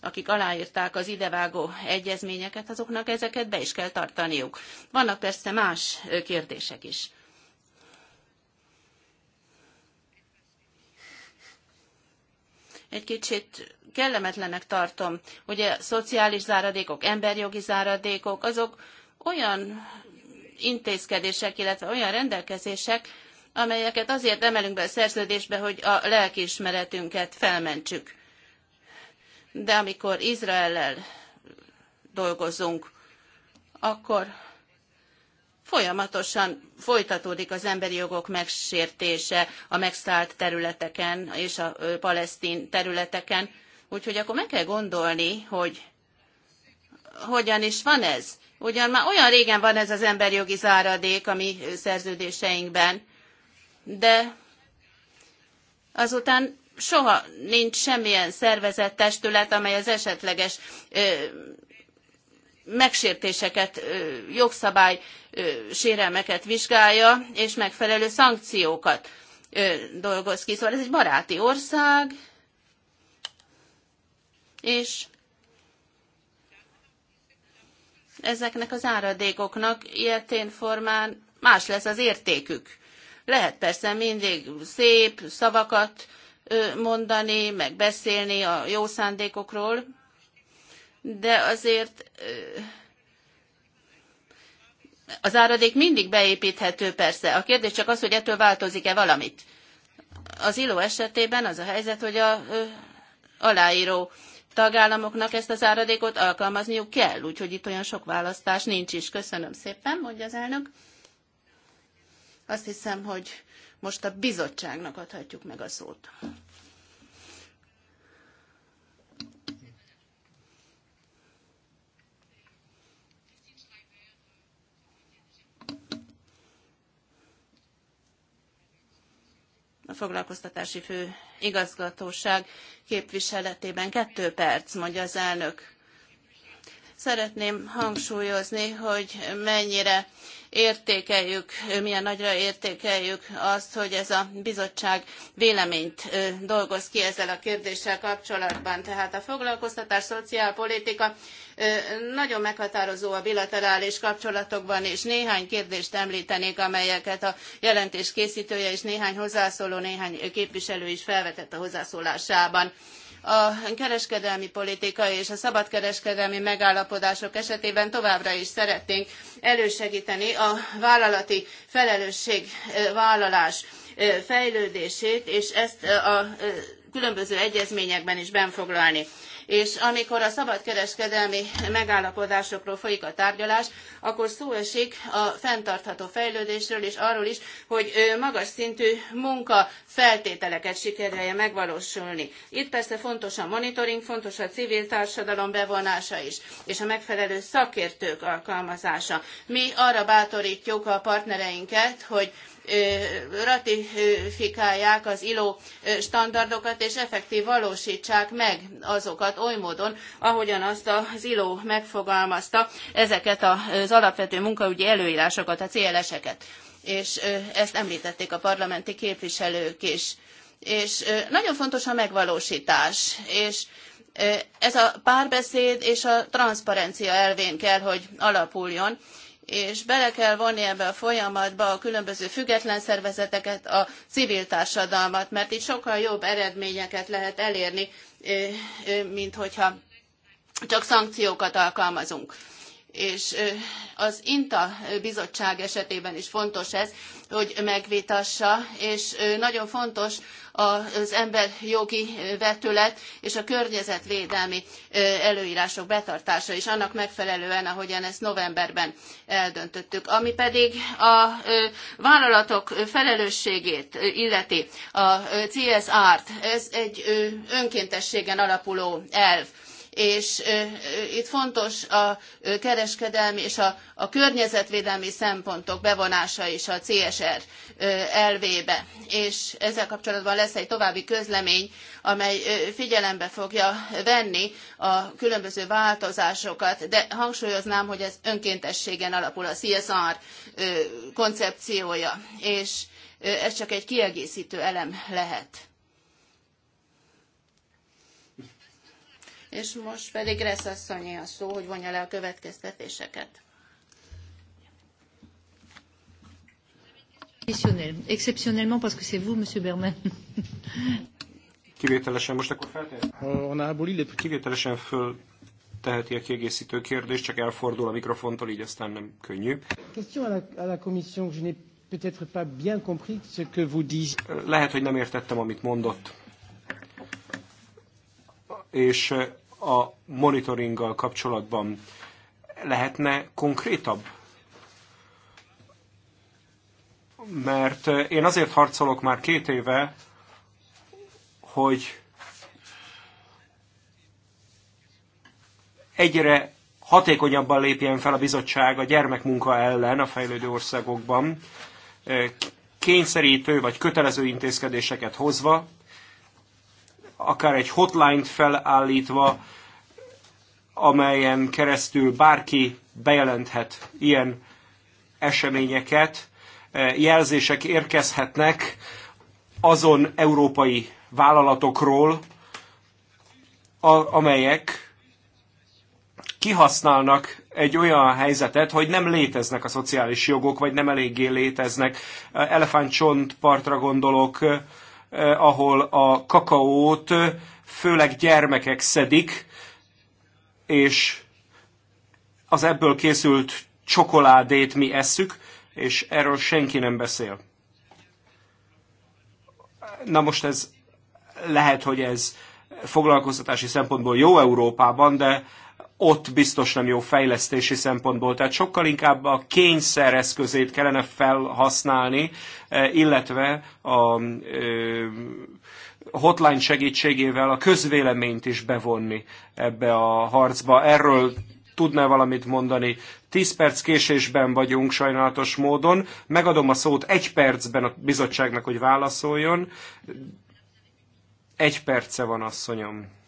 S3: akik aláírták az idevágó egyezményeket, azoknak ezeket be is kell tartaniuk. Vannak persze más kérdések is egy kicsit kellemetlenek tartom. Ugye szociális záradékok, emberjogi záradékok, azok olyan intézkedések, illetve olyan rendelkezések, amelyeket azért emelünk be a szerződésbe, hogy a lelkiismeretünket felmentsük. De amikor Izraellel dolgozunk, akkor folyamatosan folytatódik az emberi jogok megsértése a megszállt területeken és a palesztin területeken. Úgyhogy akkor meg kell gondolni, hogy hogyan is van ez. Ugyan már olyan régen van ez az emberi jogi záradék a mi szerződéseinkben, de azután soha nincs semmilyen szervezett testület, amely az esetleges ö, megsértéseket, jogszabály sérelmeket vizsgálja, és megfelelő szankciókat dolgoz ki. Szóval ez egy baráti ország, és ezeknek az áradékoknak ilyetén formán más lesz az értékük. Lehet persze mindig szép szavakat mondani, meg beszélni a jó szándékokról, de azért az áradék mindig beépíthető persze. A kérdés csak az, hogy ettől változik-e valamit. Az ILO esetében az a helyzet, hogy a aláíró tagállamoknak ezt az áradékot alkalmazniuk kell, úgyhogy itt olyan sok választás nincs is. Köszönöm szépen, mondja az elnök. Azt hiszem, hogy most a bizottságnak adhatjuk meg a szót. a foglalkoztatási fő igazgatóság képviseletében. Kettő perc, mondja az elnök. Szeretném hangsúlyozni, hogy mennyire értékeljük, milyen nagyra értékeljük azt, hogy ez a bizottság véleményt dolgoz ki ezzel a kérdéssel kapcsolatban. Tehát a foglalkoztatás, szociálpolitika nagyon meghatározó a bilaterális kapcsolatokban, és néhány kérdést említenék, amelyeket a jelentés készítője és néhány hozzászóló, néhány képviselő is felvetett a hozzászólásában a kereskedelmi politika és a szabadkereskedelmi megállapodások esetében továbbra is szeretnénk elősegíteni a vállalati felelősségvállalás fejlődését, és ezt a különböző egyezményekben is benfoglalni és amikor a szabadkereskedelmi megállapodásokról folyik a tárgyalás, akkor szó esik a fenntartható fejlődésről és arról is, hogy magas szintű munkafeltételeket sikerülje megvalósulni. Itt persze fontos a monitoring, fontos a civil társadalom bevonása is, és a megfelelő szakértők alkalmazása. Mi arra bátorítjuk a partnereinket, hogy ratifikálják az ILO standardokat, és effektív valósítsák meg azokat oly módon, ahogyan azt az ILO megfogalmazta ezeket az alapvető munkaügyi előírásokat, a CLS-eket. És ezt említették a parlamenti képviselők is. És nagyon fontos a megvalósítás, és ez a párbeszéd és a transzparencia elvén kell, hogy alapuljon és bele kell vonni ebbe a folyamatba a különböző független szervezeteket, a civil társadalmat, mert itt sokkal jobb eredményeket lehet elérni, eh, eh, mint hogyha csak szankciókat alkalmazunk és az INTA bizottság esetében is fontos ez, hogy megvitassa, és nagyon fontos az emberjogi vetület és a környezetvédelmi előírások betartása is, annak megfelelően, ahogyan ezt novemberben eldöntöttük. Ami pedig a vállalatok felelősségét illeti, a CSR-t, ez egy önkéntességen alapuló elv és itt fontos a kereskedelmi és a, a környezetvédelmi szempontok bevonása is a CSR elvébe. És ezzel kapcsolatban lesz egy további közlemény, amely figyelembe fogja venni a különböző változásokat, de hangsúlyoznám, hogy ez önkéntességen alapul a CSR koncepciója, és ez csak egy kiegészítő elem lehet. és most pedig Gressz asszonyé a szó, hogy vonja le a következtetéseket.
S1: Exceptionnellement, parce que c'est vous, Monsieur Berman.
S4: Kivételesen most akkor feltehet? Kivételesen föl teheti a kiegészítő kérdést, csak elfordul a mikrofontól, így aztán nem könnyű. Lehet, hogy nem értettem, amit mondott. És a monitoringgal kapcsolatban lehetne konkrétabb? Mert én azért harcolok már két éve, hogy egyre hatékonyabban lépjen fel a bizottság a gyermekmunka ellen a fejlődő országokban, kényszerítő vagy kötelező intézkedéseket hozva, akár egy hotline-t felállítva, amelyen keresztül bárki bejelenthet ilyen eseményeket, e, jelzések érkezhetnek azon európai vállalatokról, amelyek kihasználnak egy olyan helyzetet, hogy nem léteznek a szociális jogok, vagy nem eléggé léteznek. E, partra gondolok, Eh, ahol a kakaót eh, főleg gyermekek szedik, és az ebből készült csokoládét mi esszük, és erről senki nem beszél. Na most ez lehet, hogy ez foglalkoztatási szempontból jó Európában, de ott biztos nem jó fejlesztési szempontból. Tehát sokkal inkább a kényszer eszközét kellene felhasználni, eh, illetve a eh, hotline segítségével a közvéleményt is bevonni ebbe a harcba. Erről tudná valamit mondani. Tíz perc késésben vagyunk sajnálatos módon. Megadom a szót egy percben a bizottságnak, hogy válaszoljon. Egy perce van, asszonyom.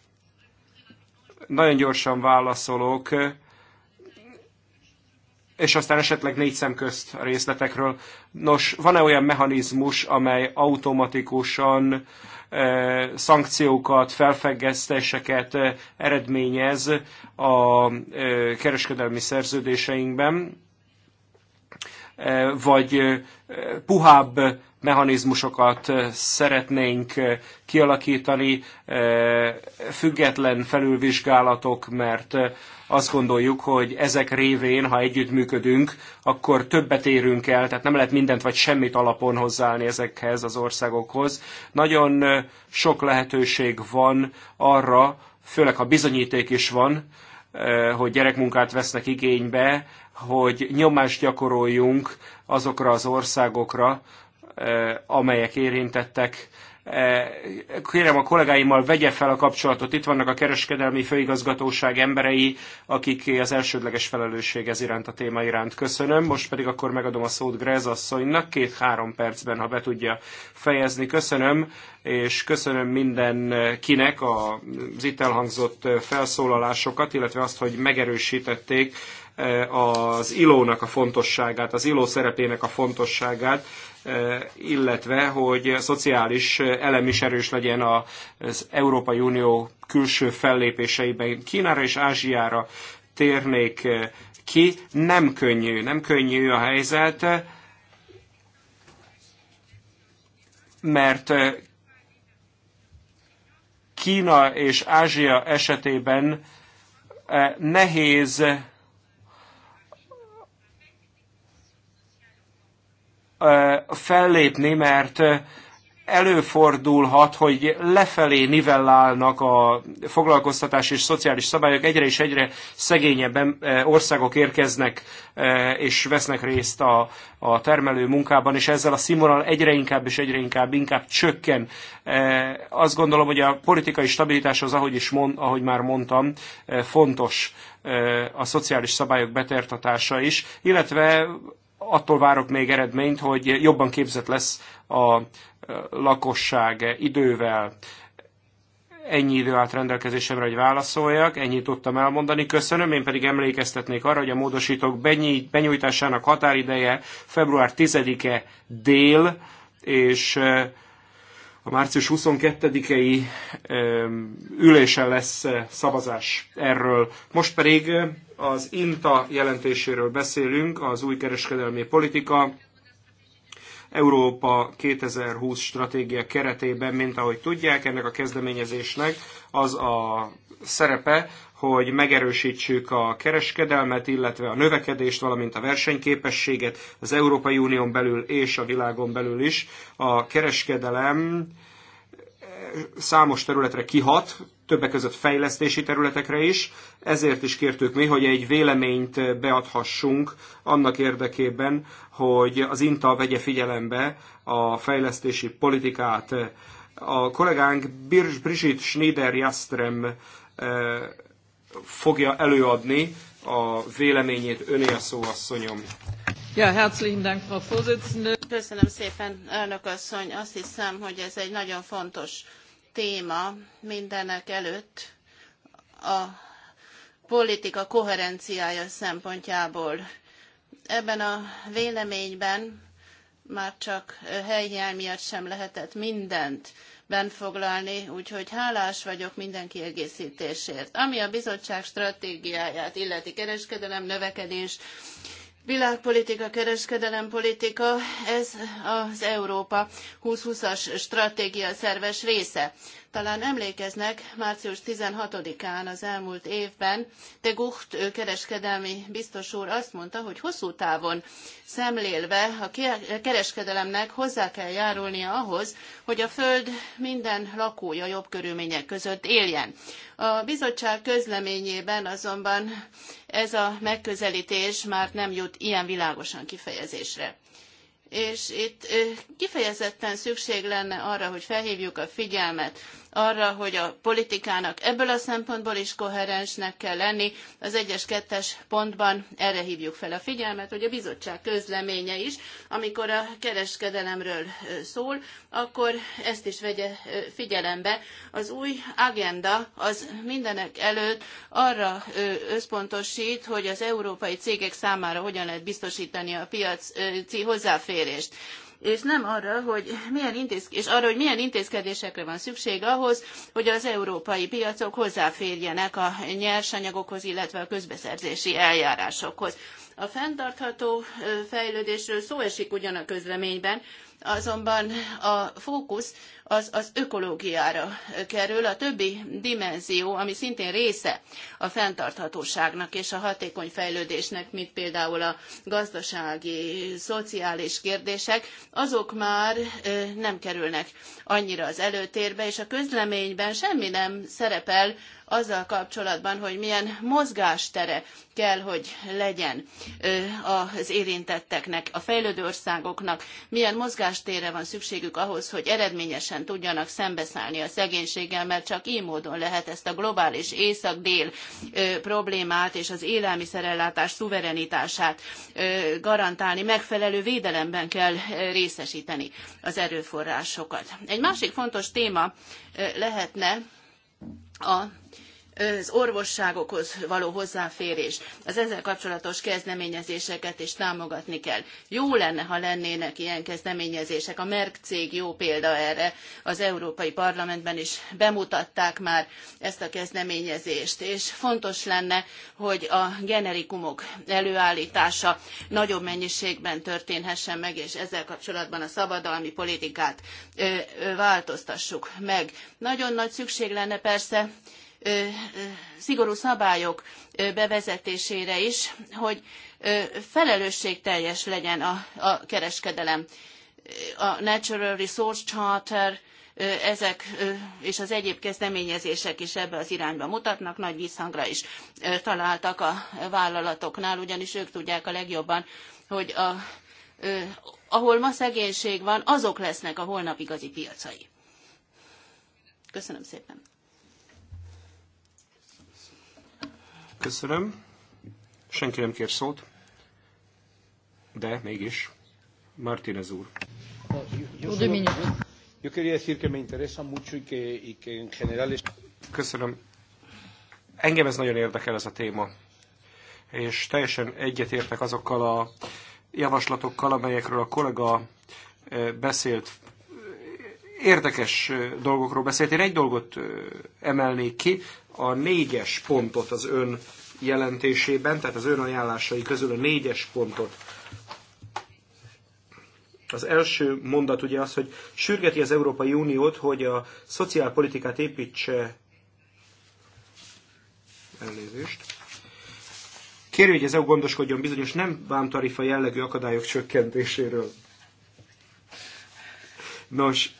S4: Nagyon gyorsan válaszolok, és aztán esetleg négy szem közt a részletekről. Nos, van-e olyan mechanizmus, amely automatikusan e, szankciókat, felfeggesztéseket e, eredményez a e, kereskedelmi szerződéseinkben, vagy puhább mechanizmusokat szeretnénk kialakítani, független felülvizsgálatok, mert azt gondoljuk, hogy ezek révén, ha együttműködünk, akkor többet érünk el, tehát nem lehet mindent vagy semmit alapon hozzáállni ezekhez az országokhoz. Nagyon sok lehetőség van arra, főleg ha bizonyíték is van, hogy gyerekmunkát vesznek igénybe, hogy nyomást gyakoroljunk azokra az országokra, amelyek érintettek. Kérem a kollégáimmal, vegye fel a kapcsolatot. Itt vannak a kereskedelmi főigazgatóság emberei, akik az elsődleges felelősség ez iránt a téma iránt. Köszönöm. Most pedig akkor megadom a szót Grez asszonynak két-három percben, ha be tudja fejezni. Köszönöm, és köszönöm mindenkinek az itt elhangzott felszólalásokat, illetve azt, hogy megerősítették az ilónak a fontosságát, az iló szerepének a fontosságát, illetve hogy a szociális elem is erős legyen az Európai Unió külső fellépéseiben. Kínára és Ázsiára térnék ki. Nem könnyű, nem könnyű a helyzet, mert Kína és Ázsia esetében nehéz fellépni, mert előfordulhat, hogy lefelé nivellálnak a foglalkoztatás és szociális szabályok, egyre és egyre szegényebb országok érkeznek és vesznek részt a, a termelő munkában, és ezzel a színvonal egyre inkább és egyre inkább, inkább csökken. Azt gondolom, hogy a politikai stabilitás az, ahogy, is mond, ahogy már mondtam, fontos a szociális szabályok betartatása is, illetve attól várok még eredményt, hogy jobban képzett lesz a e, lakosság idővel. Ennyi idő állt rendelkezésemre, hogy válaszoljak, ennyit tudtam elmondani. Köszönöm, én pedig emlékeztetnék arra, hogy a módosítók benyújtásának határideje február 10-e dél, és e, a március 22-i e, ülésen lesz szavazás erről. Most pedig az INTA jelentéséről beszélünk, az új kereskedelmi politika, Európa 2020 stratégia keretében, mint ahogy tudják, ennek a kezdeményezésnek az a szerepe, hogy megerősítsük a kereskedelmet, illetve a növekedést, valamint a versenyképességet az Európai Unión belül és a világon belül is. A kereskedelem számos területre kihat, többek között fejlesztési területekre is, ezért is kértük mi, hogy egy véleményt beadhassunk annak érdekében, hogy az INTA vegye figyelembe a fejlesztési politikát. A kollégánk Brigitte Schneider-Jastrem eh, fogja előadni a véleményét öné a szóasszonyom.
S3: Ja, herzlichen Dank, Frau Vorsitzende. Köszönöm szépen, elnök asszony. Azt hiszem, hogy ez egy nagyon fontos téma mindenek előtt a politika koherenciája szempontjából. Ebben a véleményben már csak helyhiány miatt sem lehetett mindent benfoglalni, úgyhogy hálás vagyok minden kiegészítésért. Ami a bizottság stratégiáját illeti kereskedelem, növekedés Világpolitika, kereskedelempolitika, ez az Európa 2020-as stratégia szerves része. Talán emlékeznek, március 16-án az elmúlt évben de Gucht kereskedelmi biztos úr azt mondta, hogy hosszú távon szemlélve a kereskedelemnek hozzá kell járulnia ahhoz, hogy a Föld minden lakója jobb körülmények között éljen. A bizottság közleményében azonban ez a megközelítés már nem jut ilyen világosan kifejezésre és itt kifejezetten szükség lenne arra, hogy felhívjuk a figyelmet arra, hogy a politikának ebből a szempontból is koherensnek kell lenni. Az egyes kettes pontban erre hívjuk fel a figyelmet, hogy a bizottság közleménye is, amikor a kereskedelemről szól, akkor ezt is vegye figyelembe. Az új agenda az mindenek előtt arra összpontosít, hogy az európai cégek számára hogyan lehet biztosítani a piaci hozzáférést és nem arra, hogy milyen, intézk- és arra, hogy milyen intézkedésekre van szükség ahhoz, hogy az európai piacok hozzáférjenek a nyersanyagokhoz, illetve a közbeszerzési eljárásokhoz. A fenntartható fejlődésről szó esik ugyan a közleményben, azonban a fókusz az az ökológiára kerül. A többi dimenzió, ami szintén része a fenntarthatóságnak és a hatékony fejlődésnek, mint például a gazdasági, szociális kérdések, azok már nem kerülnek annyira az előtérbe, és a közleményben semmi nem szerepel azzal kapcsolatban, hogy milyen mozgástere kell, hogy legyen az érintetteknek, a fejlődő országoknak, milyen mozgástérre van szükségük ahhoz, hogy eredményesen közösen tudjanak szembeszállni a szegénységgel, mert csak így módon lehet ezt a globális észak-dél problémát és az élelmiszerellátás szuverenitását garantálni, megfelelő védelemben kell részesíteni az erőforrásokat. Egy másik fontos téma lehetne a az orvosságokhoz való hozzáférés, az ezzel kapcsolatos kezdeményezéseket is támogatni kell. Jó lenne, ha lennének ilyen kezdeményezések. A Merck cég jó példa erre. Az Európai Parlamentben is bemutatták már ezt a kezdeményezést, és fontos lenne, hogy a generikumok előállítása nagyobb mennyiségben történhessen meg, és ezzel kapcsolatban a szabadalmi politikát változtassuk meg. Nagyon nagy szükség lenne persze szigorú szabályok bevezetésére is, hogy felelősségteljes legyen a, a kereskedelem. A Natural Resource Charter, ezek és az egyéb kezdeményezések is ebbe az irányba mutatnak, nagy visszhangra is találtak a vállalatoknál, ugyanis ők tudják a legjobban, hogy a, ahol ma szegénység van, azok lesznek a holnap igazi piacai. Köszönöm szépen.
S4: Köszönöm. Senki nem kér szót, de mégis. Martínez úr. Köszönöm. Engem ez nagyon érdekel ez a téma. És teljesen egyetértek azokkal a javaslatokkal, amelyekről a kollega eh, beszélt. Érdekes eh, dolgokról beszélt. Én egy dolgot eh, emelnék ki, a négyes pontot az ön jelentésében, tehát az ön ajánlásai közül a négyes pontot. Az első mondat ugye az, hogy sürgeti az Európai Uniót, hogy a szociálpolitikát építse elnézést. Kérjük, hogy az EU gondoskodjon bizonyos nem bámtarifa jellegű akadályok csökkentéséről. Nos,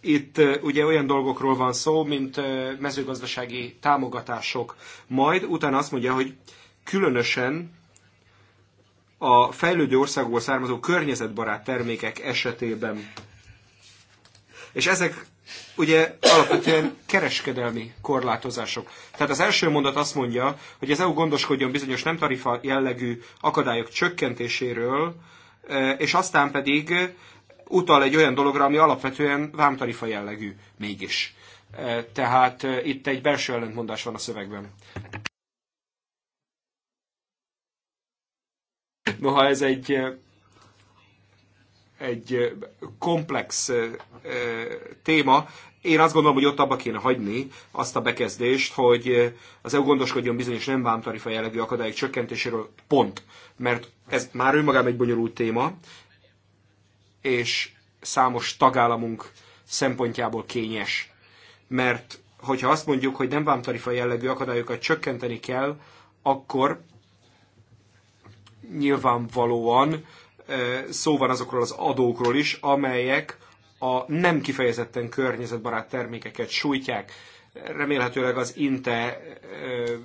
S4: itt ugye olyan dolgokról van szó, mint mezőgazdasági támogatások. Majd utána azt mondja, hogy különösen a fejlődő országból származó környezetbarát termékek esetében. És ezek ugye alapvetően kereskedelmi korlátozások. Tehát az első mondat azt mondja, hogy az EU gondoskodjon bizonyos nem tarifa jellegű akadályok csökkentéséről, és aztán pedig utal egy olyan dologra, ami alapvetően vámtarifa jellegű mégis. E, tehát e, itt egy belső ellentmondás van a szövegben. Noha ez egy e, egy komplex téma. Én azt gondolom, hogy ott abba kéne hagyni azt a bekezdést, hogy az EU gondoskodjon bizonyos nem vámtarifa jellegű akadályok csökkentéséről, pont. Mert ez már önmagában egy bonyolult téma, és számos tagállamunk szempontjából kényes. Mert hogyha azt mondjuk, hogy nem vámtarifa jellegű akadályokat csökkenteni kell, akkor nyilvánvalóan szó van azokról az adókról is, amelyek a nem kifejezetten környezetbarát termékeket sújtják. Remélhetőleg az INTE,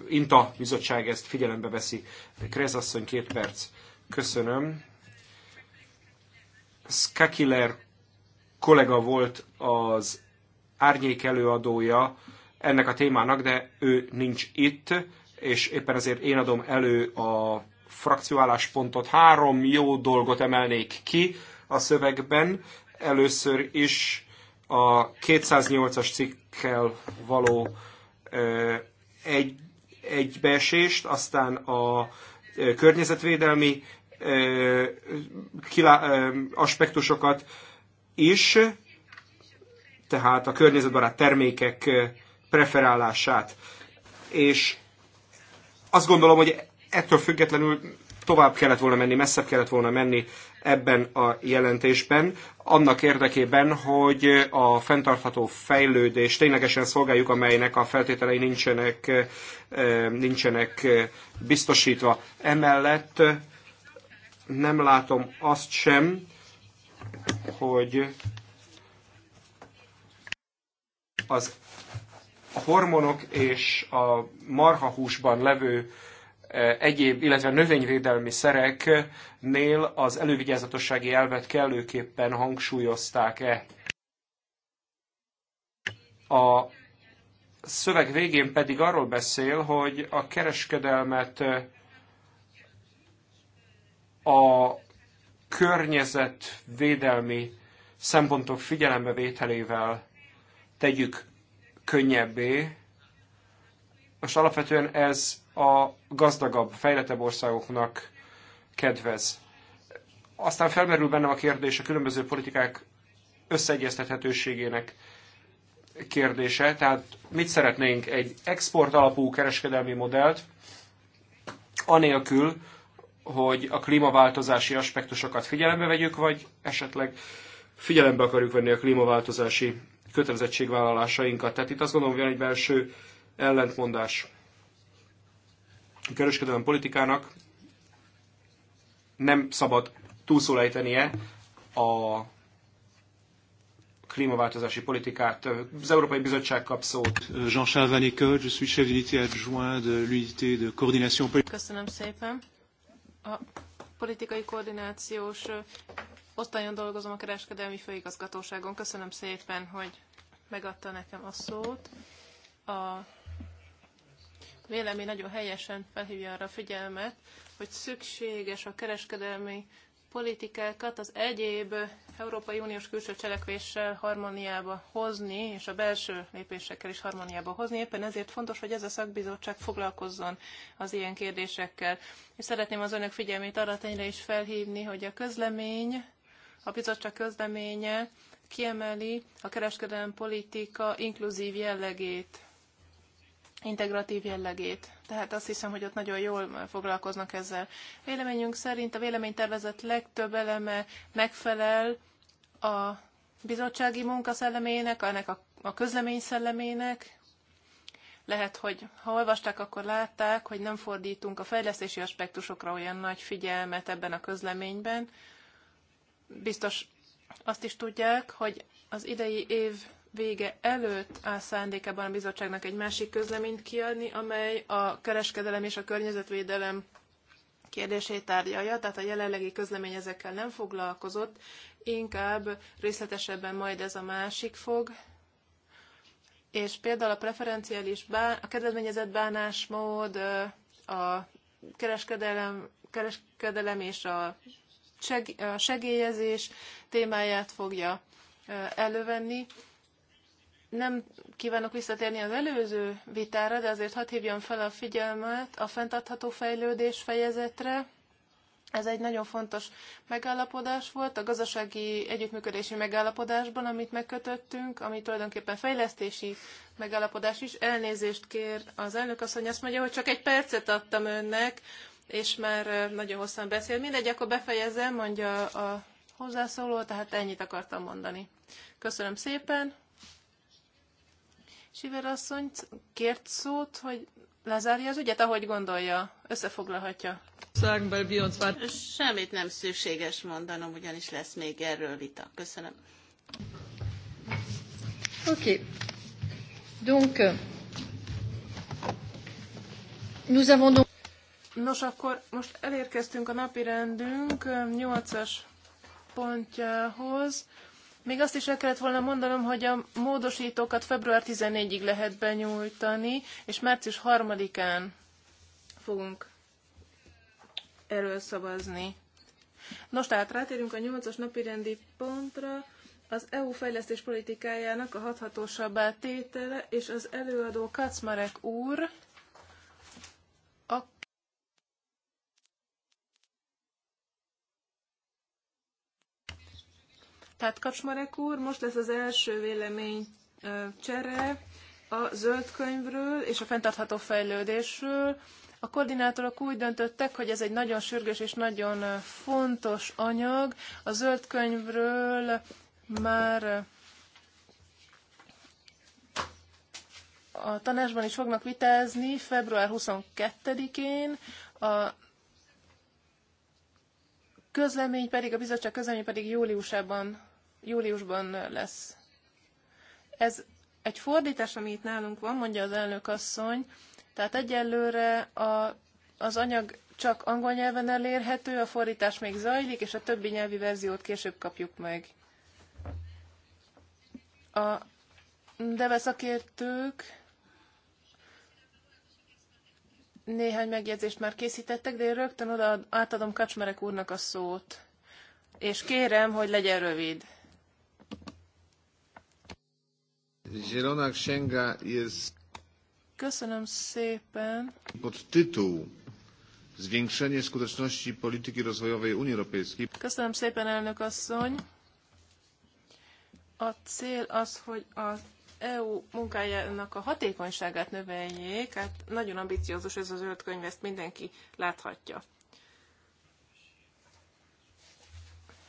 S4: INTA bizottság ezt figyelembe veszi. Krez két perc. Köszönöm. Skakiller kollega volt az árnyék előadója ennek a témának, de ő nincs itt, és éppen ezért én adom elő a frakcióálláspontot. Három jó dolgot emelnék ki a szövegben. Először is a 208-as cikkkel való egy, egybeesést, aztán a környezetvédelmi aspektusokat is, tehát a környezetbarát termékek preferálását. És azt gondolom, hogy ettől függetlenül tovább kellett volna menni, messzebb kellett volna menni ebben a jelentésben, annak érdekében, hogy a fenntartható fejlődés ténylegesen szolgáljuk, amelynek a feltételei nincsenek, nincsenek biztosítva. Emellett nem látom azt sem, hogy az a hormonok és a marhahúsban levő e, egyéb, illetve növényvédelmi szereknél az elővigyázatossági elvet kellőképpen hangsúlyozták-e. A szöveg végén pedig arról beszél, hogy a kereskedelmet a környezetvédelmi szempontok vételével tegyük könnyebbé. Most alapvetően ez a gazdagabb, fejlettebb országoknak kedvez. Aztán felmerül bennem a kérdés a különböző politikák összeegyeztethetőségének kérdése. Tehát mit szeretnénk? Egy export alapú kereskedelmi modellt, anélkül, hogy a klímaváltozási aspektusokat figyelembe vegyük, vagy esetleg figyelembe akarjuk venni a klímaváltozási kötelezettségvállalásainkat. Tehát itt azt gondolom, hogy van egy belső ellentmondás. A kereskedelmi politikának nem szabad túlszólejtenie a klímaváltozási politikát. Az Európai Bizottság kap szót. Jean-Charles Vanécot, je suis chef d'unité
S1: adjoint de l'unité de coordination politique.
S2: Köszönöm szépen. A politikai koordinációs osztályon dolgozom a kereskedelmi főigazgatóságon. Köszönöm szépen, hogy megadta nekem a szót. A vélemény nagyon helyesen felhívja arra a figyelmet, hogy szükséges a kereskedelmi politikákat az egyéb Európai Uniós külső cselekvéssel harmóniába hozni, és a belső lépésekkel is harmóniába hozni. Éppen ezért fontos, hogy ez a szakbizottság foglalkozzon az ilyen kérdésekkel. És szeretném az önök figyelmét arra tényre is felhívni, hogy a közlemény, a bizottság közleménye kiemeli a kereskedelmi politika inkluzív jellegét integratív jellegét. Tehát azt hiszem, hogy ott nagyon jól foglalkoznak ezzel. Véleményünk szerint a véleménytervezet legtöbb eleme megfelel a bizottsági munka szellemének, ennek a, a közlemény szellemének. Lehet, hogy ha olvasták, akkor látták, hogy nem fordítunk a fejlesztési aspektusokra olyan nagy figyelmet ebben a közleményben. Biztos azt is tudják, hogy az idei év vége előtt áll szándékában a bizottságnak egy másik közleményt kiadni, amely a kereskedelem és a környezetvédelem kérdését tárgyalja, tehát a jelenlegi közlemény ezekkel nem foglalkozott, inkább részletesebben majd ez a másik fog. És például a preferenciális bán, a kedvezményezett bánásmód, a kereskedelem, kereskedelem és a segélyezés témáját fogja elővenni, nem kívánok visszatérni az előző vitára, de azért hadd hívjam fel a figyelmet a fenntartható fejlődés fejezetre. Ez egy nagyon fontos megállapodás volt a gazdasági együttműködési megállapodásban, amit megkötöttünk, ami tulajdonképpen fejlesztési megállapodás is. Elnézést kér az elnök asszony, azt mondja, hogy csak egy percet adtam önnek, és már eh, nagyon hosszan beszél. Mindegy, akkor befejezem, mondja a hozzászóló, tehát ennyit akartam mondani. Köszönöm szépen! Siver asszony kért szót, hogy lezárja az ügyet, ahogy gondolja, összefoglalhatja. Semmit
S3: nem szükséges mondanom, ugyanis lesz még erről vita. Köszönöm.
S1: Oké. Okay. Donc, euh,
S2: donc... Nos, akkor most elérkeztünk a napi rendünk 8-as euh, pontjához. Még azt is el kellett volna mondanom, hogy a módosítókat február 14-ig lehet benyújtani, és március 3-án fogunk erről szavazni. Nos, tehát rátérünk a 8-as napirendi pontra, az EU fejlesztés politikájának a hathatósabbá tétele, és az előadó Kacmarek úr, Tehát Kacsmarek úr, most ez az első vélemény csere a zöld könyvről és a fenntartható fejlődésről. A koordinátorok úgy döntöttek, hogy ez egy nagyon sürgős és nagyon fontos anyag. A zöld könyvről már a tanásban is fognak vitázni február 22-én, a közlemény pedig, a bizottság közlemény pedig júliusában, júliusban lesz. Ez egy fordítás, ami itt nálunk van, mondja az elnök asszony, tehát egyelőre a, az anyag csak angol nyelven elérhető, a fordítás még zajlik, és a többi nyelvi verziót később kapjuk meg. A deve szakértők néhány megjegyzést már készítettek, de én rögtön oda átadom Kacsmerek úrnak a szót. És kérem, hogy legyen rövid.
S1: Zielona Księga
S2: Köszönöm szépen.
S1: Podtytuł Zwiększenie skuteczności polityki rozwojowej Unii Europejskiej.
S2: Köszönöm szépen, elnök asszony. A cél az, hogy a EU munkájának a hatékonyságát növeljék, hát nagyon ambiciózus ez a zöld könyv, ezt mindenki láthatja.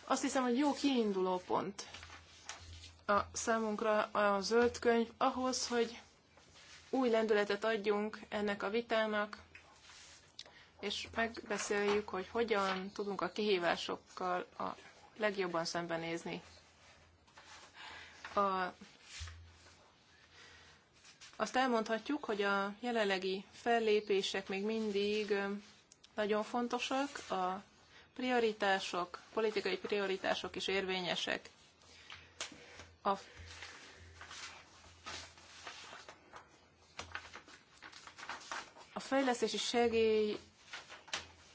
S2: Azt hiszem, hogy jó kiinduló pont a számunkra a zöld könyv ahhoz, hogy új lendületet adjunk ennek a vitának, és megbeszéljük, hogy hogyan tudunk a kihívásokkal a legjobban szembenézni. A azt elmondhatjuk, hogy a jelenlegi fellépések még mindig nagyon fontosak, a prioritások, politikai prioritások is érvényesek. A A fejlesztési segély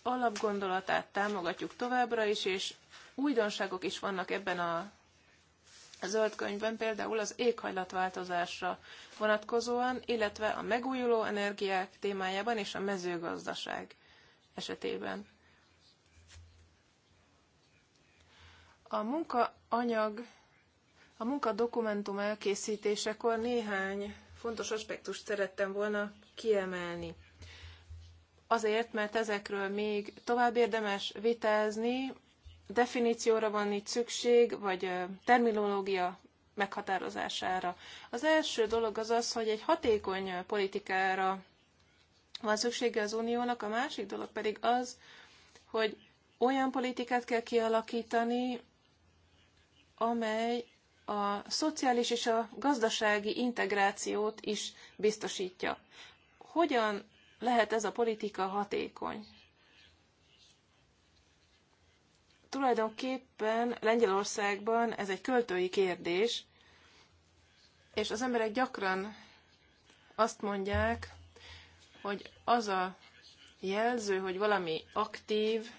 S2: alapgondolatát támogatjuk továbbra is, és újdonságok is vannak ebben a zöld könyvben például az éghajlatváltozásra vonatkozóan, illetve a megújuló energiák témájában és a mezőgazdaság esetében. A munkaanyag, a munkadokumentum elkészítésekor néhány fontos aspektust szerettem volna kiemelni. Azért, mert ezekről még tovább érdemes vitázni, definícióra van itt szükség, vagy terminológia meghatározására. Az első dolog az az, hogy egy hatékony politikára van szüksége az uniónak, a másik dolog pedig az, hogy olyan politikát kell kialakítani, amely a szociális és a gazdasági integrációt is biztosítja. Hogyan lehet ez a politika hatékony? tulajdonképpen Lengyelországban ez egy költői kérdés, és az emberek gyakran azt mondják, hogy az a jelző, hogy valami aktív,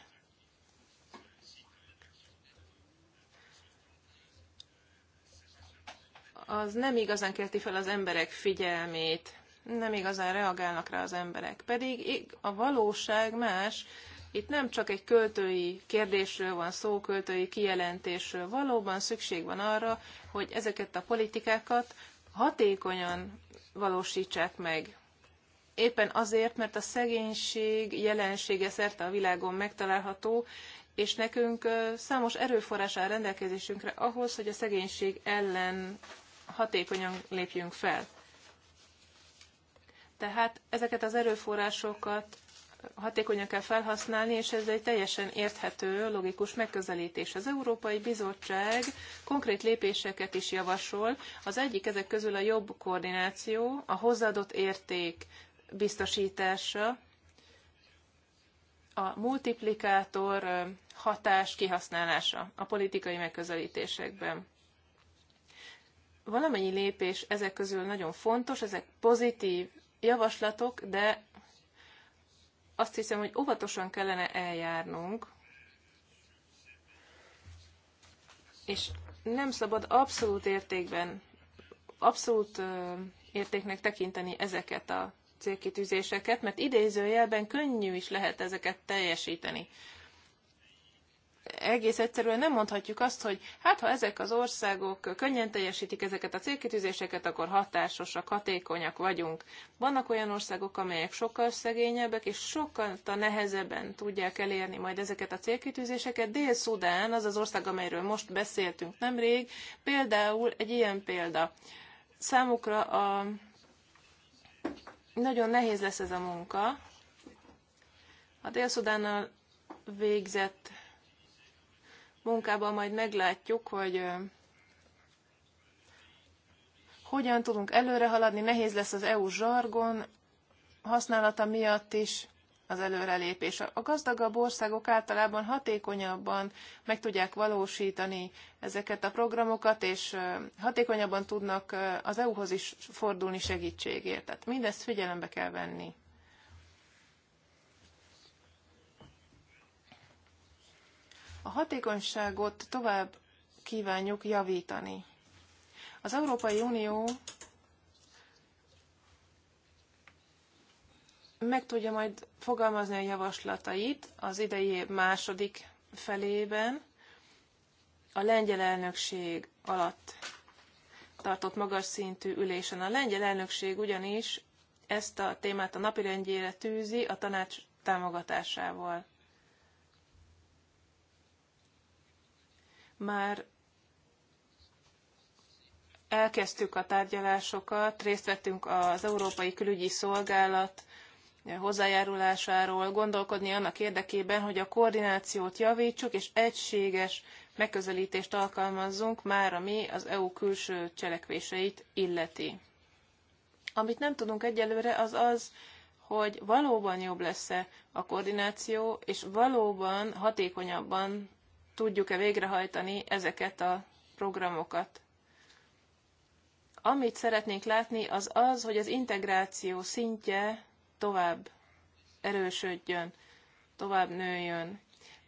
S2: az nem igazán kelti fel az emberek figyelmét, nem igazán reagálnak rá az emberek. Pedig a valóság más, itt nem csak egy költői kérdésről van szó, költői kijelentésről. Valóban szükség van arra, hogy ezeket a politikákat hatékonyan valósítsák meg. Éppen azért, mert a szegénység jelensége szerte a világon megtalálható, és nekünk számos erőforrás áll rendelkezésünkre ahhoz, hogy a szegénység ellen hatékonyan lépjünk fel. Tehát ezeket az erőforrásokat hatékonyan kell felhasználni, és ez egy teljesen érthető, logikus megközelítés. Az Európai Bizottság konkrét lépéseket is javasol. Az egyik ezek közül a jobb koordináció, a hozzáadott érték biztosítása, a multiplikátor hatás kihasználása a politikai megközelítésekben. Valamennyi lépés ezek közül nagyon fontos, ezek pozitív javaslatok, de azt hiszem, hogy óvatosan kellene eljárnunk, és nem szabad abszolút értékben, abszolút értéknek tekinteni ezeket a célkitűzéseket, mert idézőjelben könnyű is lehet ezeket teljesíteni egész egyszerűen nem mondhatjuk azt, hogy hát ha ezek az országok könnyen teljesítik ezeket a célkitűzéseket, akkor hatásosak, hatékonyak vagyunk. Vannak olyan országok, amelyek sokkal szegényebbek, és sokkal nehezebben tudják elérni majd ezeket a célkitűzéseket. Dél-Szudán, az az ország, amelyről most beszéltünk nemrég, például egy ilyen példa. Számukra a... nagyon nehéz lesz ez a munka. A Dél-Szudánnal végzett munkában majd meglátjuk, hogy hogyan tudunk előre haladni. Nehéz lesz az EU zsargon használata miatt is az előrelépés. A gazdagabb országok általában hatékonyabban meg tudják valósítani ezeket a programokat, és hatékonyabban tudnak az EU-hoz is fordulni segítségért. Tehát mindezt figyelembe kell venni. A hatékonyságot tovább kívánjuk javítani. Az Európai Unió meg tudja majd fogalmazni a javaslatait az idei év második felében, a lengyel elnökség alatt tartott magas szintű ülésen. A lengyel elnökség ugyanis ezt a témát a napirendjére tűzi a tanács támogatásával. már elkezdtük a tárgyalásokat, részt vettünk az Európai Külügyi Szolgálat hozzájárulásáról, gondolkodni annak érdekében, hogy a koordinációt javítsuk, és egységes megközelítést alkalmazzunk már, ami az EU külső cselekvéseit illeti. Amit nem tudunk egyelőre, az az, hogy valóban jobb lesz-e a koordináció, és valóban hatékonyabban tudjuk-e végrehajtani ezeket a programokat. Amit szeretnénk látni, az az, hogy az integráció szintje tovább erősödjön, tovább nőjön.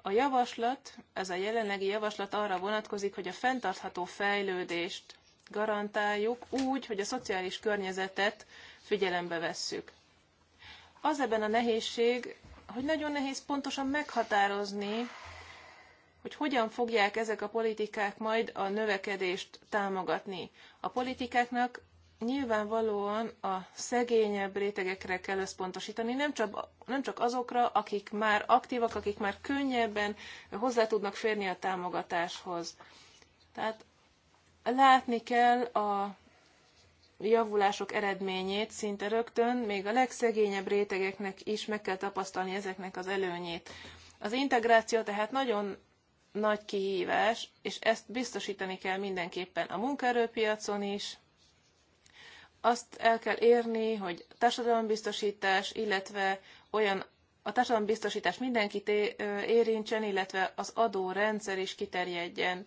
S2: A javaslat, ez a jelenlegi javaslat arra vonatkozik, hogy a fenntartható fejlődést garantáljuk úgy, hogy a szociális környezetet figyelembe vesszük. Az ebben a nehézség, hogy nagyon nehéz pontosan meghatározni, hogy hogyan fogják ezek a politikák majd a növekedést támogatni. A politikáknak nyilvánvalóan a szegényebb rétegekre kell összpontosítani, nem csak, nem csak azokra, akik már aktívak, akik már könnyebben hozzá tudnak férni a támogatáshoz. Tehát látni kell a javulások eredményét szinte rögtön, még a legszegényebb rétegeknek is meg kell tapasztalni ezeknek az előnyét. Az integráció tehát nagyon nagy kihívás, és ezt biztosítani kell mindenképpen a munkaerőpiacon is. Azt el kell érni, hogy társadalombiztosítás, illetve olyan a társadalombiztosítás mindenkit érintsen, illetve az adórendszer is kiterjedjen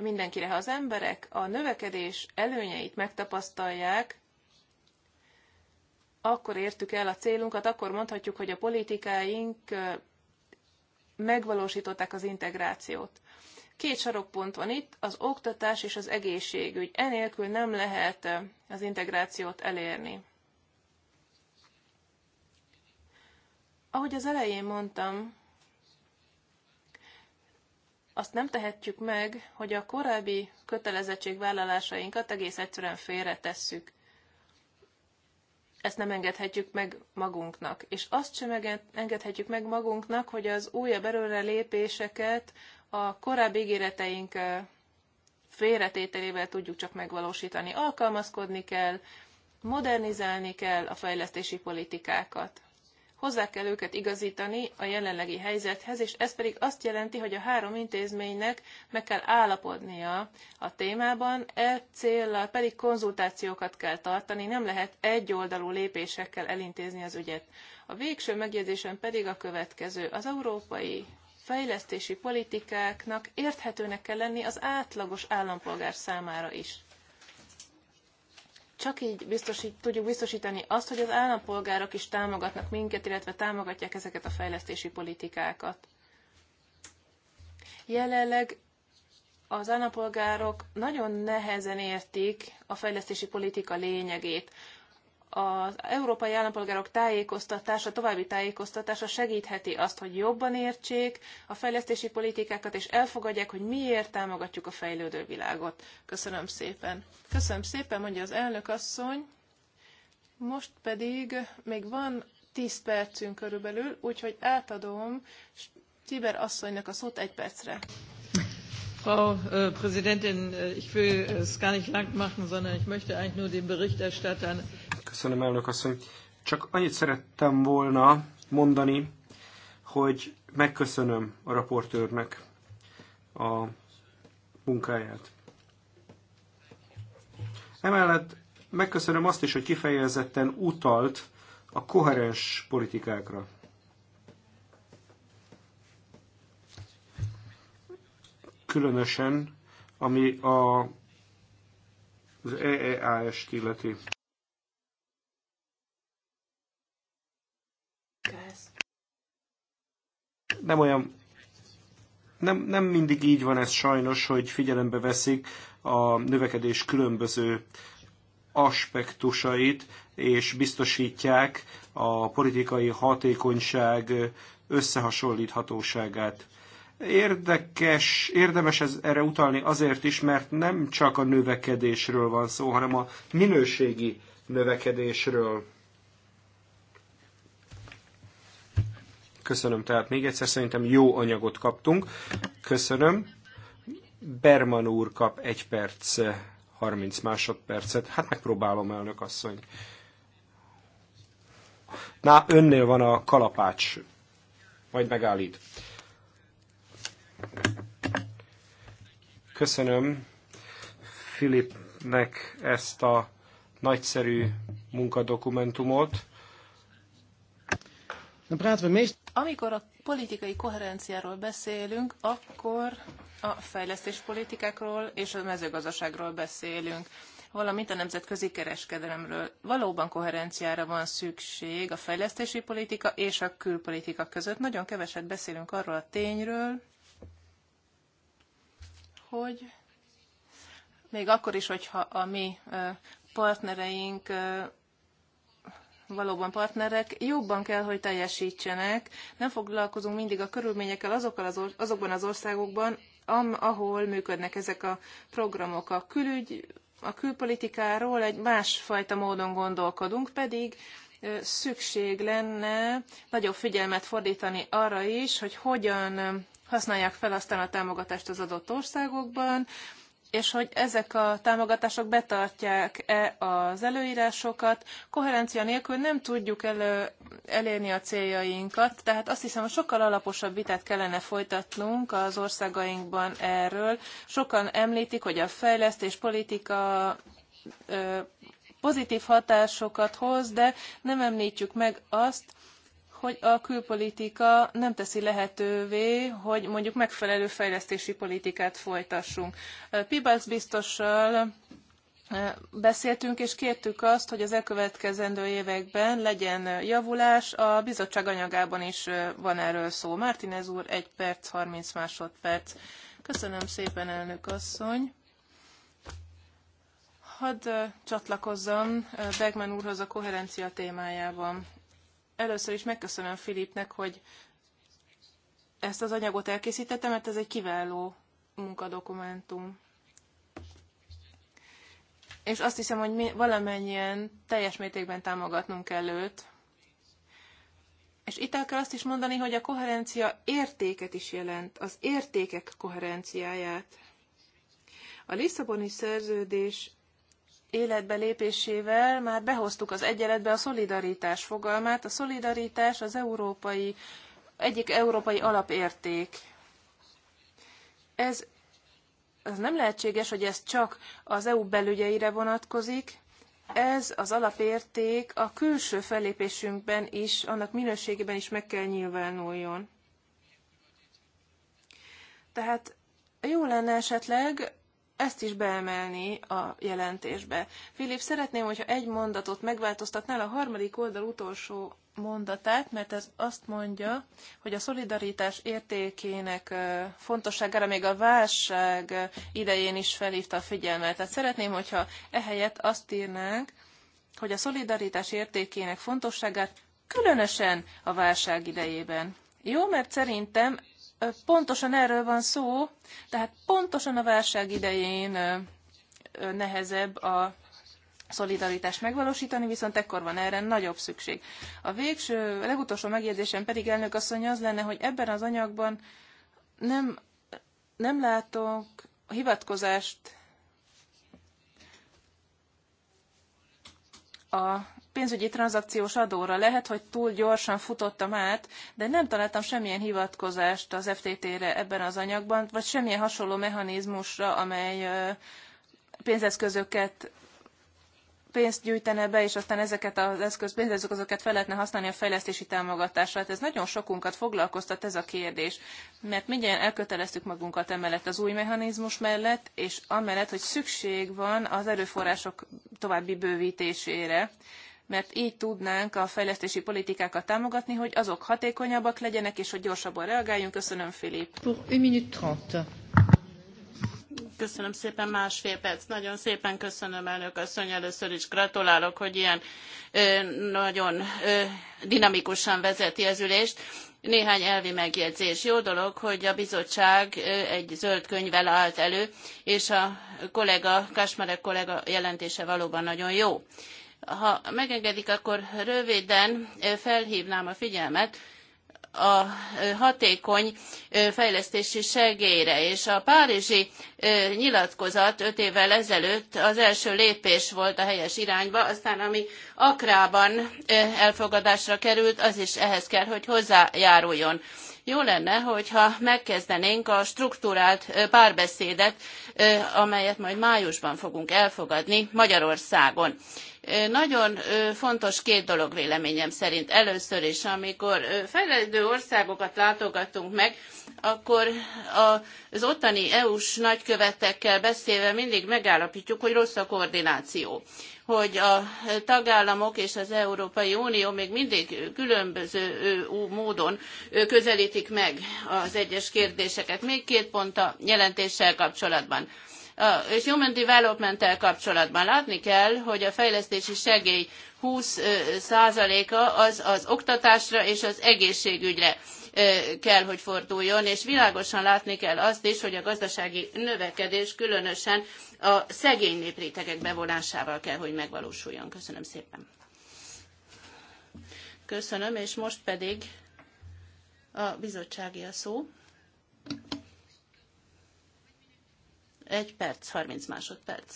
S2: mindenkire. Ha az emberek a növekedés előnyeit megtapasztalják, akkor értük el a célunkat, akkor mondhatjuk, hogy a politikáink megvalósították az integrációt. Két sarokpont van itt, az oktatás és az egészségügy. Enélkül nem lehet az integrációt elérni. Ahogy az elején mondtam, azt nem tehetjük meg, hogy a korábbi kötelezettségvállalásainkat egész egyszerűen félretesszük ezt nem engedhetjük meg magunknak. És azt sem engedhetjük meg magunknak, hogy az újabb erőre lépéseket a korábbi ígéreteink félretételével tudjuk csak megvalósítani. Alkalmazkodni kell, modernizálni kell a fejlesztési politikákat hozzá kell őket igazítani a jelenlegi helyzethez, és ez pedig azt jelenti, hogy a három intézménynek meg kell állapodnia a témában, e céllal pedig konzultációkat kell tartani, nem lehet egyoldalú lépésekkel elintézni az ügyet. A végső megjegyzésem pedig a következő. Az európai fejlesztési politikáknak érthetőnek kell lenni az átlagos állampolgár számára is. Csak így biztosít, tudjuk biztosítani azt, hogy az állampolgárok is támogatnak minket, illetve támogatják ezeket a fejlesztési politikákat. Jelenleg az állampolgárok nagyon nehezen értik a fejlesztési politika lényegét az európai állampolgárok tájékoztatása, további tájékoztatása segítheti azt, hogy jobban értsék a fejlesztési politikákat, és elfogadják, hogy miért támogatjuk a fejlődő világot. Köszönöm szépen. Köszönöm szépen, mondja az elnök asszony. Most pedig még van 10 percünk körülbelül, úgyhogy átadom Tiber asszonynak a szót egy percre.
S3: Frau äh, Präsidentin, äh, ich will es gar nicht lang machen, sondern
S1: ich möchte eigentlich nur den Berichterstattern
S4: Köszönöm, elnök asszony. Csak annyit szerettem volna mondani, hogy megköszönöm a raportőrnek a munkáját. Emellett megköszönöm azt is, hogy kifejezetten utalt a koherens politikákra. Különösen, ami a, az EEAS-t illeti. Nem olyan, nem, nem mindig így van ez sajnos, hogy figyelembe veszik a növekedés különböző aspektusait, és biztosítják a politikai hatékonyság összehasonlíthatóságát. Érdekes, érdemes ez, erre utalni azért is, mert nem csak a növekedésről van szó, hanem a minőségi növekedésről. Köszönöm tehát még egyszer, szerintem jó anyagot kaptunk. Köszönöm. Berman úr kap egy perc, 30 másodpercet. Hát megpróbálom, elnök asszony. Na, önnél van a kalapács. Majd megállít. Köszönöm Filipnek ezt a nagyszerű munkadokumentumot. Dan praten we meestal.
S2: Amikor a politikai koherenciáról beszélünk, akkor a fejlesztéspolitikákról és a mezőgazdaságról beszélünk, valamint a nemzetközi kereskedelemről. Valóban koherenciára van szükség a fejlesztési politika és a külpolitika között. Nagyon keveset beszélünk arról a tényről, hogy még akkor is, hogyha a mi partnereink valóban partnerek, jobban kell, hogy teljesítsenek. Nem foglalkozunk mindig a körülményekkel azokkal az or- azokban az országokban, am- ahol működnek ezek a programok. A külügy, a külpolitikáról egy másfajta módon gondolkodunk, pedig szükség lenne nagyobb figyelmet fordítani arra is, hogy hogyan használják fel aztán a támogatást az adott országokban, és hogy ezek a támogatások betartják-e az előírásokat. Koherencia nélkül nem tudjuk elő, elérni a céljainkat, tehát azt hiszem, hogy sokkal alaposabb vitát kellene folytatnunk az országainkban erről. Sokan említik, hogy a fejlesztés politika pozitív hatásokat hoz, de nem említjük meg azt, hogy a külpolitika nem teszi lehetővé, hogy mondjuk megfelelő fejlesztési politikát folytassunk. Pibasz biztossal beszéltünk és kértük azt, hogy az elkövetkezendő években legyen javulás. A bizottság anyagában is van erről szó. Martinez úr, 1 perc, 30 másodperc. Köszönöm szépen, elnök asszony. Hadd csatlakozzam Bergman úrhoz a koherencia témájában először is megköszönöm Filipnek, hogy ezt az anyagot elkészítettem, mert ez egy kiváló munkadokumentum. És azt hiszem, hogy mi valamennyien teljes mértékben támogatnunk kell őt. És itt el kell azt is mondani, hogy a koherencia értéket is jelent, az értékek koherenciáját. A Lisszaboni szerződés életbe lépésével már behoztuk az egyenletbe a szolidaritás fogalmát. A szolidaritás az európai, egyik európai alapérték. Ez ez nem lehetséges, hogy ez csak az EU belügyeire vonatkozik, ez az alapérték a külső fellépésünkben is, annak minőségében is meg kell nyilvánuljon. Tehát jó lenne esetleg ezt is beemelni a jelentésbe. Filip, szeretném, hogyha egy mondatot megváltoztatnál a harmadik oldal utolsó mondatát, mert ez azt mondja, hogy a szolidaritás értékének fontosságára még a válság idején is felhívta a figyelmet. Tehát szeretném, hogyha ehelyett azt írnánk, hogy a szolidaritás értékének fontosságát különösen a válság idejében. Jó, mert szerintem pontosan erről van szó, tehát pontosan a válság idején nehezebb a szolidaritást megvalósítani, viszont ekkor van erre nagyobb szükség. A végső, legutolsó megjegyzésem pedig elnök asszony az lenne, hogy ebben az anyagban nem, nem látok hivatkozást a pénzügyi tranzakciós adóra. Lehet, hogy túl gyorsan futottam át, de nem találtam semmilyen hivatkozást az FTT-re ebben az anyagban, vagy semmilyen hasonló mechanizmusra, amely pénzeszközöket pénzt gyűjtene be, és aztán ezeket az eszköz, pénzeszközöket fel lehetne használni a fejlesztési támogatásra. Hát ez nagyon sokunkat foglalkoztat ez a kérdés, mert mindjárt elköteleztük magunkat emellett az új mechanizmus mellett, és amellett, hogy szükség van az erőforrások további bővítésére mert így tudnánk a fejlesztési politikákat támogatni, hogy azok hatékonyabbak legyenek, és hogy gyorsabban reagáljunk. Köszönöm, Filip.
S1: Pour 30.
S3: Köszönöm szépen, másfél perc. Nagyon szépen köszönöm, elnök asszony. Először is gratulálok, hogy ilyen ö, nagyon ö, dinamikusan vezeti az ülést. Néhány elvi megjegyzés. Jó dolog, hogy a bizottság egy zöld könyvvel állt elő, és a kollega, Kasmarek kollega jelentése valóban nagyon jó ha megengedik, akkor röviden felhívnám a figyelmet a hatékony fejlesztési segélyre. És a párizsi nyilatkozat öt évvel ezelőtt az első lépés volt a helyes irányba, aztán ami Akrában elfogadásra került, az is ehhez kell, hogy hozzájáruljon. Jó lenne, hogyha megkezdenénk a strukturált párbeszédet, amelyet majd májusban fogunk elfogadni Magyarországon nagyon fontos két dolog véleményem szerint. Először is, amikor fejlődő országokat látogatunk meg, akkor az ottani EU-s nagykövetekkel beszélve mindig megállapítjuk, hogy rossz a koordináció hogy a tagállamok és az Európai Unió még mindig különböző módon közelítik meg az egyes kérdéseket. Még két pont a jelentéssel kapcsolatban a Human Development-tel kapcsolatban látni kell, hogy a fejlesztési segély 20%-a az az oktatásra és az egészségügyre kell, hogy forduljon, és világosan látni kell azt is, hogy a gazdasági növekedés különösen a szegény néprétegek bevonásával kell, hogy megvalósuljon. Köszönöm szépen. Köszönöm, és most pedig a bizottsági a szó. Egy perc, 30 másodperc.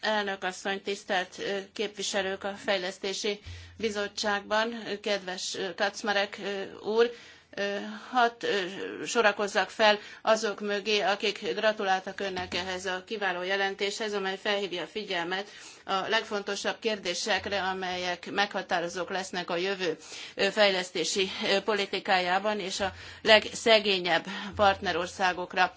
S3: Elnök asszony, tisztelt képviselők a Fejlesztési Bizottságban, kedves Kacmarek úr, hat sorakozzak fel azok mögé, akik gratuláltak önnek ehhez a kiváló jelentéshez, amely felhívja a figyelmet a legfontosabb kérdésekre, amelyek meghatározók lesznek a jövő fejlesztési politikájában, és a legszegényebb partnerországokra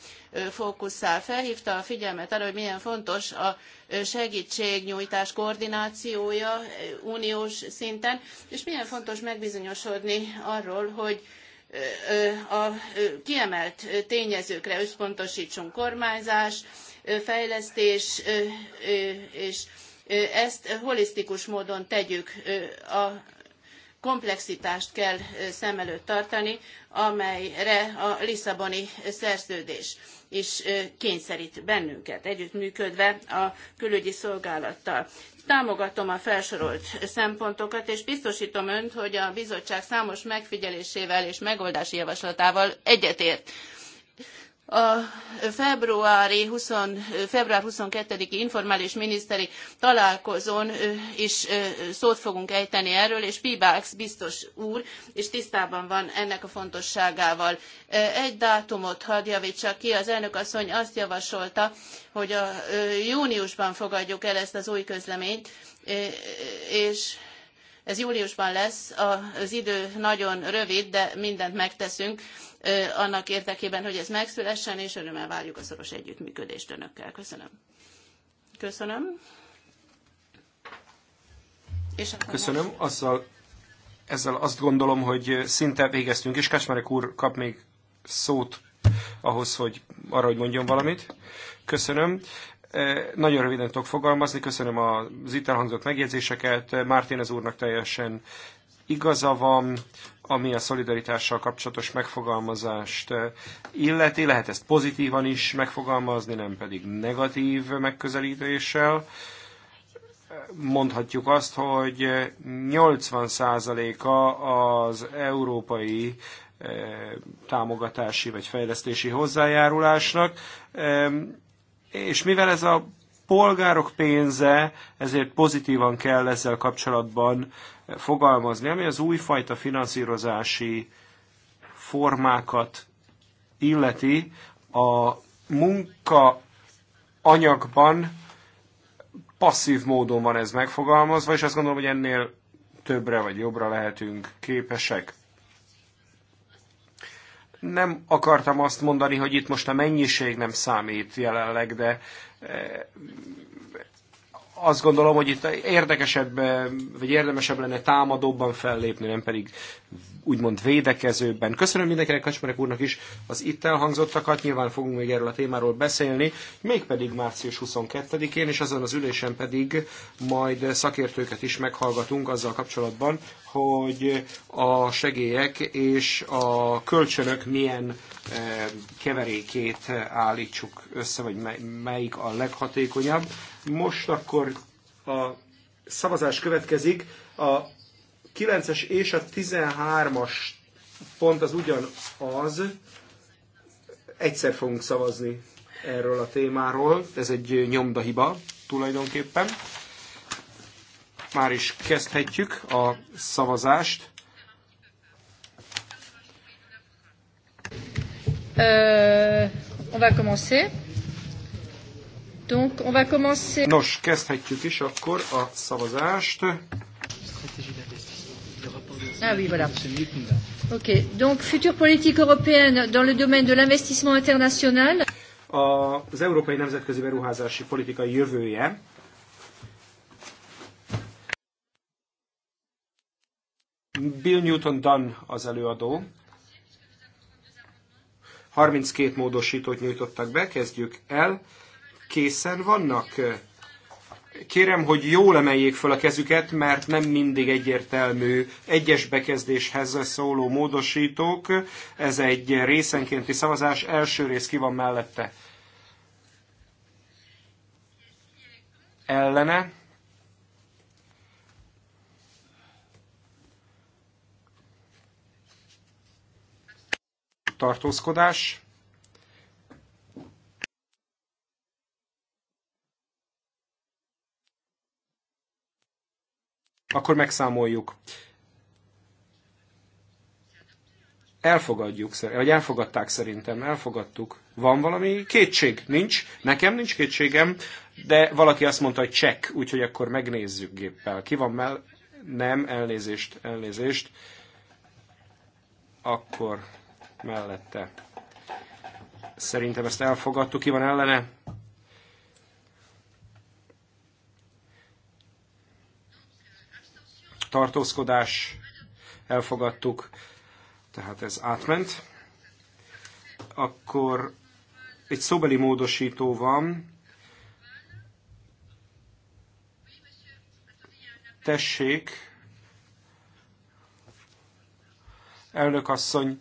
S3: fókuszál. Felhívta a figyelmet arra, hogy milyen fontos a segítségnyújtás koordinációja uniós szinten, és milyen fontos megbizonyosodni arról, hogy a kiemelt tényezőkre összpontosítson kormányzás, fejlesztés, és ezt holisztikus módon tegyük. A komplexitást kell szem előtt tartani, amelyre a Lisszaboni szerződés is kényszert bennünket, együttműködve a külügyi szolgálattal. Támogatom a felsorolt szempontokat, és biztosítom önt, hogy a bizottság számos megfigyelésével és megoldási javaslatával egyetért a februári 20, február 22-i informális miniszteri találkozón is szót fogunk ejteni erről, és Pibax biztos úr, és tisztában van ennek a fontosságával. Egy dátumot hadd javítsak ki, az elnök asszony azt javasolta, hogy a júniusban fogadjuk el ezt az új közleményt, és ez júliusban lesz, az idő nagyon rövid, de mindent megteszünk annak érdekében, hogy ez megszülessen, és örömmel várjuk a szoros együttműködést önökkel. Köszönöm. Köszönöm.
S4: Köszönöm. Most... Azzal, ezzel azt gondolom, hogy szinte végeztünk, és Kacsmarek úr kap még szót ahhoz, hogy arra, hogy mondjon valamit. Köszönöm. Nagyon röviden tudok fogalmazni, köszönöm az itt elhangzott megjegyzéseket. Mártén az úrnak teljesen igaza van, ami a szolidaritással kapcsolatos megfogalmazást illeti. Lehet ezt pozitívan is megfogalmazni, nem pedig negatív megközelítéssel. Mondhatjuk azt, hogy 80%-a az európai támogatási vagy fejlesztési hozzájárulásnak és mivel ez a polgárok pénze, ezért pozitívan kell ezzel kapcsolatban fogalmazni, ami az újfajta finanszírozási formákat illeti, a munka anyagban passzív módon van ez megfogalmazva, és azt gondolom, hogy ennél többre vagy jobbra lehetünk képesek nem akartam azt mondani, hogy itt most a mennyiség nem számít jelenleg, de eh, azt gondolom, hogy itt érdekesebb, vagy érdemesebb lenne támadóban fellépni, nem pedig úgymond védekezőben. Köszönöm mindenkinek, Kacsmarek úrnak is az itt elhangzottakat, nyilván fogunk még erről a témáról beszélni, mégpedig március 22-én, és azon az ülésen pedig majd szakértőket is meghallgatunk azzal kapcsolatban, hogy a segélyek és a kölcsönök milyen eh, keverékét állítsuk össze, vagy melyik a leghatékonyabb most akkor a szavazás következik. A 9-es és a 13-as pont az ugyanaz. Egyszer fogunk szavazni erről a témáról. Ez egy nyomdahiba tulajdonképpen. Már is kezdhetjük a szavazást.
S1: Euh, on va commencer. Donc, on va commencer... Nos,
S4: kezdhetjük is akkor a szavazást.
S1: Ah oui, voilà. Ok, donc future politique européenne dans le domaine de l'investissement international.
S4: Az európai nemzetközi beruházási politika jövője. Bill Newton Dunn az előadó. 32 módosítót nyújtottak be, kezdjük el készen vannak? Kérem, hogy jól emeljék fel a kezüket, mert nem mindig egyértelmű egyes bekezdéshez szóló módosítók. Ez egy részenkénti szavazás. Első rész ki van mellette? Ellene? Tartózkodás? Akkor megszámoljuk. Elfogadjuk, vagy elfogadták szerintem, elfogadtuk. Van valami kétség? Nincs. Nekem nincs kétségem, de valaki azt mondta, hogy check, úgyhogy akkor megnézzük géppel. Ki van mell? Nem, elnézést, elnézést. Akkor mellette. Szerintem ezt elfogadtuk. Ki van ellene? tartózkodás, elfogadtuk, tehát ez átment. Akkor egy szóbeli módosító van. Tessék, elnök asszony,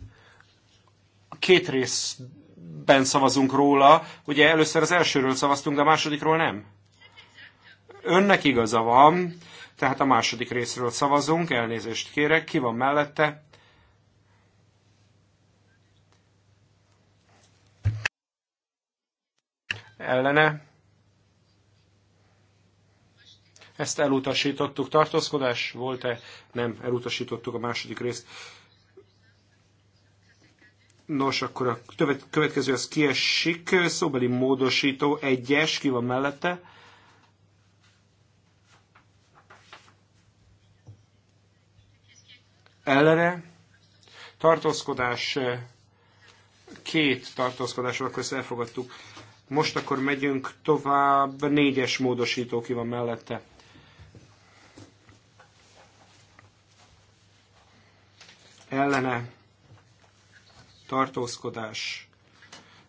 S4: két részben szavazunk róla. Ugye először az elsőről szavaztunk, de a másodikról nem. Önnek igaza van, tehát a második részről szavazunk, elnézést kérek, ki van mellette? Ellene? Ezt elutasítottuk. Tartózkodás volt-e? Nem, elutasítottuk a második részt. Nos, akkor a következő az kiesik, szóbeli módosító, egyes, ki van mellette? ellene tartózkodás, eh, két tartózkodásról közt elfogadtuk. Most akkor megyünk tovább, négyes módosító ki van mellette. Ellene tartózkodás,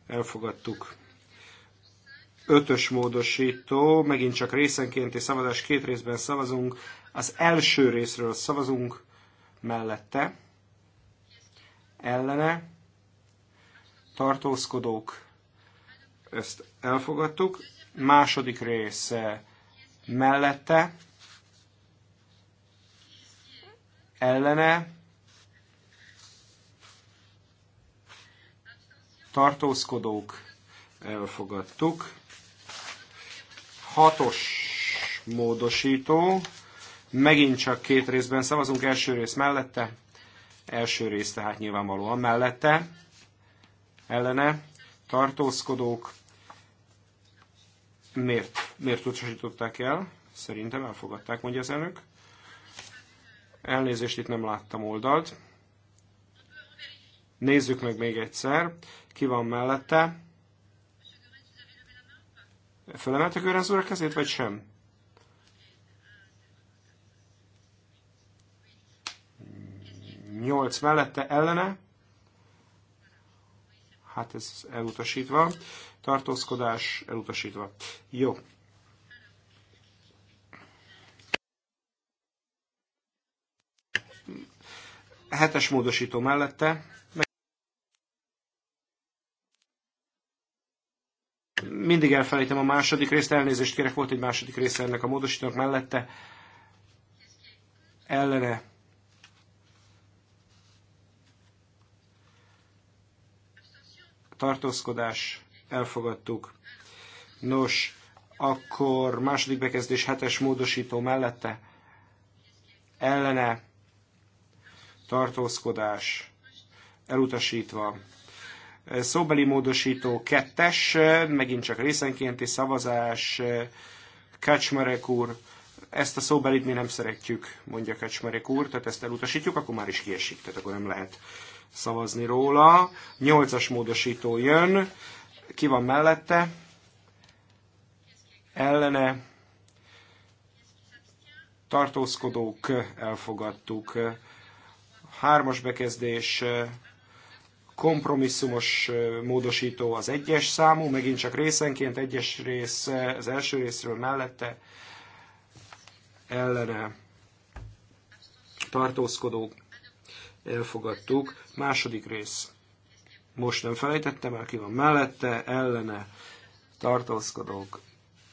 S4: elfogadtuk. Ötös módosító, megint csak részenkénti szavazás, két részben szavazunk. Az első részről szavazunk, mellette, ellene, tartózkodók, ezt elfogadtuk, második rész mellette, ellene, tartózkodók, elfogadtuk, hatos módosító, Megint csak két részben szavazunk, első rész mellette, első rész tehát nyilvánvalóan mellette, ellene, tartózkodók, miért, miért utasították el? Szerintem elfogadták, mondja az elnök. Elnézést, itt nem láttam oldalt. Nézzük meg még egyszer, ki van mellette. Fölemelte Görenz úr a kezét, vagy sem? 8 mellette ellene, hát ez elutasítva, tartózkodás elutasítva. Jó. Hetes módosító mellette. Mindig elfelejtem a második részt, elnézést kérek, volt egy második része ennek a módosítónak mellette. Ellene tartózkodás, elfogadtuk. Nos, akkor második bekezdés hetes módosító mellette ellene tartózkodás elutasítva. Szóbeli módosító kettes, megint csak részenkénti szavazás, Kecsmerek úr, ezt a szóbelit mi nem szeretjük, mondja Kecsmerek úr, tehát ezt elutasítjuk, akkor már is kiesik, tehát akkor nem lehet szavazni róla. nyolcas módosító jön. Ki van mellette? Ellene tartózkodók elfogadtuk. Hármas bekezdés, kompromisszumos módosító az egyes számú, megint csak részenként egyes rész az első részről mellette ellene tartózkodók elfogadtuk. Második rész. Most nem felejtettem el, ki van mellette, ellene tartózkodók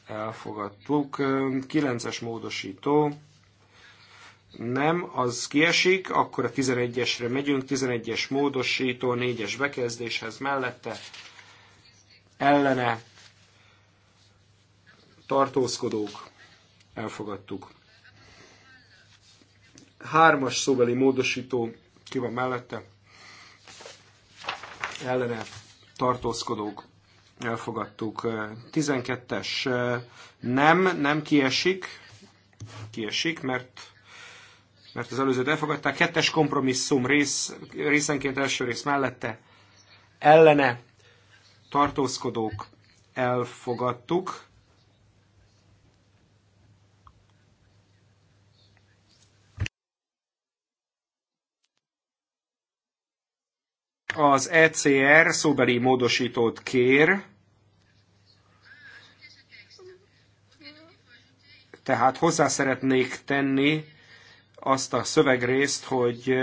S4: elfogadtuk. kilences módosító. Nem, az kiesik, akkor a 11-esre megyünk, 11-es módosító, 4-es bekezdéshez mellette, ellene tartózkodók elfogadtuk. Hármas szóbeli módosító ki van mellette? Ellene tartózkodók elfogadtuk. 12-es nem, nem kiesik, kiesik, mert, mert az előzőt elfogadták. Kettes kompromisszum rész, részenként első rész mellette ellene tartózkodók elfogadtuk. Az ECR szóbeli módosítót kér, tehát hozzá szeretnék tenni azt a szövegrészt, hogy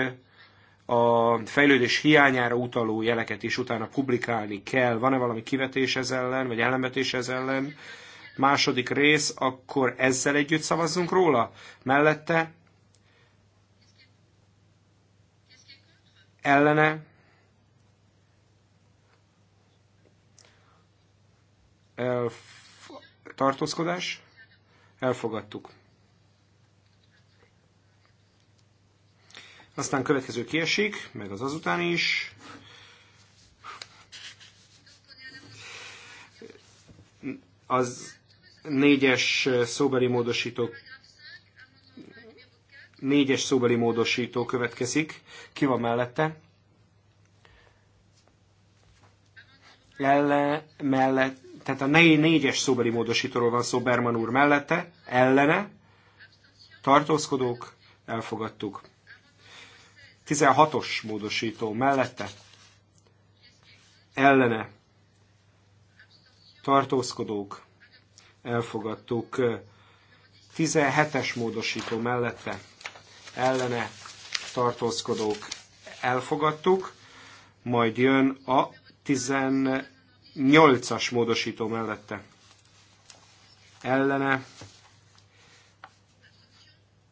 S4: a fejlődés hiányára utaló jeleket is utána publikálni kell. Van-e valami kivetés ez ellen, vagy ellenvetés ez ellen? Második rész, akkor ezzel együtt szavazzunk róla? Mellette? Ellene? elf- tartózkodás, elfogadtuk. Aztán következő kiesik, meg az azután is. Az négyes szóbeli módosító négyes szóbeli módosító következik. Ki van mellette? ellen mellett tehát a négyes szóbeli módosítóról van szó Berman úr mellette, ellene, tartózkodók, elfogadtuk. 16-os módosító mellette, ellene, tartózkodók, elfogadtuk. 17-es módosító mellette, ellene, tartózkodók, elfogadtuk. Majd jön a 10 8-as módosító mellette ellene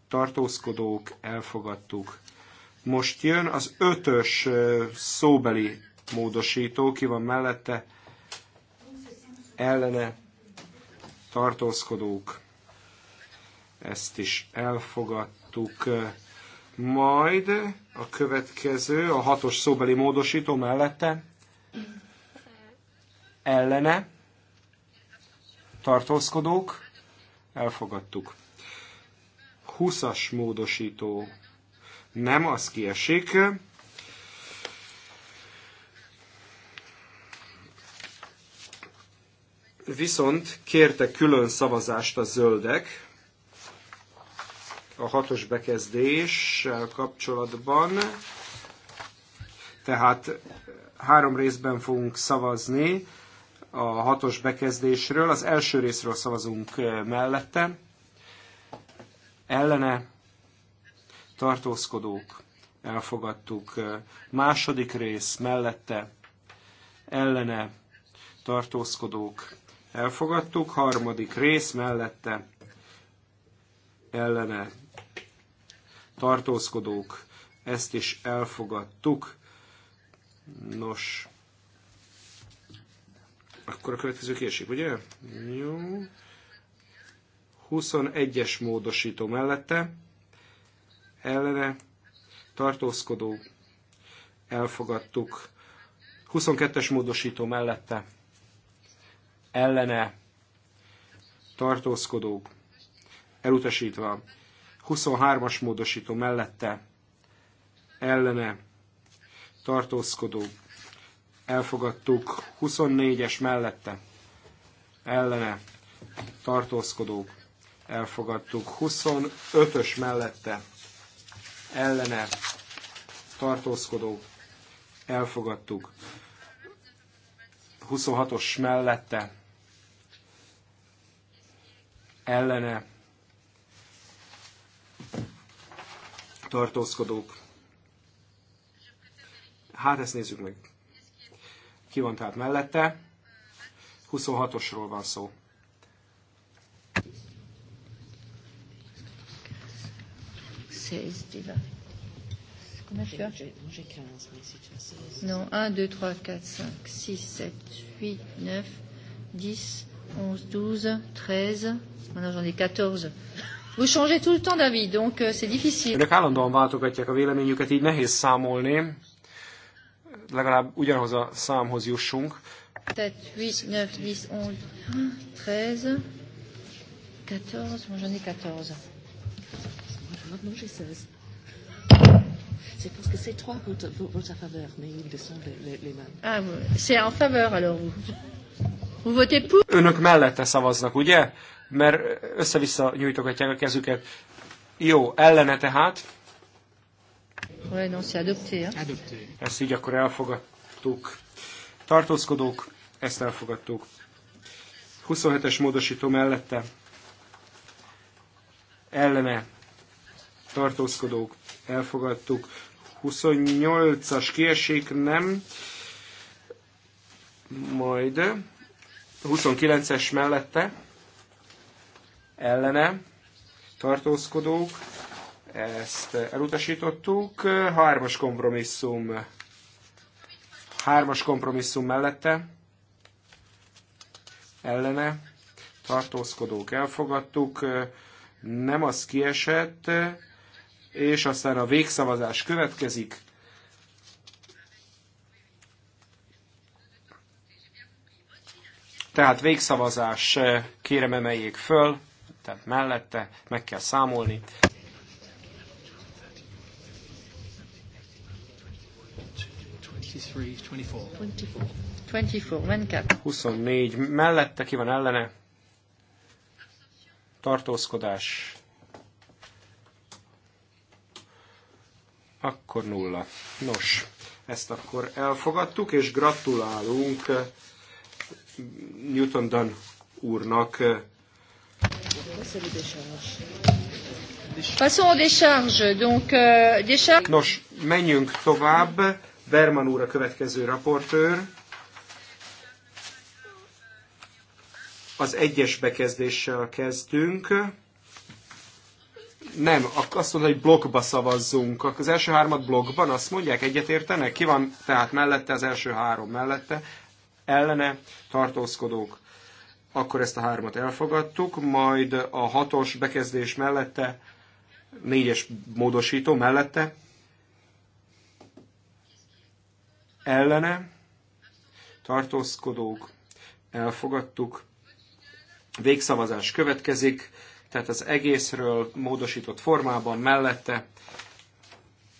S4: tartózkodók elfogadtuk. Most jön az ötös szóbeli módosító, ki van mellette, ellene tartózkodók. Ezt is elfogadtuk. Majd a következő, a hatos szóbeli módosító mellette, ellene, tartózkodók, elfogadtuk. 20-as módosító nem, az kiesik. Viszont kérte külön szavazást a zöldek a hatos bekezdéssel kapcsolatban. Tehát három részben fogunk szavazni a hatos bekezdésről. Az első részről szavazunk eh, mellette. Ellene tartózkodók elfogadtuk. Eh, második rész mellette ellene tartózkodók elfogadtuk. Harmadik rész mellette ellene tartózkodók, ezt is elfogadtuk. Nos, akkor a következő kérség, ugye? Jó. 21-es módosító mellette, ellene, tartózkodó, elfogadtuk. 22-es módosító mellette, ellene, tartózkodók, elutasítva. 23-as módosító mellette, ellene, tartózkodók, elfogadtuk 24-es mellette ellene tartózkodók, elfogadtuk 25-ös mellette ellene tartózkodók, elfogadtuk 26-os mellette ellene tartózkodók. Hát ezt nézzük meg. Ki van tehát mellette? 26-osról van szó.
S1: Non, 1, 2, 3, 4, 5, 6, 7, 8, 9, 10, 11, 12, 13. Maintenant j'en ai 14. Vous changez tout le temps d'avis, donc euh, c'est difficile.
S4: Önök állandóan váltogatják a véleményüket, így nehéz számolni legalább ugyanhoz a számhoz jussunk.
S1: 7, 8, 9, 10, 11, 13, 14, moi j'en 14. Maintenant j'ai 16. C'est parce que c'est trois votes, votes à faveur, mais ils descendent les, les mains. Ah, c'est en faveur alors vous. Vous votez pour?
S4: Önök mellette szavaznak, ugye? Mert össze-vissza nyújtogatják a kezüket. Jó, ellene tehát.
S1: Ouais, non, c'est adopté. Hein. Adopté.
S4: Ezt így akkor elfogadtuk. Tartózkodók, ezt elfogadtuk. 27-es módosító mellette ellene tartózkodók, elfogadtuk. 28-as kiesik, nem. Majd 29-es mellette ellene tartózkodók, ezt elutasítottuk. Hármas kompromisszum. Hármas kompromisszum mellette. Ellene. Tartózkodók elfogadtuk. Nem az kiesett. És aztán a végszavazás következik. Tehát végszavazás, kérem emeljék föl, tehát mellette meg kell számolni.
S1: 24. 24.
S4: 24. Mellette ki van ellene? Tartózkodás. Akkor nulla. Nos, ezt akkor elfogadtuk, és gratulálunk Newton Dunn úrnak.
S1: Passons aux décharges. Donc, euh, décharges. Nos,
S4: menjünk tovább. Berman úr a következő raportőr. Az egyes bekezdéssel kezdtünk. Nem, azt mondta, hogy blokkba szavazzunk. Az első hármat blokkban, azt mondják, egyetértenek? Ki van tehát mellette, az első három mellette? Ellene tartózkodók. Akkor ezt a hármat elfogadtuk, majd a hatos bekezdés mellette, négyes módosító mellette, ellene, tartózkodók, elfogadtuk. Végszavazás következik, tehát az egészről módosított formában mellette,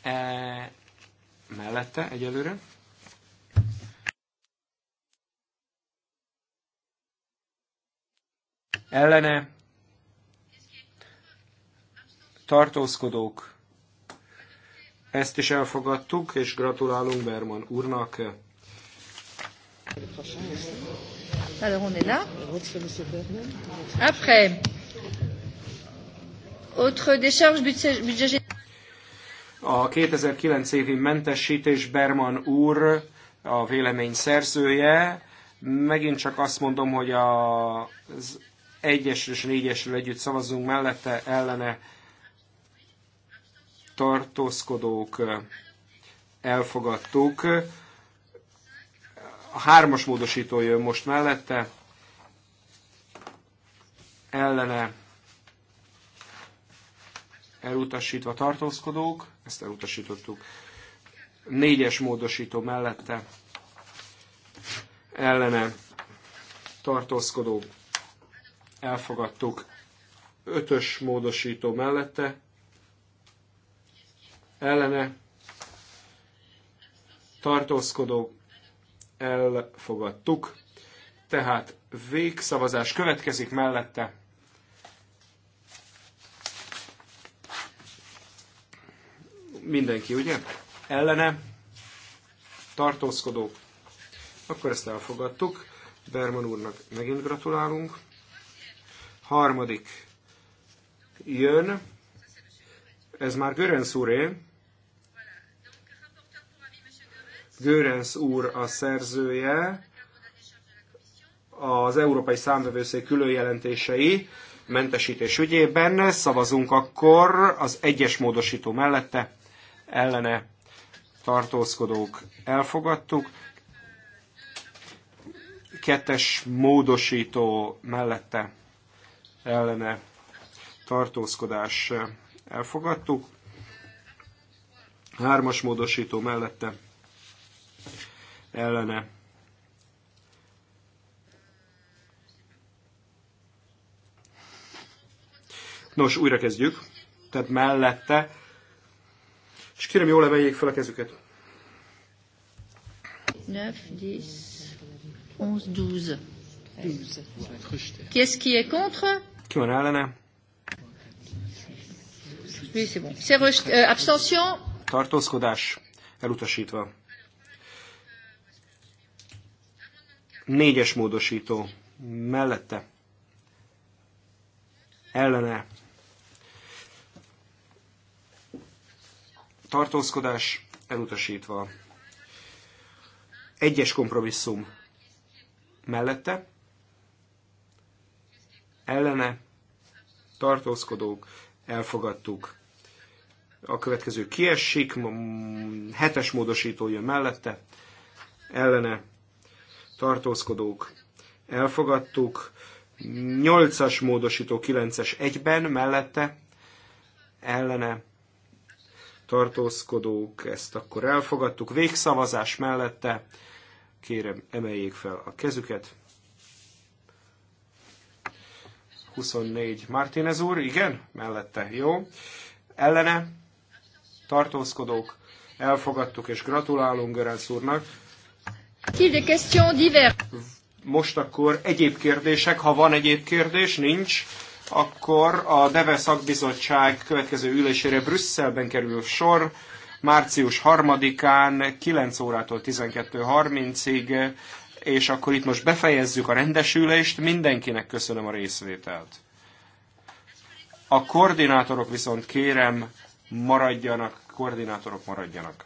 S4: e, mellette egyelőre. Ellene tartózkodók ezt is elfogadtuk, és gratulálunk Berman úrnak.
S3: Alors on est là.
S1: Après, autre décharge budgétaire.
S4: A 2009 évi mentesítés Berman úr a vélemény szerzője. Megint csak azt mondom, hogy az egyes és négyesről együtt szavazunk mellette, ellene tartózkodók elfogadtuk. A hármas módosító jön most mellette, ellene elutasítva tartózkodók, ezt elutasítottuk, négyes módosító mellette ellene tartózkodók, elfogadtuk, ötös módosító mellette ellene tartózkodó elfogadtuk. Tehát végszavazás következik mellette. Mindenki, ugye? Ellene tartózkodó. Akkor ezt elfogadtuk. Berman úrnak megint gratulálunk. Harmadik jön. Ez már Görönsz úré. Görens úr a szerzője, az Európai Számvevőszék különjelentései mentesítés ügyében. Szavazunk akkor az egyes módosító mellette, ellene tartózkodók elfogadtuk. Kettes módosító mellette ellene tartózkodás elfogadtuk. Hármas módosító mellette ellene Nos, újra kezdjük. Tehát mellette. És kérem, jól emeljék fel a kezüket.
S1: 9, 10, 11, 12. 12. Qu'est-ce qui est contre?
S4: Ki van ellene?
S1: Oui, c'est bon. C'est rejeté. Euh, abstention?
S4: Tartózkodás. Elutasítva. Négyes módosító mellette ellene tartózkodás elutasítva. Egyes kompromisszum mellette ellene tartózkodók elfogadtuk. A következő kiesik, hetes módosító jön mellette, ellene tartózkodók elfogadtuk. 8-as módosító 9-es egyben mellette ellene tartózkodók, ezt akkor elfogadtuk. Végszavazás mellette kérem emeljék fel a kezüket. 24 Martínez úr, igen, mellette, jó. Ellene tartózkodók, elfogadtuk és gratulálunk Görenc úrnak. Most akkor egyéb kérdések, ha van egyéb kérdés, nincs, akkor a Deve szakbizottság következő ülésére Brüsszelben kerül sor, március 3-án 9 órától 12.30-ig, és akkor itt most befejezzük a rendesülést, mindenkinek köszönöm a részvételt. A koordinátorok viszont kérem, maradjanak, koordinátorok maradjanak.